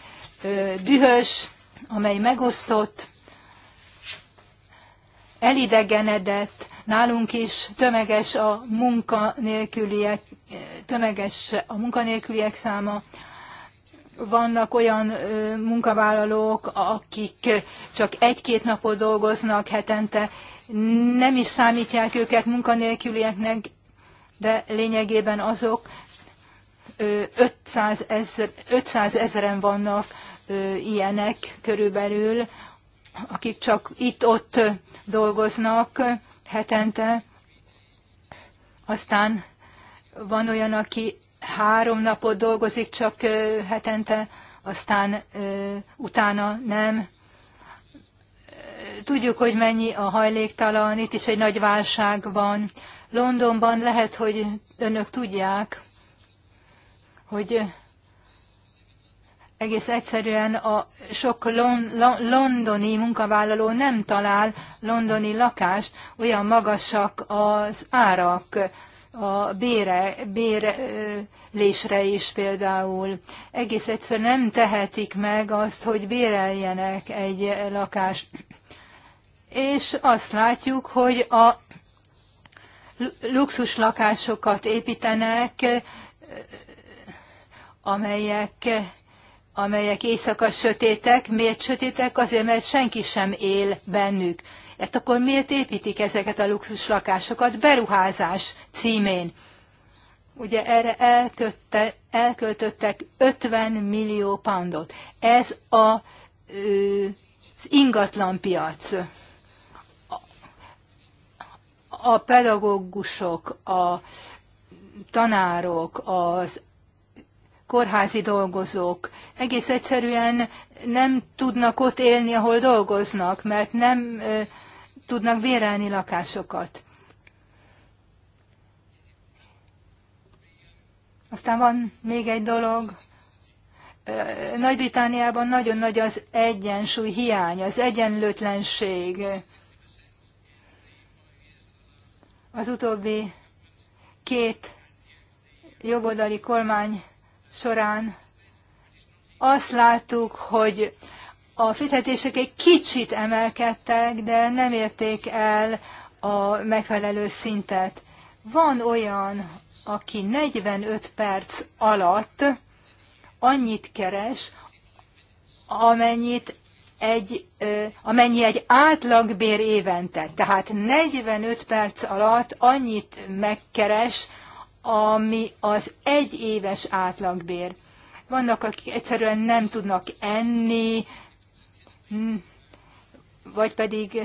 ö, dühös, amely megosztott, elidegenedett, Nálunk is tömeges a munkanélküliek, tömeges a munkanélküliek száma, vannak olyan ö, munkavállalók, akik csak egy-két napot dolgoznak hetente, nem is számítják őket munkanélkülieknek, de lényegében azok ö, 500, ezer, 500 ezeren vannak ö, ilyenek körülbelül, akik csak itt-ott dolgoznak, hetente, aztán van olyan, aki három napot dolgozik csak hetente, aztán utána nem. Tudjuk, hogy mennyi a hajléktalan, itt is egy nagy válság van. Londonban lehet, hogy önök tudják, hogy egész egyszerűen a sok lon, lon, londoni munkavállaló nem talál londoni lakást, olyan magasak az árak a bére, bérlésre is például. Egész egyszerűen nem tehetik meg azt, hogy béreljenek egy lakást. És azt látjuk, hogy a luxus lakásokat építenek, amelyek amelyek éjszaka sötétek. Miért sötétek? Azért, mert senki sem él bennük. Hát akkor miért építik ezeket a luxus lakásokat beruházás címén? Ugye erre elkötte, elköltöttek 50 millió pandot. Ez a, az ingatlanpiac. A pedagógusok, a tanárok, az kórházi dolgozók egész egyszerűen nem tudnak ott élni, ahol dolgoznak, mert nem tudnak bérelni lakásokat. Aztán van még egy dolog. Nagy-Britániában nagyon nagy az egyensúly hiány, az egyenlőtlenség. Az utóbbi két jogoldali kormány során azt láttuk, hogy a fizetések egy kicsit emelkedtek, de nem érték el a megfelelő szintet. Van olyan, aki 45 perc alatt annyit keres, amennyit egy, amennyi egy átlagbér évente. Tehát 45 perc alatt annyit megkeres, ami az egyéves átlagbér. Vannak, akik egyszerűen nem tudnak enni, hm, vagy pedig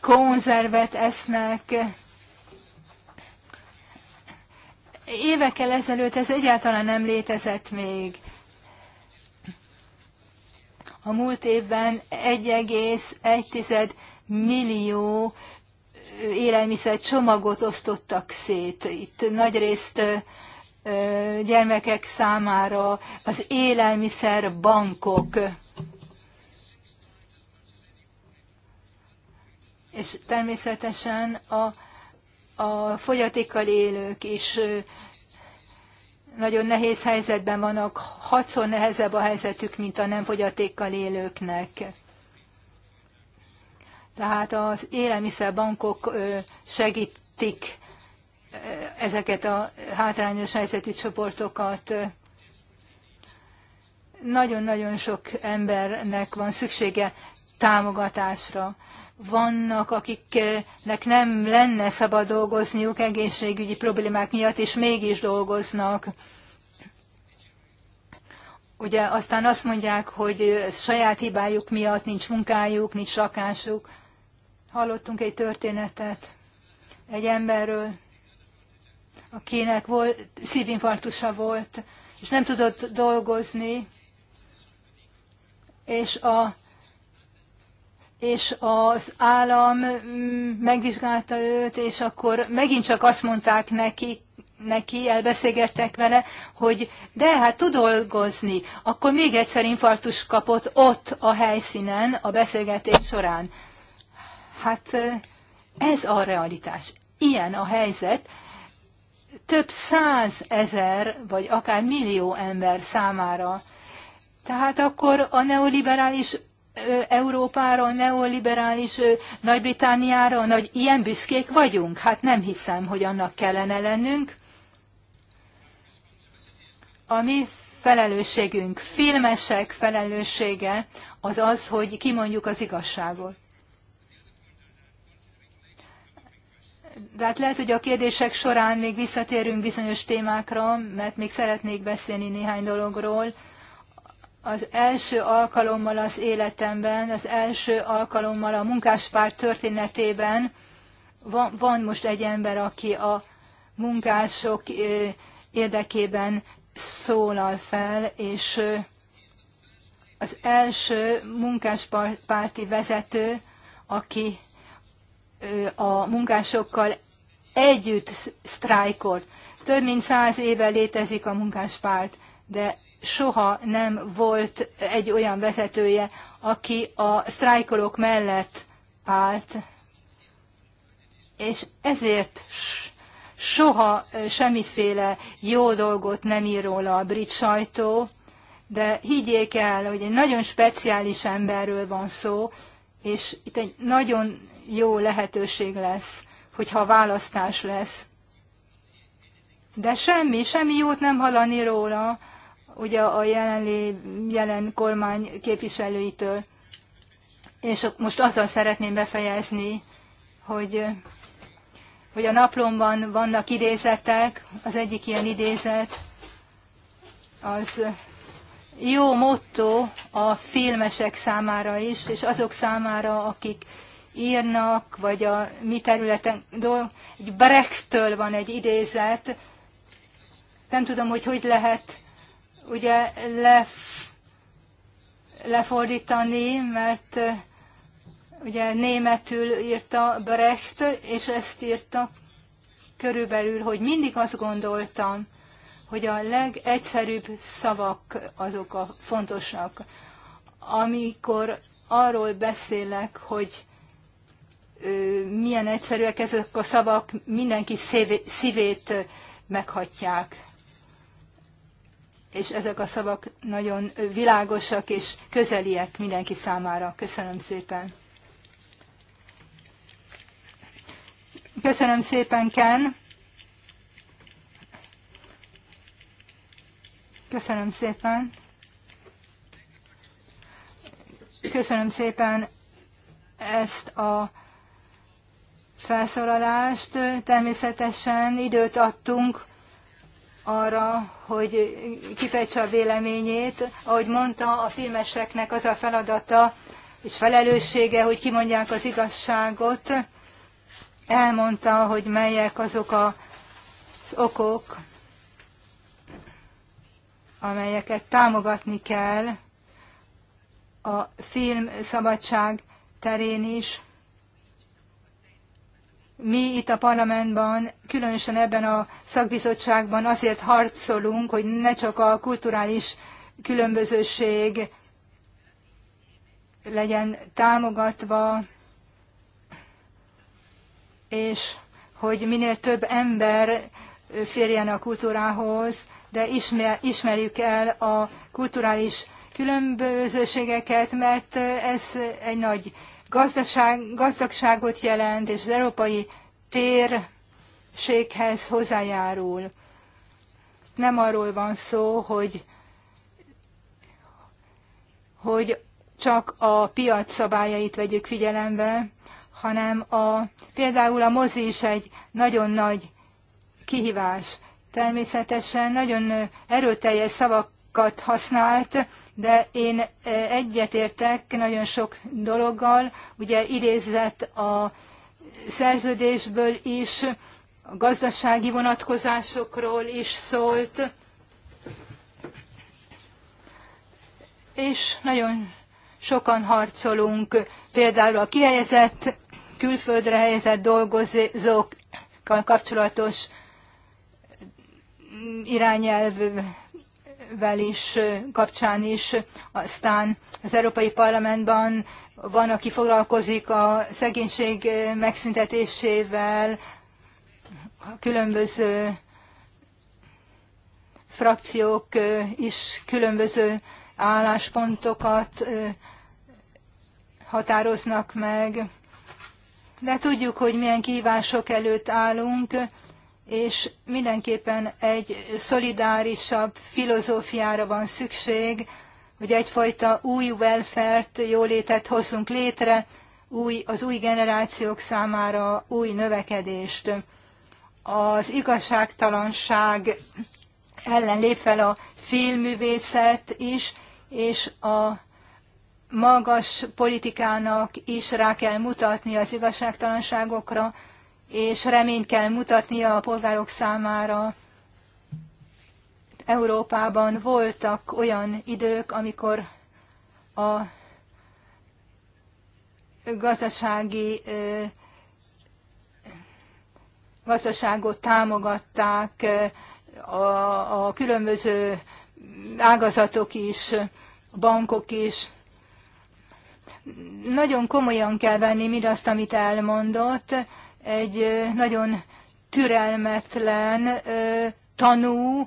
konzervet esznek. Évekkel ezelőtt ez egyáltalán nem létezett még. A múlt évben 1,1 millió élelmiszer csomagot osztottak szét. Itt nagyrészt gyermekek számára az élelmiszer bankok. És természetesen a, a fogyatékkal élők is nagyon nehéz helyzetben vannak, hatszor nehezebb a helyzetük, mint a nem fogyatékkal élőknek. Tehát az élelmiszerbankok segítik ezeket a hátrányos helyzetű csoportokat. Nagyon-nagyon sok embernek van szüksége támogatásra. Vannak, akiknek nem lenne szabad dolgozniuk egészségügyi problémák miatt, és mégis dolgoznak. Ugye aztán azt mondják, hogy saját hibájuk miatt nincs munkájuk, nincs lakásuk. Hallottunk egy történetet egy emberről, akinek volt, szívinfarktusa volt, és nem tudott dolgozni, és a és az állam mm, megvizsgálta őt, és akkor megint csak azt mondták neki, neki elbeszélgettek vele, hogy de hát tud dolgozni. Akkor még egyszer infartus kapott ott a helyszínen a beszélgetés során. Hát ez a realitás. Ilyen a helyzet. Több száz ezer, vagy akár millió ember számára. Tehát akkor a neoliberális Európára, a neoliberális Nagy-Britániára, nagy ilyen büszkék vagyunk? Hát nem hiszem, hogy annak kellene lennünk. A mi felelősségünk, filmesek felelőssége az az, hogy kimondjuk az igazságot. de hát lehet, hogy a kérdések során még visszatérünk bizonyos témákra, mert még szeretnék beszélni néhány dologról. Az első alkalommal az életemben, az első alkalommal a munkáspárt történetében van, van most egy ember, aki a munkások érdekében szólal fel, és az első munkáspárti vezető, aki a munkásokkal együtt sztrájkolt. Több mint száz éve létezik a munkáspárt, de soha nem volt egy olyan vezetője, aki a sztrájkolók mellett állt, és ezért soha semmiféle jó dolgot nem ír róla a brit sajtó, de higgyék el, hogy egy nagyon speciális emberről van szó, és itt egy nagyon jó lehetőség lesz, hogyha választás lesz. De semmi, semmi jót nem hallani róla, ugye a jelenlé, jelen kormány képviselőitől. És most azzal szeretném befejezni, hogy, hogy a naplomban vannak idézetek, az egyik ilyen idézet, az jó motto a filmesek számára is, és azok számára, akik írnak, vagy a mi területen egy Brechttől van egy idézet, nem tudom, hogy hogy lehet ugye lef, lefordítani, mert ugye németül írta Brecht, és ezt írta körülbelül, hogy mindig azt gondoltam, hogy a legegyszerűbb szavak azok a fontosak. Amikor arról beszélek, hogy milyen egyszerűek ezek a szavak, mindenki szívét meghatják. És ezek a szavak nagyon világosak és közeliek mindenki számára. Köszönöm szépen. Köszönöm szépen, Ken. Köszönöm szépen. Köszönöm szépen ezt a felszólalást. Természetesen időt adtunk arra, hogy kifejtse a véleményét. Ahogy mondta, a filmeseknek az a feladata és felelőssége, hogy kimondják az igazságot. Elmondta, hogy melyek azok az okok, amelyeket támogatni kell a film szabadság terén is mi itt a parlamentben, különösen ebben a szakbizottságban azért harcolunk, hogy ne csak a kulturális különbözőség legyen támogatva, és hogy minél több ember férjen a kultúrához, de ismer, ismerjük el a kulturális különbözőségeket, mert ez egy nagy gazdaság, gazdagságot jelent, és az európai térséghez hozzájárul. Nem arról van szó, hogy, hogy csak a piac szabályait vegyük figyelembe, hanem a, például a mozi is egy nagyon nagy kihívás. Természetesen nagyon erőteljes szavakat használt de én e, egyetértek nagyon sok dologgal, ugye idézett a szerződésből is, a gazdasági vonatkozásokról is szólt, és nagyon sokan harcolunk, például a kihelyezett, külföldre helyezett dolgozókkal kapcsolatos irányelv vel is kapcsán is, aztán az Európai Parlamentben van, aki foglalkozik a szegénység megszüntetésével, a különböző frakciók is különböző álláspontokat határoznak meg. De tudjuk, hogy milyen kívások előtt állunk, és mindenképpen egy szolidárisabb filozófiára van szükség, hogy egyfajta új welfare-t, jólétet hozzunk létre, új, az új generációk számára új növekedést. Az igazságtalanság ellen lép fel a filmművészet is, és a magas politikának is rá kell mutatni az igazságtalanságokra, és reményt kell mutatnia a polgárok számára. Európában voltak olyan idők, amikor a gazdasági gazdaságot támogatták a, a különböző ágazatok is, bankok is. Nagyon komolyan kell venni mindazt, amit elmondott, egy nagyon türelmetlen tanú,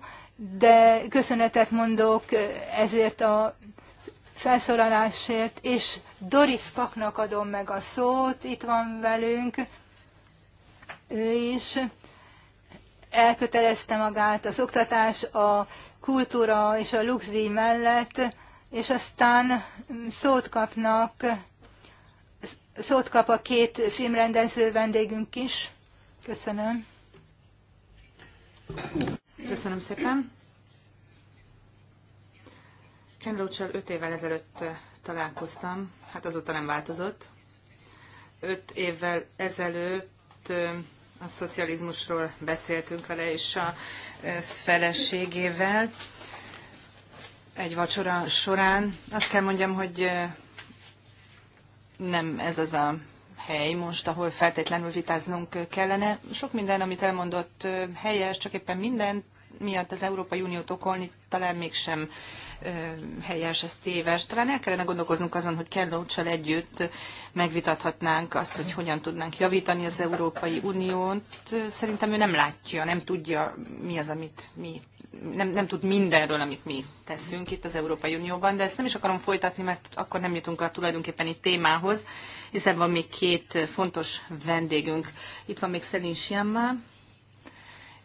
de köszönetet mondok ezért a felszólalásért, és Doris Paknak adom meg a szót, itt van velünk, ő is elkötelezte magát az oktatás, a kultúra és a luxdíj mellett, és aztán szót kapnak Szót kap a két filmrendező vendégünk is. Köszönöm. Köszönöm szépen. Ken loach öt évvel ezelőtt eh, találkoztam, hát azóta nem változott. Öt évvel ezelőtt eh, a szocializmusról beszéltünk vele és a eh, feleségével egy vacsora során. Azt kell mondjam, hogy nem ez az a hely most, ahol feltétlenül vitáznunk kellene. Sok minden, amit elmondott helyes, csak éppen minden miatt az Európai Uniót okolni talán mégsem helyes, ez téves. Talán el kellene gondolkoznunk azon, hogy Ken loach együtt megvitathatnánk azt, hogy hogyan tudnánk javítani az Európai Uniót. Szerintem ő nem látja, nem tudja, mi az, amit mi nem, nem tud mindenről, amit mi teszünk itt az Európai Unióban, de ezt nem is akarom folytatni, mert akkor nem jutunk a tulajdonképpen itt témához, hiszen van még két fontos vendégünk. Itt van még Szelin Siamma,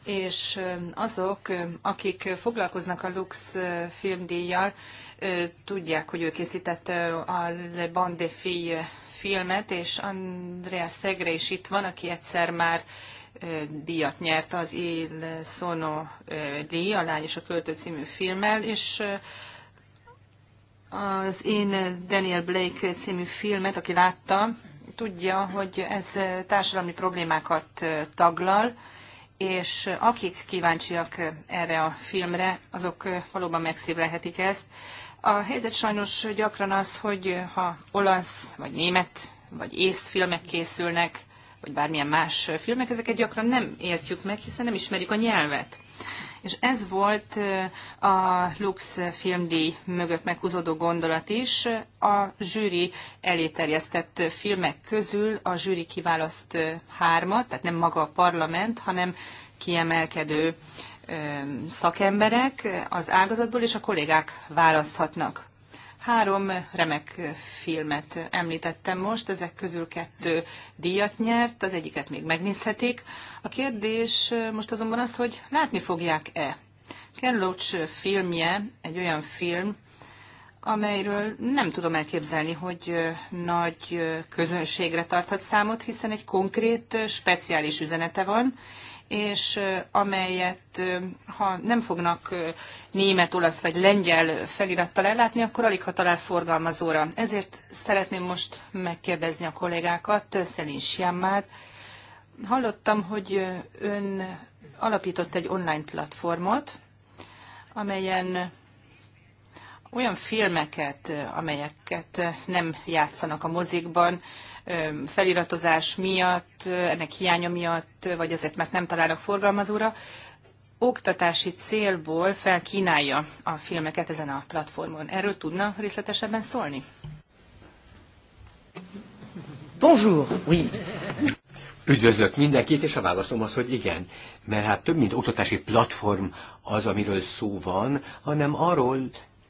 és azok, akik foglalkoznak a Lux filmdíjjal, tudják, hogy ő készített a Le Bande Fille filmet, és Andrea Szegre is itt van, aki egyszer már díjat nyert az Il Sono díj, a Lány és a Költő című filmmel, és az én Daniel Blake című filmet, aki látta, tudja, hogy ez társadalmi problémákat taglal, és akik kíváncsiak erre a filmre, azok valóban megszívlelhetik ezt. A helyzet sajnos gyakran az, hogy ha olasz, vagy német, vagy észt filmek készülnek, vagy bármilyen más filmek, ezeket gyakran nem értjük meg, hiszen nem ismerjük a nyelvet. És ez volt a Lux filmdíj mögött meghúzódó gondolat is. A zsűri eléterjesztett filmek közül a zsűri kiválaszt hármat, tehát nem maga a parlament, hanem kiemelkedő szakemberek az ágazatból, és a kollégák választhatnak. Három remek filmet említettem most, ezek közül kettő díjat nyert, az egyiket még megnézhetik. A kérdés most azonban az, hogy látni fogják-e. Ken Loach filmje egy olyan film, amelyről nem tudom elképzelni, hogy nagy közönségre tarthat számot, hiszen egy konkrét, speciális üzenete van, és amelyet ha nem fognak német, olasz vagy lengyel felirattal ellátni, akkor alig ha talál forgalmazóra. Ezért szeretném most megkérdezni a kollégákat, Szelin Siammát. Hallottam, hogy ön alapított egy online platformot, amelyen olyan filmeket, amelyeket nem játszanak a mozikban, feliratozás miatt, ennek hiánya miatt, vagy azért, mert nem találnak forgalmazóra, oktatási célból felkínálja a filmeket ezen a platformon. Erről tudna részletesebben szólni? Bonjour! Oui. Üdvözlök mindenkit, és a válaszom az, hogy igen, mert hát több mint oktatási platform az, amiről szó van, hanem arról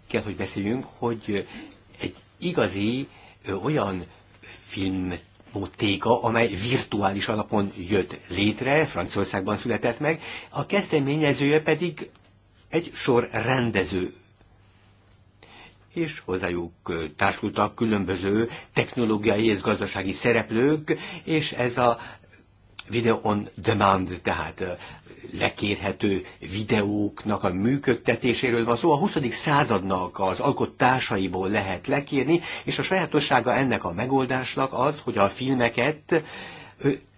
kell, hogy beszéljünk, hogy egy igazi olyan film téka, amely virtuális alapon jött létre, Franciaországban született meg, a kezdeményezője pedig egy sor rendező és hozzájuk társultak különböző technológiai és gazdasági szereplők, és ez a Video on Demand, tehát lekérhető videóknak a működtetéséről van szó. A 20. századnak az alkotásaiból lehet lekérni, és a sajátossága ennek a megoldásnak az, hogy a filmeket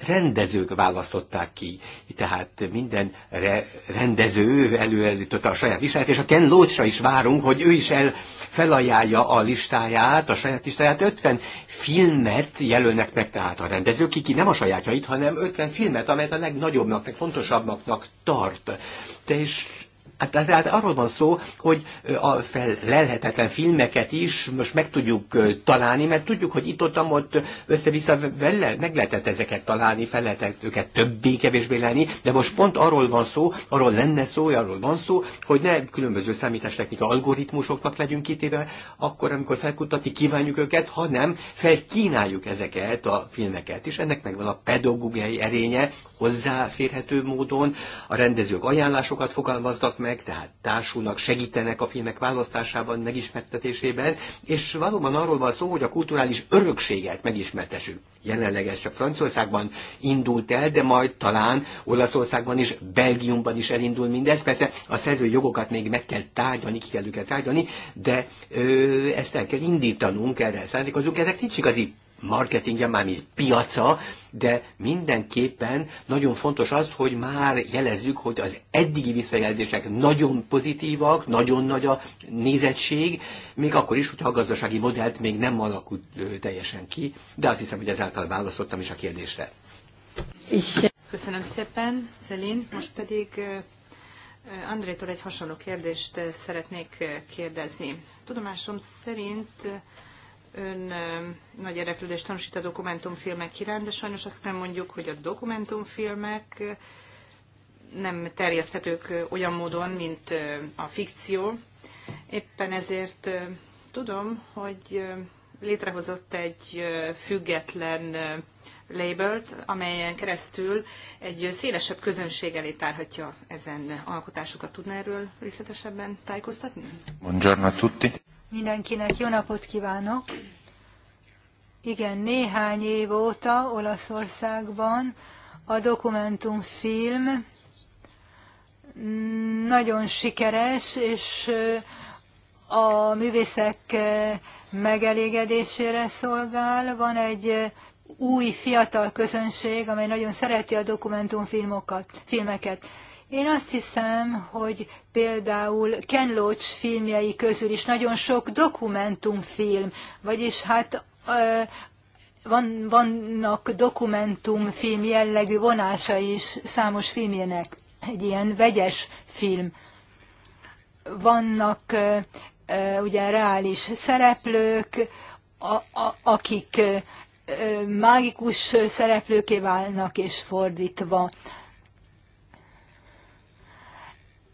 rendezők választották ki. Tehát minden re- rendező előállította a saját listáját, és a Ken Loachra is várunk, hogy ő is el felajánlja a listáját, a saját listáját. 50 filmet jelölnek meg tehát a rendezők, ki nem a sajátjait, hanem 50 filmet, amelyet a legnagyobbnak, legfontosabbnak tart. Te is tehát hát, hát arról van szó, hogy a felelhetetlen filmeket is most meg tudjuk találni, mert tudjuk, hogy itt-ott ott össze-vissza meg lehetett ezeket találni, fel lehetett őket többé-kevésbé lenni, de most pont arról van szó, arról lenne szó, arról van szó, hogy ne különböző számítástechnika algoritmusoknak legyünk kitéve, akkor, amikor felkutatni kívánjuk őket, hanem felkínáljuk ezeket a filmeket, is, ennek megvan a pedagógiai erénye hozzáférhető módon, a rendezők ajánlásokat fogalmaznak meg, tehát társulnak, segítenek a filmek választásában, megismertetésében, és valóban arról van szó, hogy a kulturális örökséget megismertessük. Jelenleg ez csak Franciaországban indult el, de majd talán Olaszországban is, Belgiumban is elindul mindez. Persze a szerző jogokat még meg kell tárgyalni, ki kell őket tárgyalni, de ö, ezt el kell indítanunk, erre szándékozunk. Ezek nincs igazi marketingje, mármint piaca, de mindenképpen nagyon fontos az, hogy már jelezzük, hogy az eddigi visszajelzések nagyon pozitívak, nagyon nagy a nézettség, még akkor is, hogyha a gazdasági modellt még nem alakult teljesen ki, de azt hiszem, hogy ezáltal válaszoltam is a kérdésre. Köszönöm szépen, Szelin. Most pedig Andrétól egy hasonló kérdést szeretnék kérdezni. Tudomásom szerint ön nagy érdeklődést tanúsít a dokumentumfilmek iránt, de sajnos azt nem mondjuk, hogy a dokumentumfilmek nem terjeszthetők olyan módon, mint a fikció. Éppen ezért tudom, hogy létrehozott egy független labelt, amelyen keresztül egy szélesebb közönség elé tárhatja ezen alkotásokat. Tudna erről részletesebben tájékoztatni? Buongiorno a tutti. Mindenkinek jó napot kívánok! Igen, néhány év óta Olaszországban a dokumentumfilm nagyon sikeres, és a művészek megelégedésére szolgál. Van egy új fiatal közönség, amely nagyon szereti a dokumentumfilmokat, filmeket. Én azt hiszem, hogy például Ken Loach filmjei közül is nagyon sok dokumentumfilm, vagyis hát van, vannak dokumentumfilm jellegű vonása is számos filmjének, egy ilyen vegyes film. Vannak ugye reális szereplők, a, a, akik mágikus szereplőké válnak, és fordítva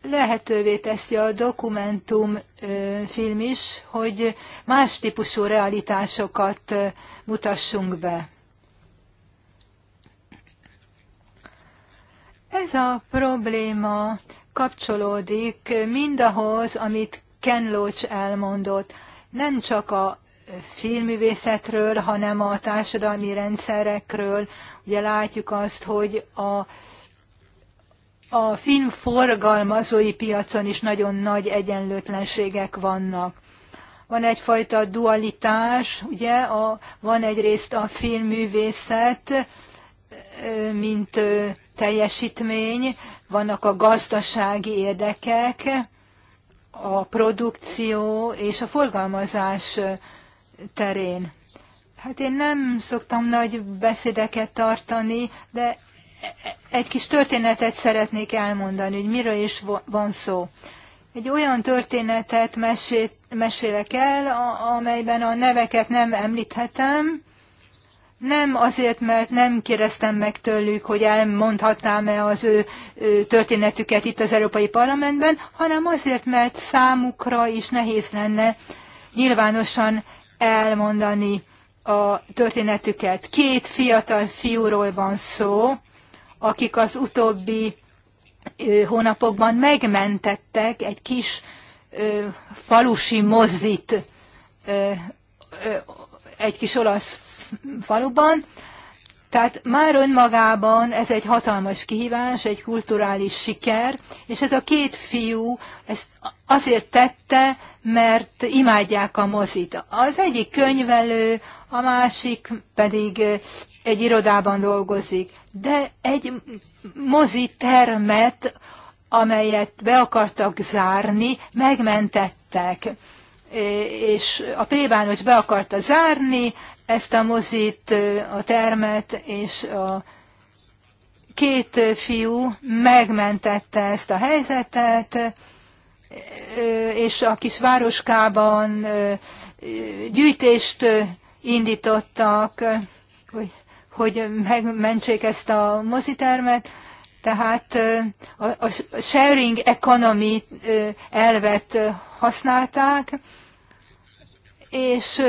lehetővé teszi a dokumentumfilm is, hogy más típusú realitásokat mutassunk be. Ez a probléma kapcsolódik mindahhoz, amit Ken Loach elmondott. Nem csak a filmművészetről, hanem a társadalmi rendszerekről. Ugye látjuk azt, hogy a a film forgalmazói piacon is nagyon nagy egyenlőtlenségek vannak. Van egyfajta dualitás, ugye, a, van egyrészt a filmművészet, mint teljesítmény, vannak a gazdasági érdekek, a produkció és a forgalmazás terén. Hát én nem szoktam nagy beszédeket tartani, de egy kis történetet szeretnék elmondani, hogy miről is van szó. Egy olyan történetet mesét, mesélek el, amelyben a neveket nem említhetem, nem azért, mert nem kérdeztem meg tőlük, hogy elmondhatnám-e az ő történetüket itt az Európai Parlamentben, hanem azért, mert számukra is nehéz lenne nyilvánosan elmondani a történetüket. Két fiatal fiúról van szó, akik az utóbbi hónapokban megmentettek egy kis falusi mozit egy kis olasz faluban. Tehát már önmagában ez egy hatalmas kihívás, egy kulturális siker, és ez a két fiú ezt azért tette, mert imádják a mozit. Az egyik könyvelő, a másik pedig egy irodában dolgozik. De egy mozi termet, amelyet be akartak zárni, megmentettek. És a plébános be akarta zárni ezt a mozit, a termet, és a két fiú megmentette ezt a helyzetet, és a kis városkában gyűjtést indítottak, hogy, hogy megmentsék ezt a mozitermet. Tehát a, a sharing economy elvet használták, és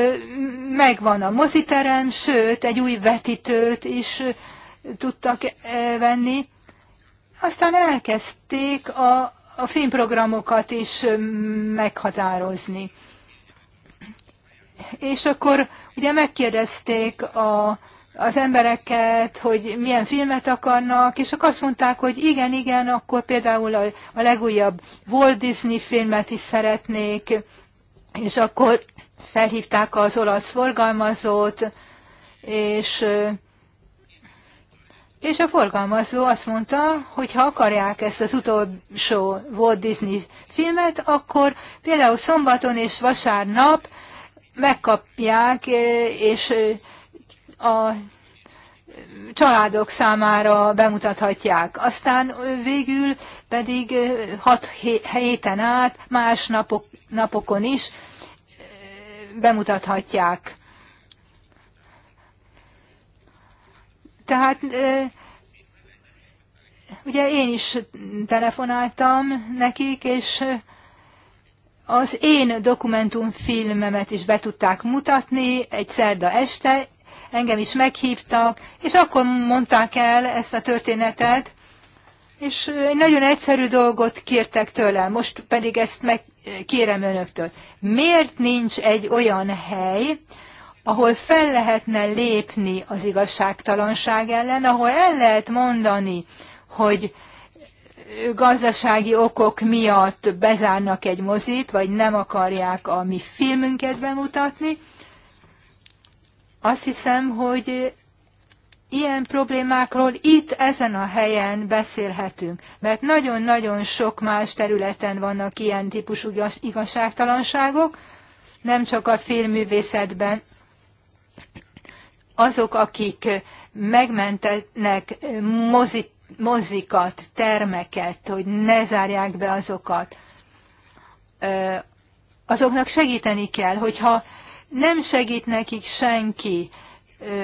megvan a moziterem, sőt, egy új vetítőt is tudtak venni. Aztán elkezdték a, a fényprogramokat is meghatározni. És akkor ugye megkérdezték a, az embereket, hogy milyen filmet akarnak, és akkor azt mondták, hogy igen, igen, akkor például a, a legújabb Walt Disney filmet is szeretnék, és akkor felhívták az olasz forgalmazót, és és a forgalmazó azt mondta, hogy ha akarják ezt az utolsó Walt Disney filmet, akkor például szombaton és vasárnap megkapják, eh, és eh, a családok számára bemutathatják. Aztán végül pedig eh, hat héten át, más napok, napokon is bemutathatják Tehát ugye én is telefonáltam nekik, és az én dokumentumfilmemet is be tudták mutatni egy szerda este, engem is meghívtak, és akkor mondták el ezt a történetet, és egy nagyon egyszerű dolgot kértek tőlem, most pedig ezt megkérem önöktől. Miért nincs egy olyan hely, ahol fel lehetne lépni az igazságtalanság ellen, ahol el lehet mondani, hogy gazdasági okok miatt bezárnak egy mozit, vagy nem akarják a mi filmünket bemutatni. Azt hiszem, hogy ilyen problémákról itt, ezen a helyen beszélhetünk, mert nagyon-nagyon sok más területen vannak ilyen típusú igazságtalanságok, nem csak a filmművészetben, azok, akik megmentenek mozi, mozikat, termeket, hogy ne zárják be azokat, azoknak segíteni kell, hogyha nem segít nekik senki,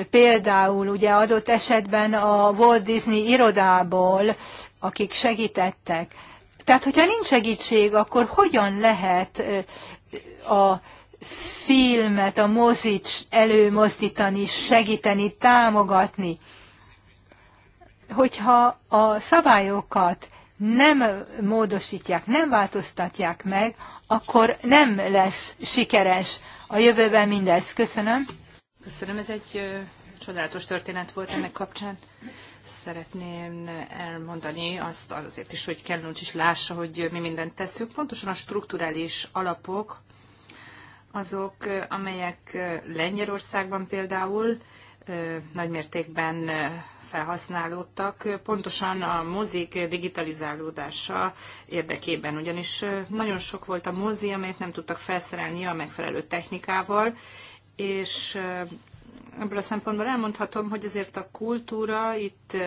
például ugye adott esetben a Walt Disney irodából, akik segítettek. Tehát, hogyha nincs segítség, akkor hogyan lehet a filmet, a mozit előmozdítani, segíteni, támogatni. Hogyha a szabályokat nem módosítják, nem változtatják meg, akkor nem lesz sikeres a jövőben mindez. Köszönöm. Köszönöm, ez egy ö, csodálatos történet volt ennek kapcsán. Szeretném elmondani azt azért is, hogy Kellnúcs is lássa, hogy mi mindent teszünk. Pontosan a strukturális alapok azok, amelyek Lengyelországban például nagymértékben felhasználódtak, pontosan a mozik digitalizálódása érdekében, ugyanis nagyon sok volt a mozi, amelyet nem tudtak felszerelni a megfelelő technikával, és ebből a szempontból elmondhatom, hogy azért a kultúra itt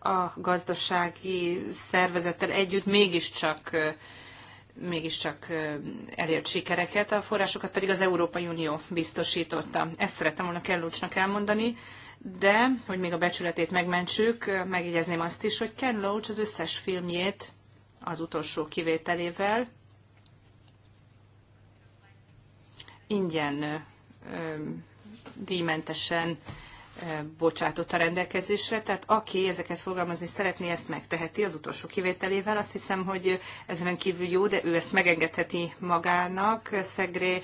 a gazdasági szervezettel együtt mégiscsak mégiscsak elért sikereket, a forrásokat pedig az Európai Unió biztosította. Ezt szerettem volna Kellócsnak elmondani, de, hogy még a becsületét megmentsük, megjegyezném azt is, hogy Ken Loach az összes filmjét az utolsó kivételével ingyen díjmentesen Eh, bocsátott a rendelkezésre, tehát aki ezeket fogalmazni szeretné, ezt megteheti az utolsó kivételével. Azt hiszem, hogy ezen kívül jó, de ő ezt megengedheti magának. Szegré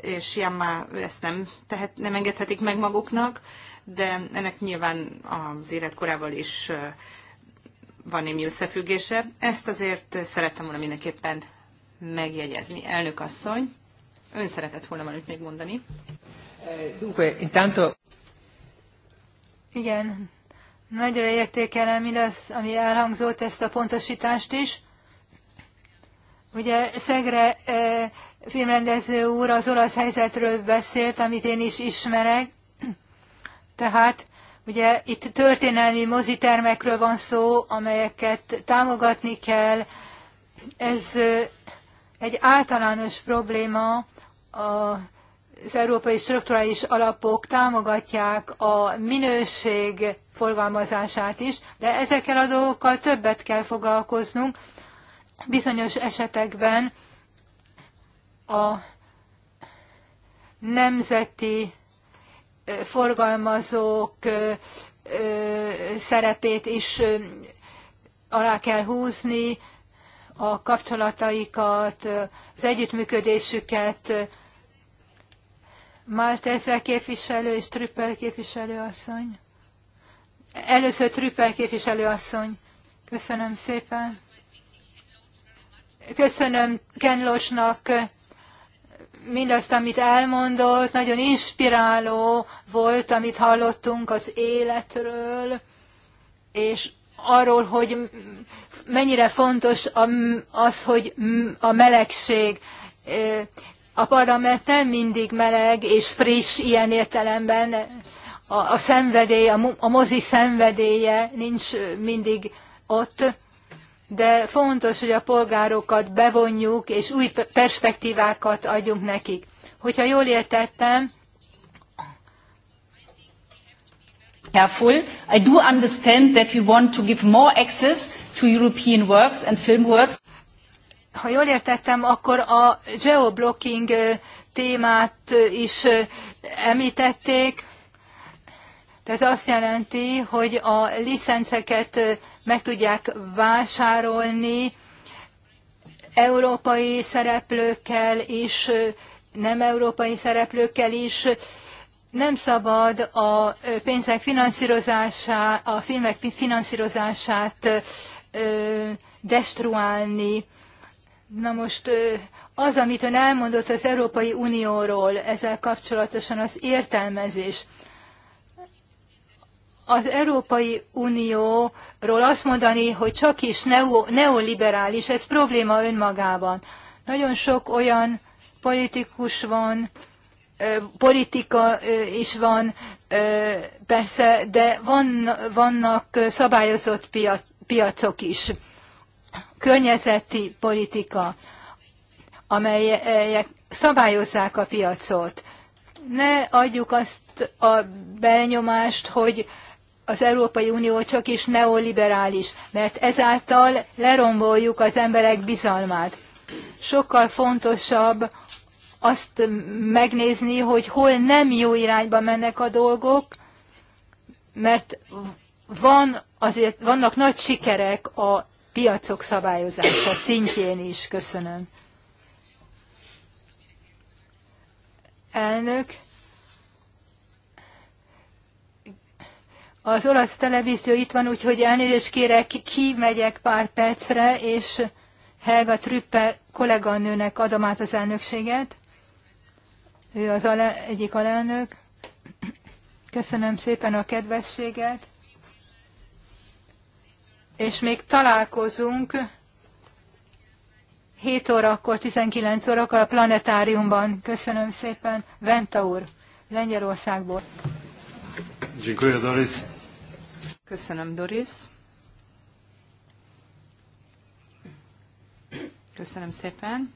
és Jammá ezt nem, tehet, nem engedhetik meg maguknak, de ennek nyilván az életkorával is eh, van némi összefüggése. Ezt azért szerettem volna mindenképpen megjegyezni. Elnök asszony, ön szeretett volna valamit még mondani. Dunque, intanto igen, nagyra értékelem lesz, ami elhangzott, ezt a pontosítást is. Ugye Szegre eh, filmrendező úr az olasz helyzetről beszélt, amit én is ismerek. Tehát ugye itt történelmi mozitermekről van szó, amelyeket támogatni kell. Ez eh, egy általános probléma a az európai strukturális alapok támogatják a minőség forgalmazását is, de ezekkel a dolgokkal többet kell foglalkoznunk. Bizonyos esetekben a nemzeti forgalmazók szerepét is alá kell húzni, a kapcsolataikat, az együttműködésüket Maltese képviselő és Trüppel képviselő asszony. Először Trüppel képviselő asszony. Köszönöm szépen. Köszönöm Ken Lochnak mindazt, amit elmondott. Nagyon inspiráló volt, amit hallottunk az életről, és arról, hogy mennyire fontos az, hogy a melegség a parlamenten mindig meleg és friss ilyen értelemben, a, a szenvedély, a, a mozi szenvedélye nincs mindig ott, de fontos, hogy a polgárokat bevonjuk, és új perspektívákat adjunk nekik. Hogyha jól értettem, careful. I do understand that we want to give more access to European works and film works ha jól értettem, akkor a geoblocking témát is említették, tehát azt jelenti, hogy a licenceket meg tudják vásárolni európai szereplőkkel is, nem európai szereplőkkel is. Nem szabad a pénzek finanszírozását, a filmek finanszírozását destruálni. Na most az, amit ön elmondott az Európai Unióról, ezzel kapcsolatosan az értelmezés. Az Európai Unióról azt mondani, hogy csak is neo, neoliberális, ez probléma önmagában. Nagyon sok olyan politikus van, politika is van, persze, de van, vannak szabályozott piacok is környezeti politika, amelyek szabályozzák a piacot. Ne adjuk azt a benyomást, hogy az Európai Unió csak is neoliberális, mert ezáltal leromboljuk az emberek bizalmát. Sokkal fontosabb azt megnézni, hogy hol nem jó irányba mennek a dolgok, mert van azért, vannak nagy sikerek a piacok szabályozása szintjén is. Köszönöm. Elnök, az olasz televízió itt van, úgyhogy elnézést kérek, kimegyek pár percre, és Helga trüpper kolléganőnek adom át az elnökséget. Ő az ale, egyik alelnök. Köszönöm szépen a kedvességet és még találkozunk 7 órakor, 19 órakor a planetáriumban. Köszönöm szépen, Venta úr, Lengyelországból. Dziękuję, Doris. Köszönöm, Doris. Köszönöm szépen.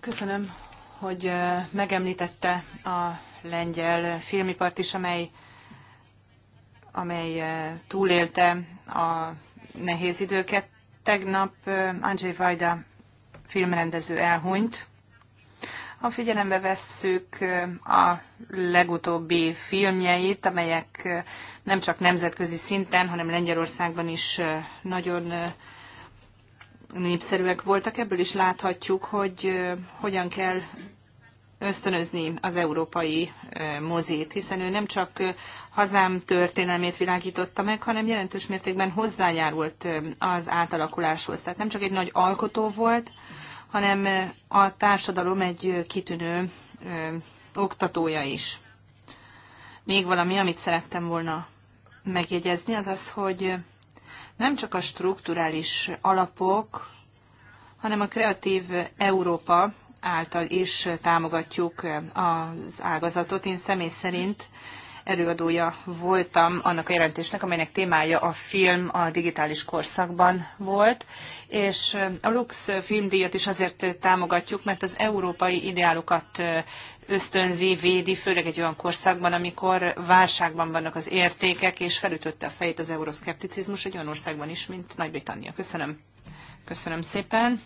Köszönöm, hogy megemlítette a lengyel filmipart is, amely amely eh, túlélte a nehéz időket. Tegnap eh, Andrzej Vajda filmrendező elhunyt. Ha figyelembe vesszük eh, a legutóbbi filmjeit, amelyek nem csak nemzetközi szinten, hanem Lengyelországban is nagyon népszerűek voltak, ebből is láthatjuk, hogy hogyan kell ösztönözni az európai mozit, hiszen ő nem csak hazám történelmét világította meg, hanem jelentős mértékben hozzájárult az átalakuláshoz. Tehát nem csak egy nagy alkotó volt, hanem a társadalom egy kitűnő oktatója is. Még valami, amit szerettem volna megjegyezni, az az, hogy nem csak a strukturális alapok, hanem a kreatív Európa által is támogatjuk az ágazatot. Én személy szerint előadója voltam annak a jelentésnek, amelynek témája a film a digitális korszakban volt, és a Lux filmdíjat is azért támogatjuk, mert az európai ideálokat ösztönzi, védi, főleg egy olyan korszakban, amikor válságban vannak az értékek, és felütötte a fejét az euroszkepticizmus egy olyan országban is, mint Nagy-Britannia. Köszönöm. Köszönöm szépen.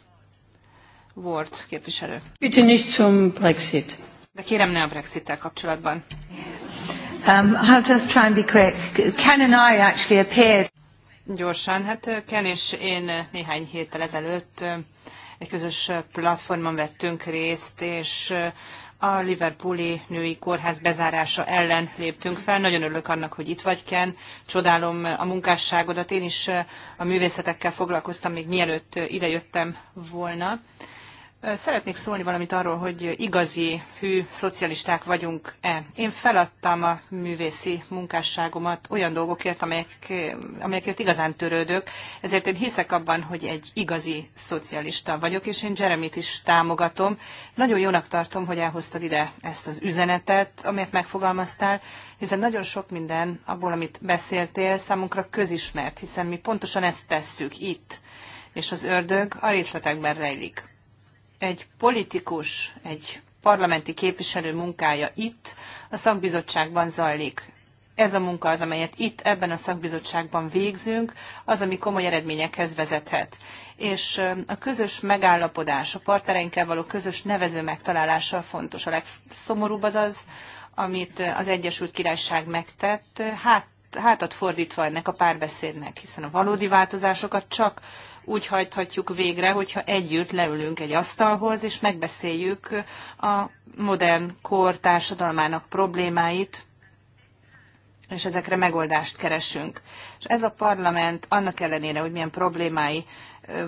Ward képviselő. Bitte nicht zum Brexit. De kérem ne a Brexit-tel kapcsolatban. Um, I'll just try and be quick. Ken and I actually appeared. Gyorsan, hát uh, Ken és én uh, néhány héttel ezelőtt uh, egy közös platformon vettünk részt, és a Liverpooli női kórház bezárása ellen léptünk fel. Nagyon örülök annak, hogy itt vagy, Ken. Csodálom a munkásságodat. Én is a művészetekkel foglalkoztam, még mielőtt idejöttem volna. Szeretnék szólni valamit arról, hogy igazi, hű szocialisták vagyunk-e. Én feladtam a művészi munkásságomat olyan dolgokért, amelyek, amelyekért igazán törődök, ezért én hiszek abban, hogy egy igazi szocialista vagyok, és én Jeremit is támogatom. Nagyon jónak tartom, hogy elhoztad ide ezt az üzenetet, amelyet megfogalmaztál, hiszen nagyon sok minden abból, amit beszéltél, számunkra közismert, hiszen mi pontosan ezt tesszük itt, és az ördög a részletekben rejlik egy politikus, egy parlamenti képviselő munkája itt a szakbizottságban zajlik. Ez a munka az, amelyet itt ebben a szakbizottságban végzünk, az, ami komoly eredményekhez vezethet. És a közös megállapodás, a partnereinkkel való közös nevező megtalálása fontos. A legszomorúbb az az, amit az Egyesült Királyság megtett, hát, hátat fordítva ennek a párbeszédnek, hiszen a valódi változásokat csak úgy hajthatjuk végre, hogyha együtt leülünk egy asztalhoz, és megbeszéljük a modern kor társadalmának problémáit, és ezekre megoldást keresünk. És ez a parlament annak ellenére, hogy milyen problémái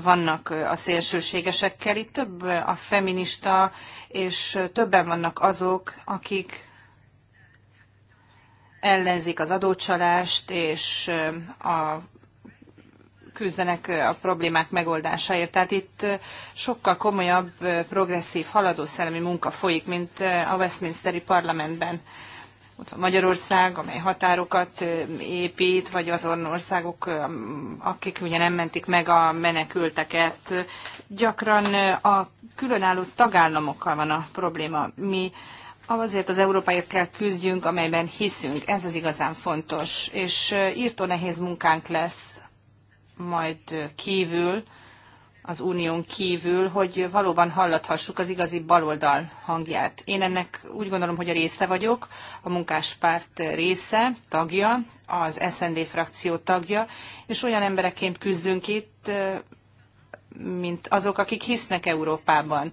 vannak a szélsőségesekkel, itt több a feminista, és többen vannak azok, akik ellenzik az adócsalást és a küzdenek a problémák megoldásáért. Tehát itt sokkal komolyabb, progresszív, haladó szellemi munka folyik, mint a Westminsteri parlamentben. Ott van Magyarország, amely határokat épít, vagy azon országok, akik ugye nem mentik meg a menekülteket. Gyakran a különálló tagállamokkal van a probléma. Mi azért az Európáért kell küzdjünk, amelyben hiszünk. Ez az igazán fontos. És írtó nehéz munkánk lesz majd kívül, az unión kívül, hogy valóban hallathassuk az igazi baloldal hangját. Én ennek úgy gondolom, hogy a része vagyok, a munkáspárt része, tagja, az SND frakció tagja, és olyan embereként küzdünk itt, mint azok, akik hisznek Európában,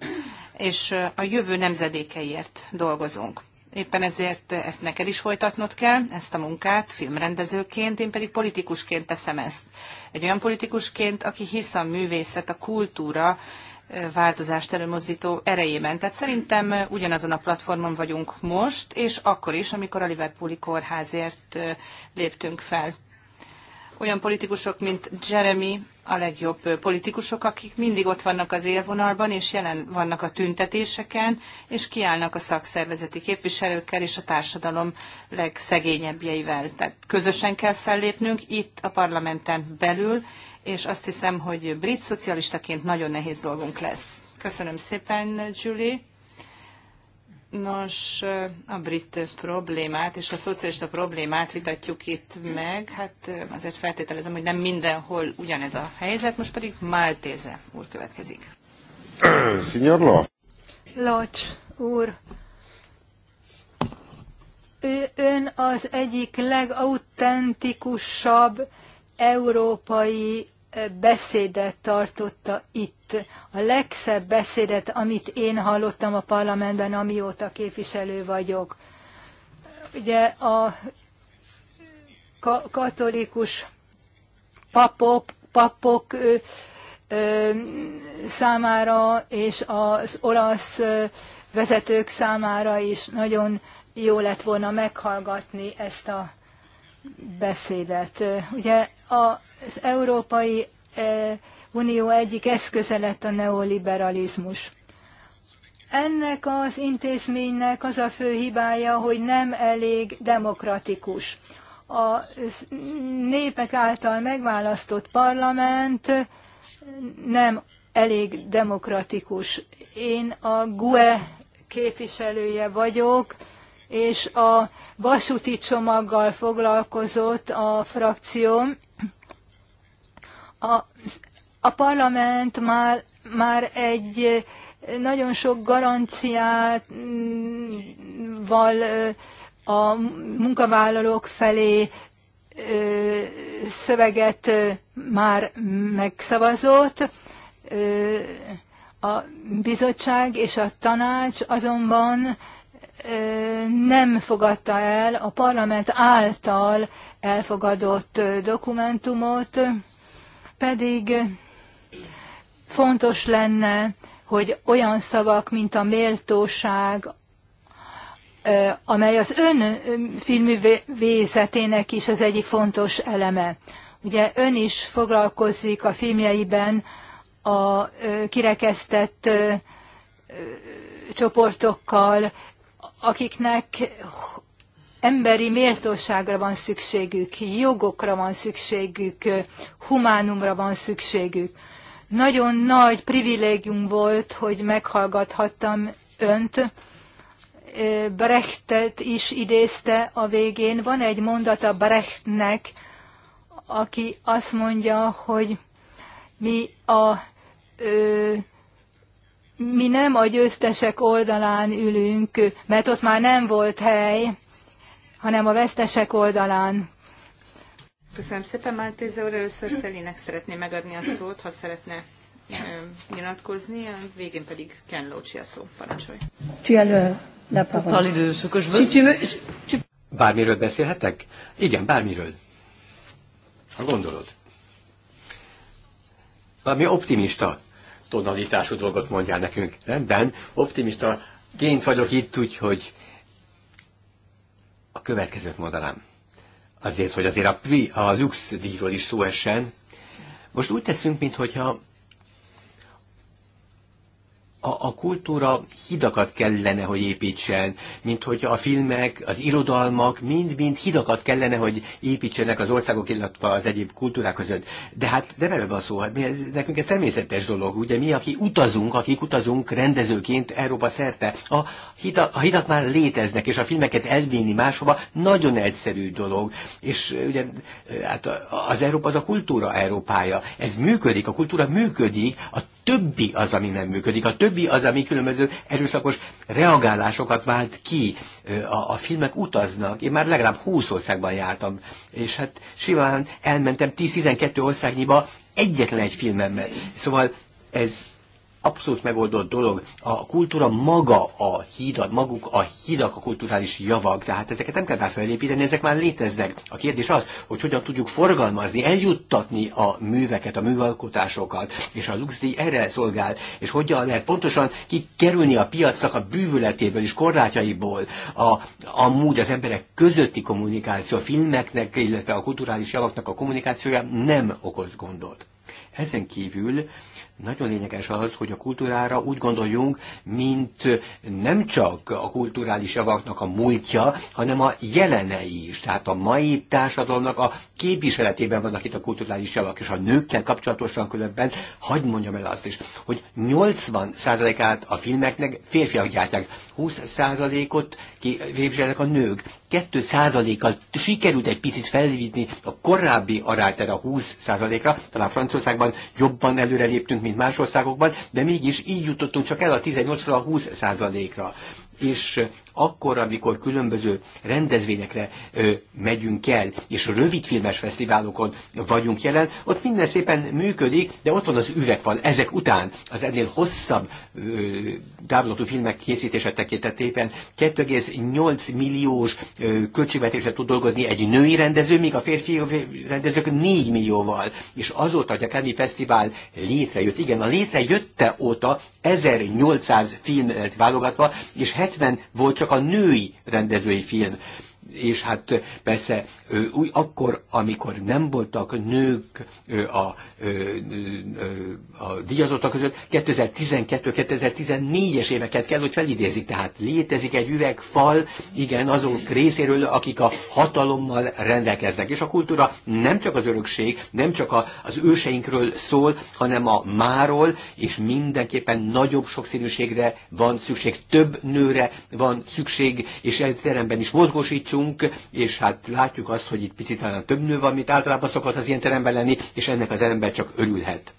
és a jövő nemzedékeiért dolgozunk. Éppen ezért ezt neked is folytatnod kell, ezt a munkát filmrendezőként, én pedig politikusként teszem ezt. Egy olyan politikusként, aki hisz a művészet, a kultúra változást előmozdító erejében. Tehát szerintem ugyanazon a platformon vagyunk most, és akkor is, amikor a Liverpooli kórházért léptünk fel olyan politikusok, mint Jeremy a legjobb politikusok, akik mindig ott vannak az élvonalban, és jelen vannak a tüntetéseken, és kiállnak a szakszervezeti képviselőkkel és a társadalom legszegényebbjeivel. Tehát közösen kell fellépnünk itt a parlamenten belül, és azt hiszem, hogy brit szocialistaként nagyon nehéz dolgunk lesz. Köszönöm szépen, Julie. Nos, a brit problémát és a szocialista problémát vitatjuk itt meg. Hát azért feltételezem, hogy nem mindenhol ugyanez a helyzet. Most pedig Máltéze úr következik. Signor Loch. Loch úr. Ő, ön az egyik legautentikusabb európai beszédet tartotta itt. A legszebb beszédet, amit én hallottam a parlamentben, amióta képviselő vagyok. Ugye a ka- katolikus papok, papok ö, ö, számára és az olasz vezetők számára is nagyon jó lett volna meghallgatni ezt a beszédet. Ugye az Európai eh, Unió egyik eszköze lett a neoliberalizmus. Ennek az intézménynek az a fő hibája, hogy nem elég demokratikus. A népek által megválasztott parlament nem elég demokratikus. Én a GUE képviselője vagyok, és a vasúti csomaggal foglalkozott a frakció. A, a parlament már, már egy eh, nagyon sok garanciával eh, a munkavállalók felé eh, szöveget már megszavazott. A bizottság és a tanács azonban nem fogadta el a parlament által elfogadott dokumentumot, pedig fontos lenne, hogy olyan szavak, mint a méltóság, amely az ön filmvészetének is az egyik fontos eleme. Ugye ön is foglalkozik a filmjeiben a kirekesztett csoportokkal, akiknek emberi méltóságra van szükségük, jogokra van szükségük, humánumra van szükségük. Nagyon nagy privilégium volt, hogy meghallgathattam önt. Brechtet is idézte a végén. Van egy mondata Brechtnek, aki azt mondja, hogy mi a ö, mi nem a győztesek oldalán ülünk, mert ott már nem volt hely, hanem a vesztesek oldalán. Köszönöm szépen, Máltéze úr. Először Szelinek szeretné megadni a szót, ha szeretne nyilatkozni, a végén pedig Ken Lócsi a szó. Parancsolj. Bármiről beszélhetek? Igen, bármiről. Ha gondolod. Valami optimista tonalitású dolgot mondjál nekünk. Rendben, optimista gént vagyok itt, úgyhogy a következőt mondanám. Azért, hogy azért a, a lux díjról is szó essen. Most úgy teszünk, mintha a, a kultúra hidakat kellene, hogy építsen, mint hogy a filmek, az irodalmak mind-mind hidakat kellene, hogy építsenek az országok, illetve az egyéb kultúrák között. De hát nem erről van szó, hát mi ez, nekünk ez természetes dolog, ugye mi, aki utazunk, akik utazunk rendezőként Európa szerte, a, hida, a hidak már léteznek, és a filmeket elvinni máshova nagyon egyszerű dolog. És ugye hát az Európa az a kultúra Európája, ez működik, a kultúra működik, a többi az, ami nem működik, a többi az, ami különböző erőszakos reagálásokat vált ki. A, a filmek utaznak, én már legalább 20 országban jártam, és hát simán elmentem 10-12 országnyiba egyetlen egy filmemmel. Szóval ez abszolút megoldott dolog. A kultúra maga a híd, maguk a hídak a kulturális javak, tehát ezeket nem kell már felépíteni, ezek már léteznek. A kérdés az, hogy hogyan tudjuk forgalmazni, eljuttatni a műveket, a műalkotásokat, és a luxdíj erre szolgál, és hogyan lehet pontosan kikerülni a piacnak a bűvületéből és korlátjaiból, a, amúgy az emberek közötti kommunikáció, a filmeknek, illetve a kulturális javaknak a kommunikációja nem okoz gondot. Ezen kívül nagyon lényeges az, hogy a kultúrára úgy gondoljunk, mint nem csak a kulturális javaknak a múltja, hanem a jelenei is. Tehát a mai társadalomnak a képviseletében vannak itt a kulturális javak, és a nőkkel kapcsolatosan különben, hagyd mondjam el azt is, hogy 80%-át a filmeknek férfiak gyártják, 20%-ot képviselnek a nők. 2%-kal sikerült egy picit felvinni a korábbi arányt erre a 20%-ra, talán Franciaországban jobban előre léptünk, mint más országokban, de mégis így jutottunk csak el a 18-ra a 20%-ra. És akkor, amikor különböző rendezvényekre ö, megyünk el, és rövidfilmes fesztiválokon vagyunk jelen, ott minden szépen működik, de ott van az üvegfal. Ezek után az ennél hosszabb ö, távlatú filmek készítése tekintetében 2,8 milliós költségvetésre tud dolgozni egy női rendező, míg a férfi rendezők 4 millióval. És azóta, hogy a Cannes Fesztivál létrejött, igen, a létrejötte óta 1800 filmet válogatva, és 70 volt csak csak a női rendezői film és hát persze úgy akkor, amikor nem voltak nők a, a, a díjazottak között, 2012-2014-es éveket kell, hogy felidézik. Tehát létezik egy üvegfal, igen, azok részéről, akik a hatalommal rendelkeznek. És a kultúra nem csak az örökség, nem csak a, az őseinkről szól, hanem a máról, és mindenképpen nagyobb sokszínűségre van szükség, több nőre van szükség, és egy teremben is mozgósítsuk, vagyunk, és hát látjuk azt, hogy itt picit talán több nő van, mint általában szokott az ilyen teremben lenni, és ennek az ember csak örülhet.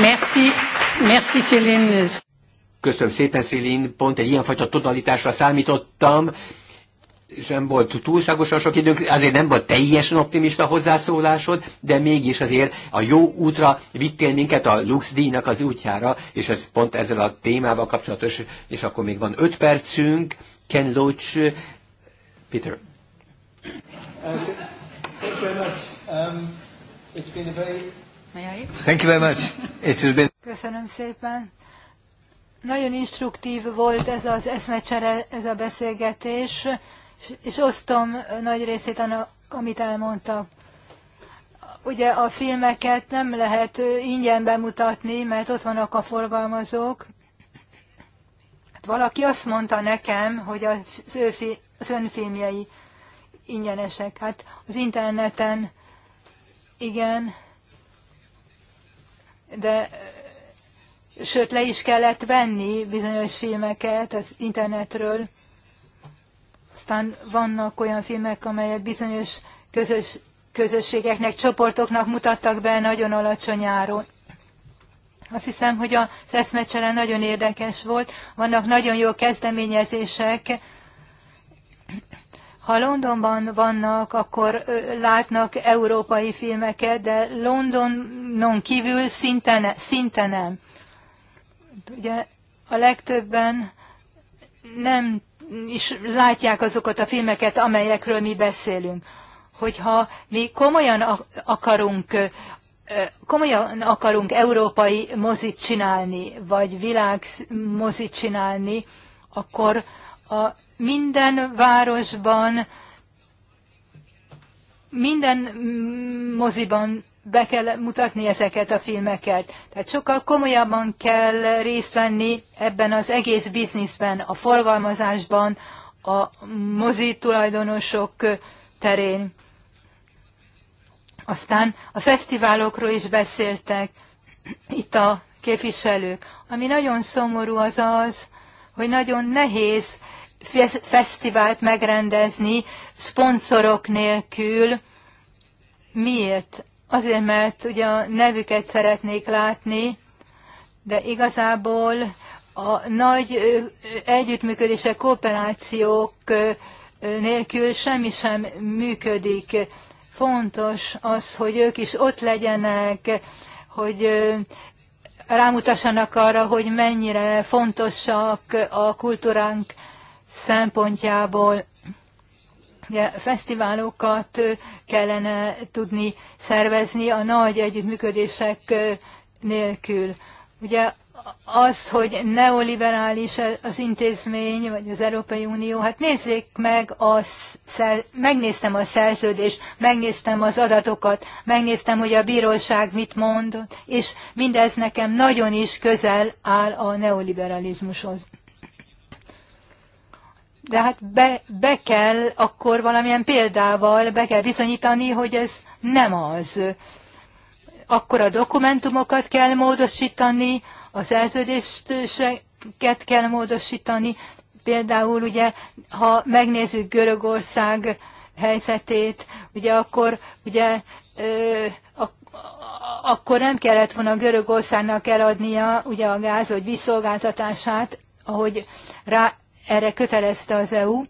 Merci, merci Céline. Köszönöm szépen, Céline. pont egy ilyenfajta totalitásra számítottam, sem volt túlságosan sok időnk, azért nem volt teljesen optimista hozzászólásod, de mégis azért a jó útra vittél minket a Lux díjnak az útjára, és ez pont ezzel a témával kapcsolatos, és akkor még van öt percünk, Ken Loach, Peter. Thank you very much. It has been... Köszönöm szépen. Nagyon instruktív volt ez az eszmecsere, ez a beszélgetés, és osztom nagy részét annak, amit elmondta, Ugye a filmeket nem lehet ingyen bemutatni, mert ott vannak a forgalmazók. Hát valaki azt mondta nekem, hogy az, ő fi, az önfilmjei ingyenesek. Hát az interneten igen, de sőt le is kellett venni bizonyos filmeket az internetről. Aztán vannak olyan filmek, amelyet bizonyos közös, közösségeknek, csoportoknak mutattak be nagyon alacsony áron. Azt hiszem, hogy az eszmecsere nagyon érdekes volt. Vannak nagyon jó kezdeményezések, ha Londonban vannak, akkor látnak európai filmeket, de Londonon kívül szinte, ne, szinte nem. Ugye a legtöbben nem is látják azokat a filmeket, amelyekről mi beszélünk. Hogyha mi komolyan akarunk komolyan akarunk európai mozit csinálni, vagy világ mozit csinálni, akkor a minden városban, minden moziban be kell mutatni ezeket a filmeket. Tehát sokkal komolyabban kell részt venni ebben az egész bizniszben, a forgalmazásban, a mozi tulajdonosok terén. Aztán a fesztiválokról is beszéltek itt a képviselők. Ami nagyon szomorú az az, hogy nagyon nehéz fesztivált megrendezni szponzorok nélkül. Miért? Azért, mert ugye a nevüket szeretnék látni, de igazából a nagy együttműködések, kooperációk nélkül semmi sem működik. Fontos az, hogy ők is ott legyenek, hogy rámutassanak arra, hogy mennyire fontosak a kultúránk szempontjából ugye, fesztiválokat kellene tudni szervezni a nagy együttműködések nélkül. Ugye az, hogy neoliberális e-, az intézmény, vagy az Európai Unió, hát nézzék meg, a szer, megnéztem a szerződést, megnéztem az adatokat, megnéztem, hogy a bíróság mit mond, és mindez nekem nagyon is közel áll a neoliberalizmushoz de hát be, be kell akkor valamilyen példával, be kell bizonyítani, hogy ez nem az. Akkor a dokumentumokat kell módosítani, a szerződéseket kell módosítani. Például ugye, ha megnézzük Görögország helyzetét, ugye akkor ugye ö, a, akkor nem kellett volna Görögországnak eladnia ugye a gáz, hogy visszolgáltatását, ahogy rá erre kötelezte az EU.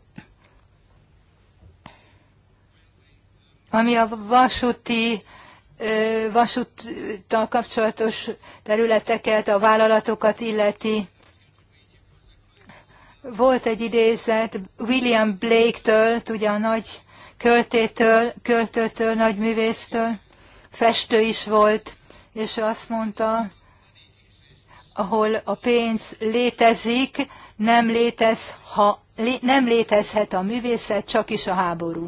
Ami a vasúti vasúttal kapcsolatos területeket, a vállalatokat illeti. Volt egy idézet William Blake-től, ugye a nagy költétől, költőtől, nagy művésztől, festő is volt, és azt mondta, ahol a pénz létezik, nem, létez, ha, lé, nem létezhet a művészet, csak is a háború.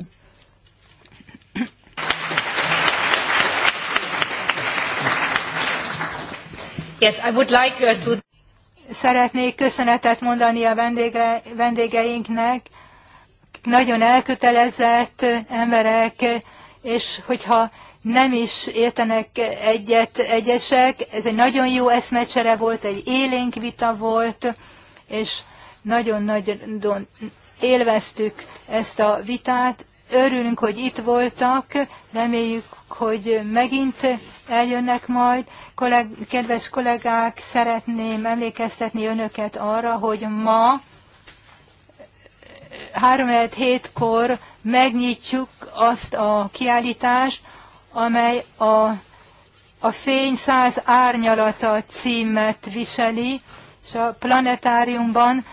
Yes, I would like uh, to... Szeretnék köszönetet mondani a vendége, vendégeinknek, nagyon elkötelezett emberek, és hogyha nem is értenek egyet egyesek, ez egy nagyon jó eszmecsere volt, egy élénk vita volt, és nagyon-nagyon élveztük ezt a vitát. Örülünk, hogy itt voltak, reméljük, hogy megint eljönnek majd. Kolleg, kedves kollégák, szeretném emlékeztetni önöket arra, hogy ma 3-7-kor megnyitjuk azt a kiállítást, amely a, a Fény száz árnyalata címet viseli és a planetáriumban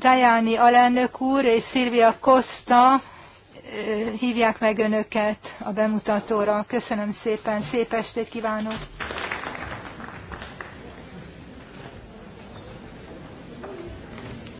Tájáni alelnök úr és Szilvia Costa hívják meg önöket a bemutatóra. Köszönöm szépen, szép estét kívánok!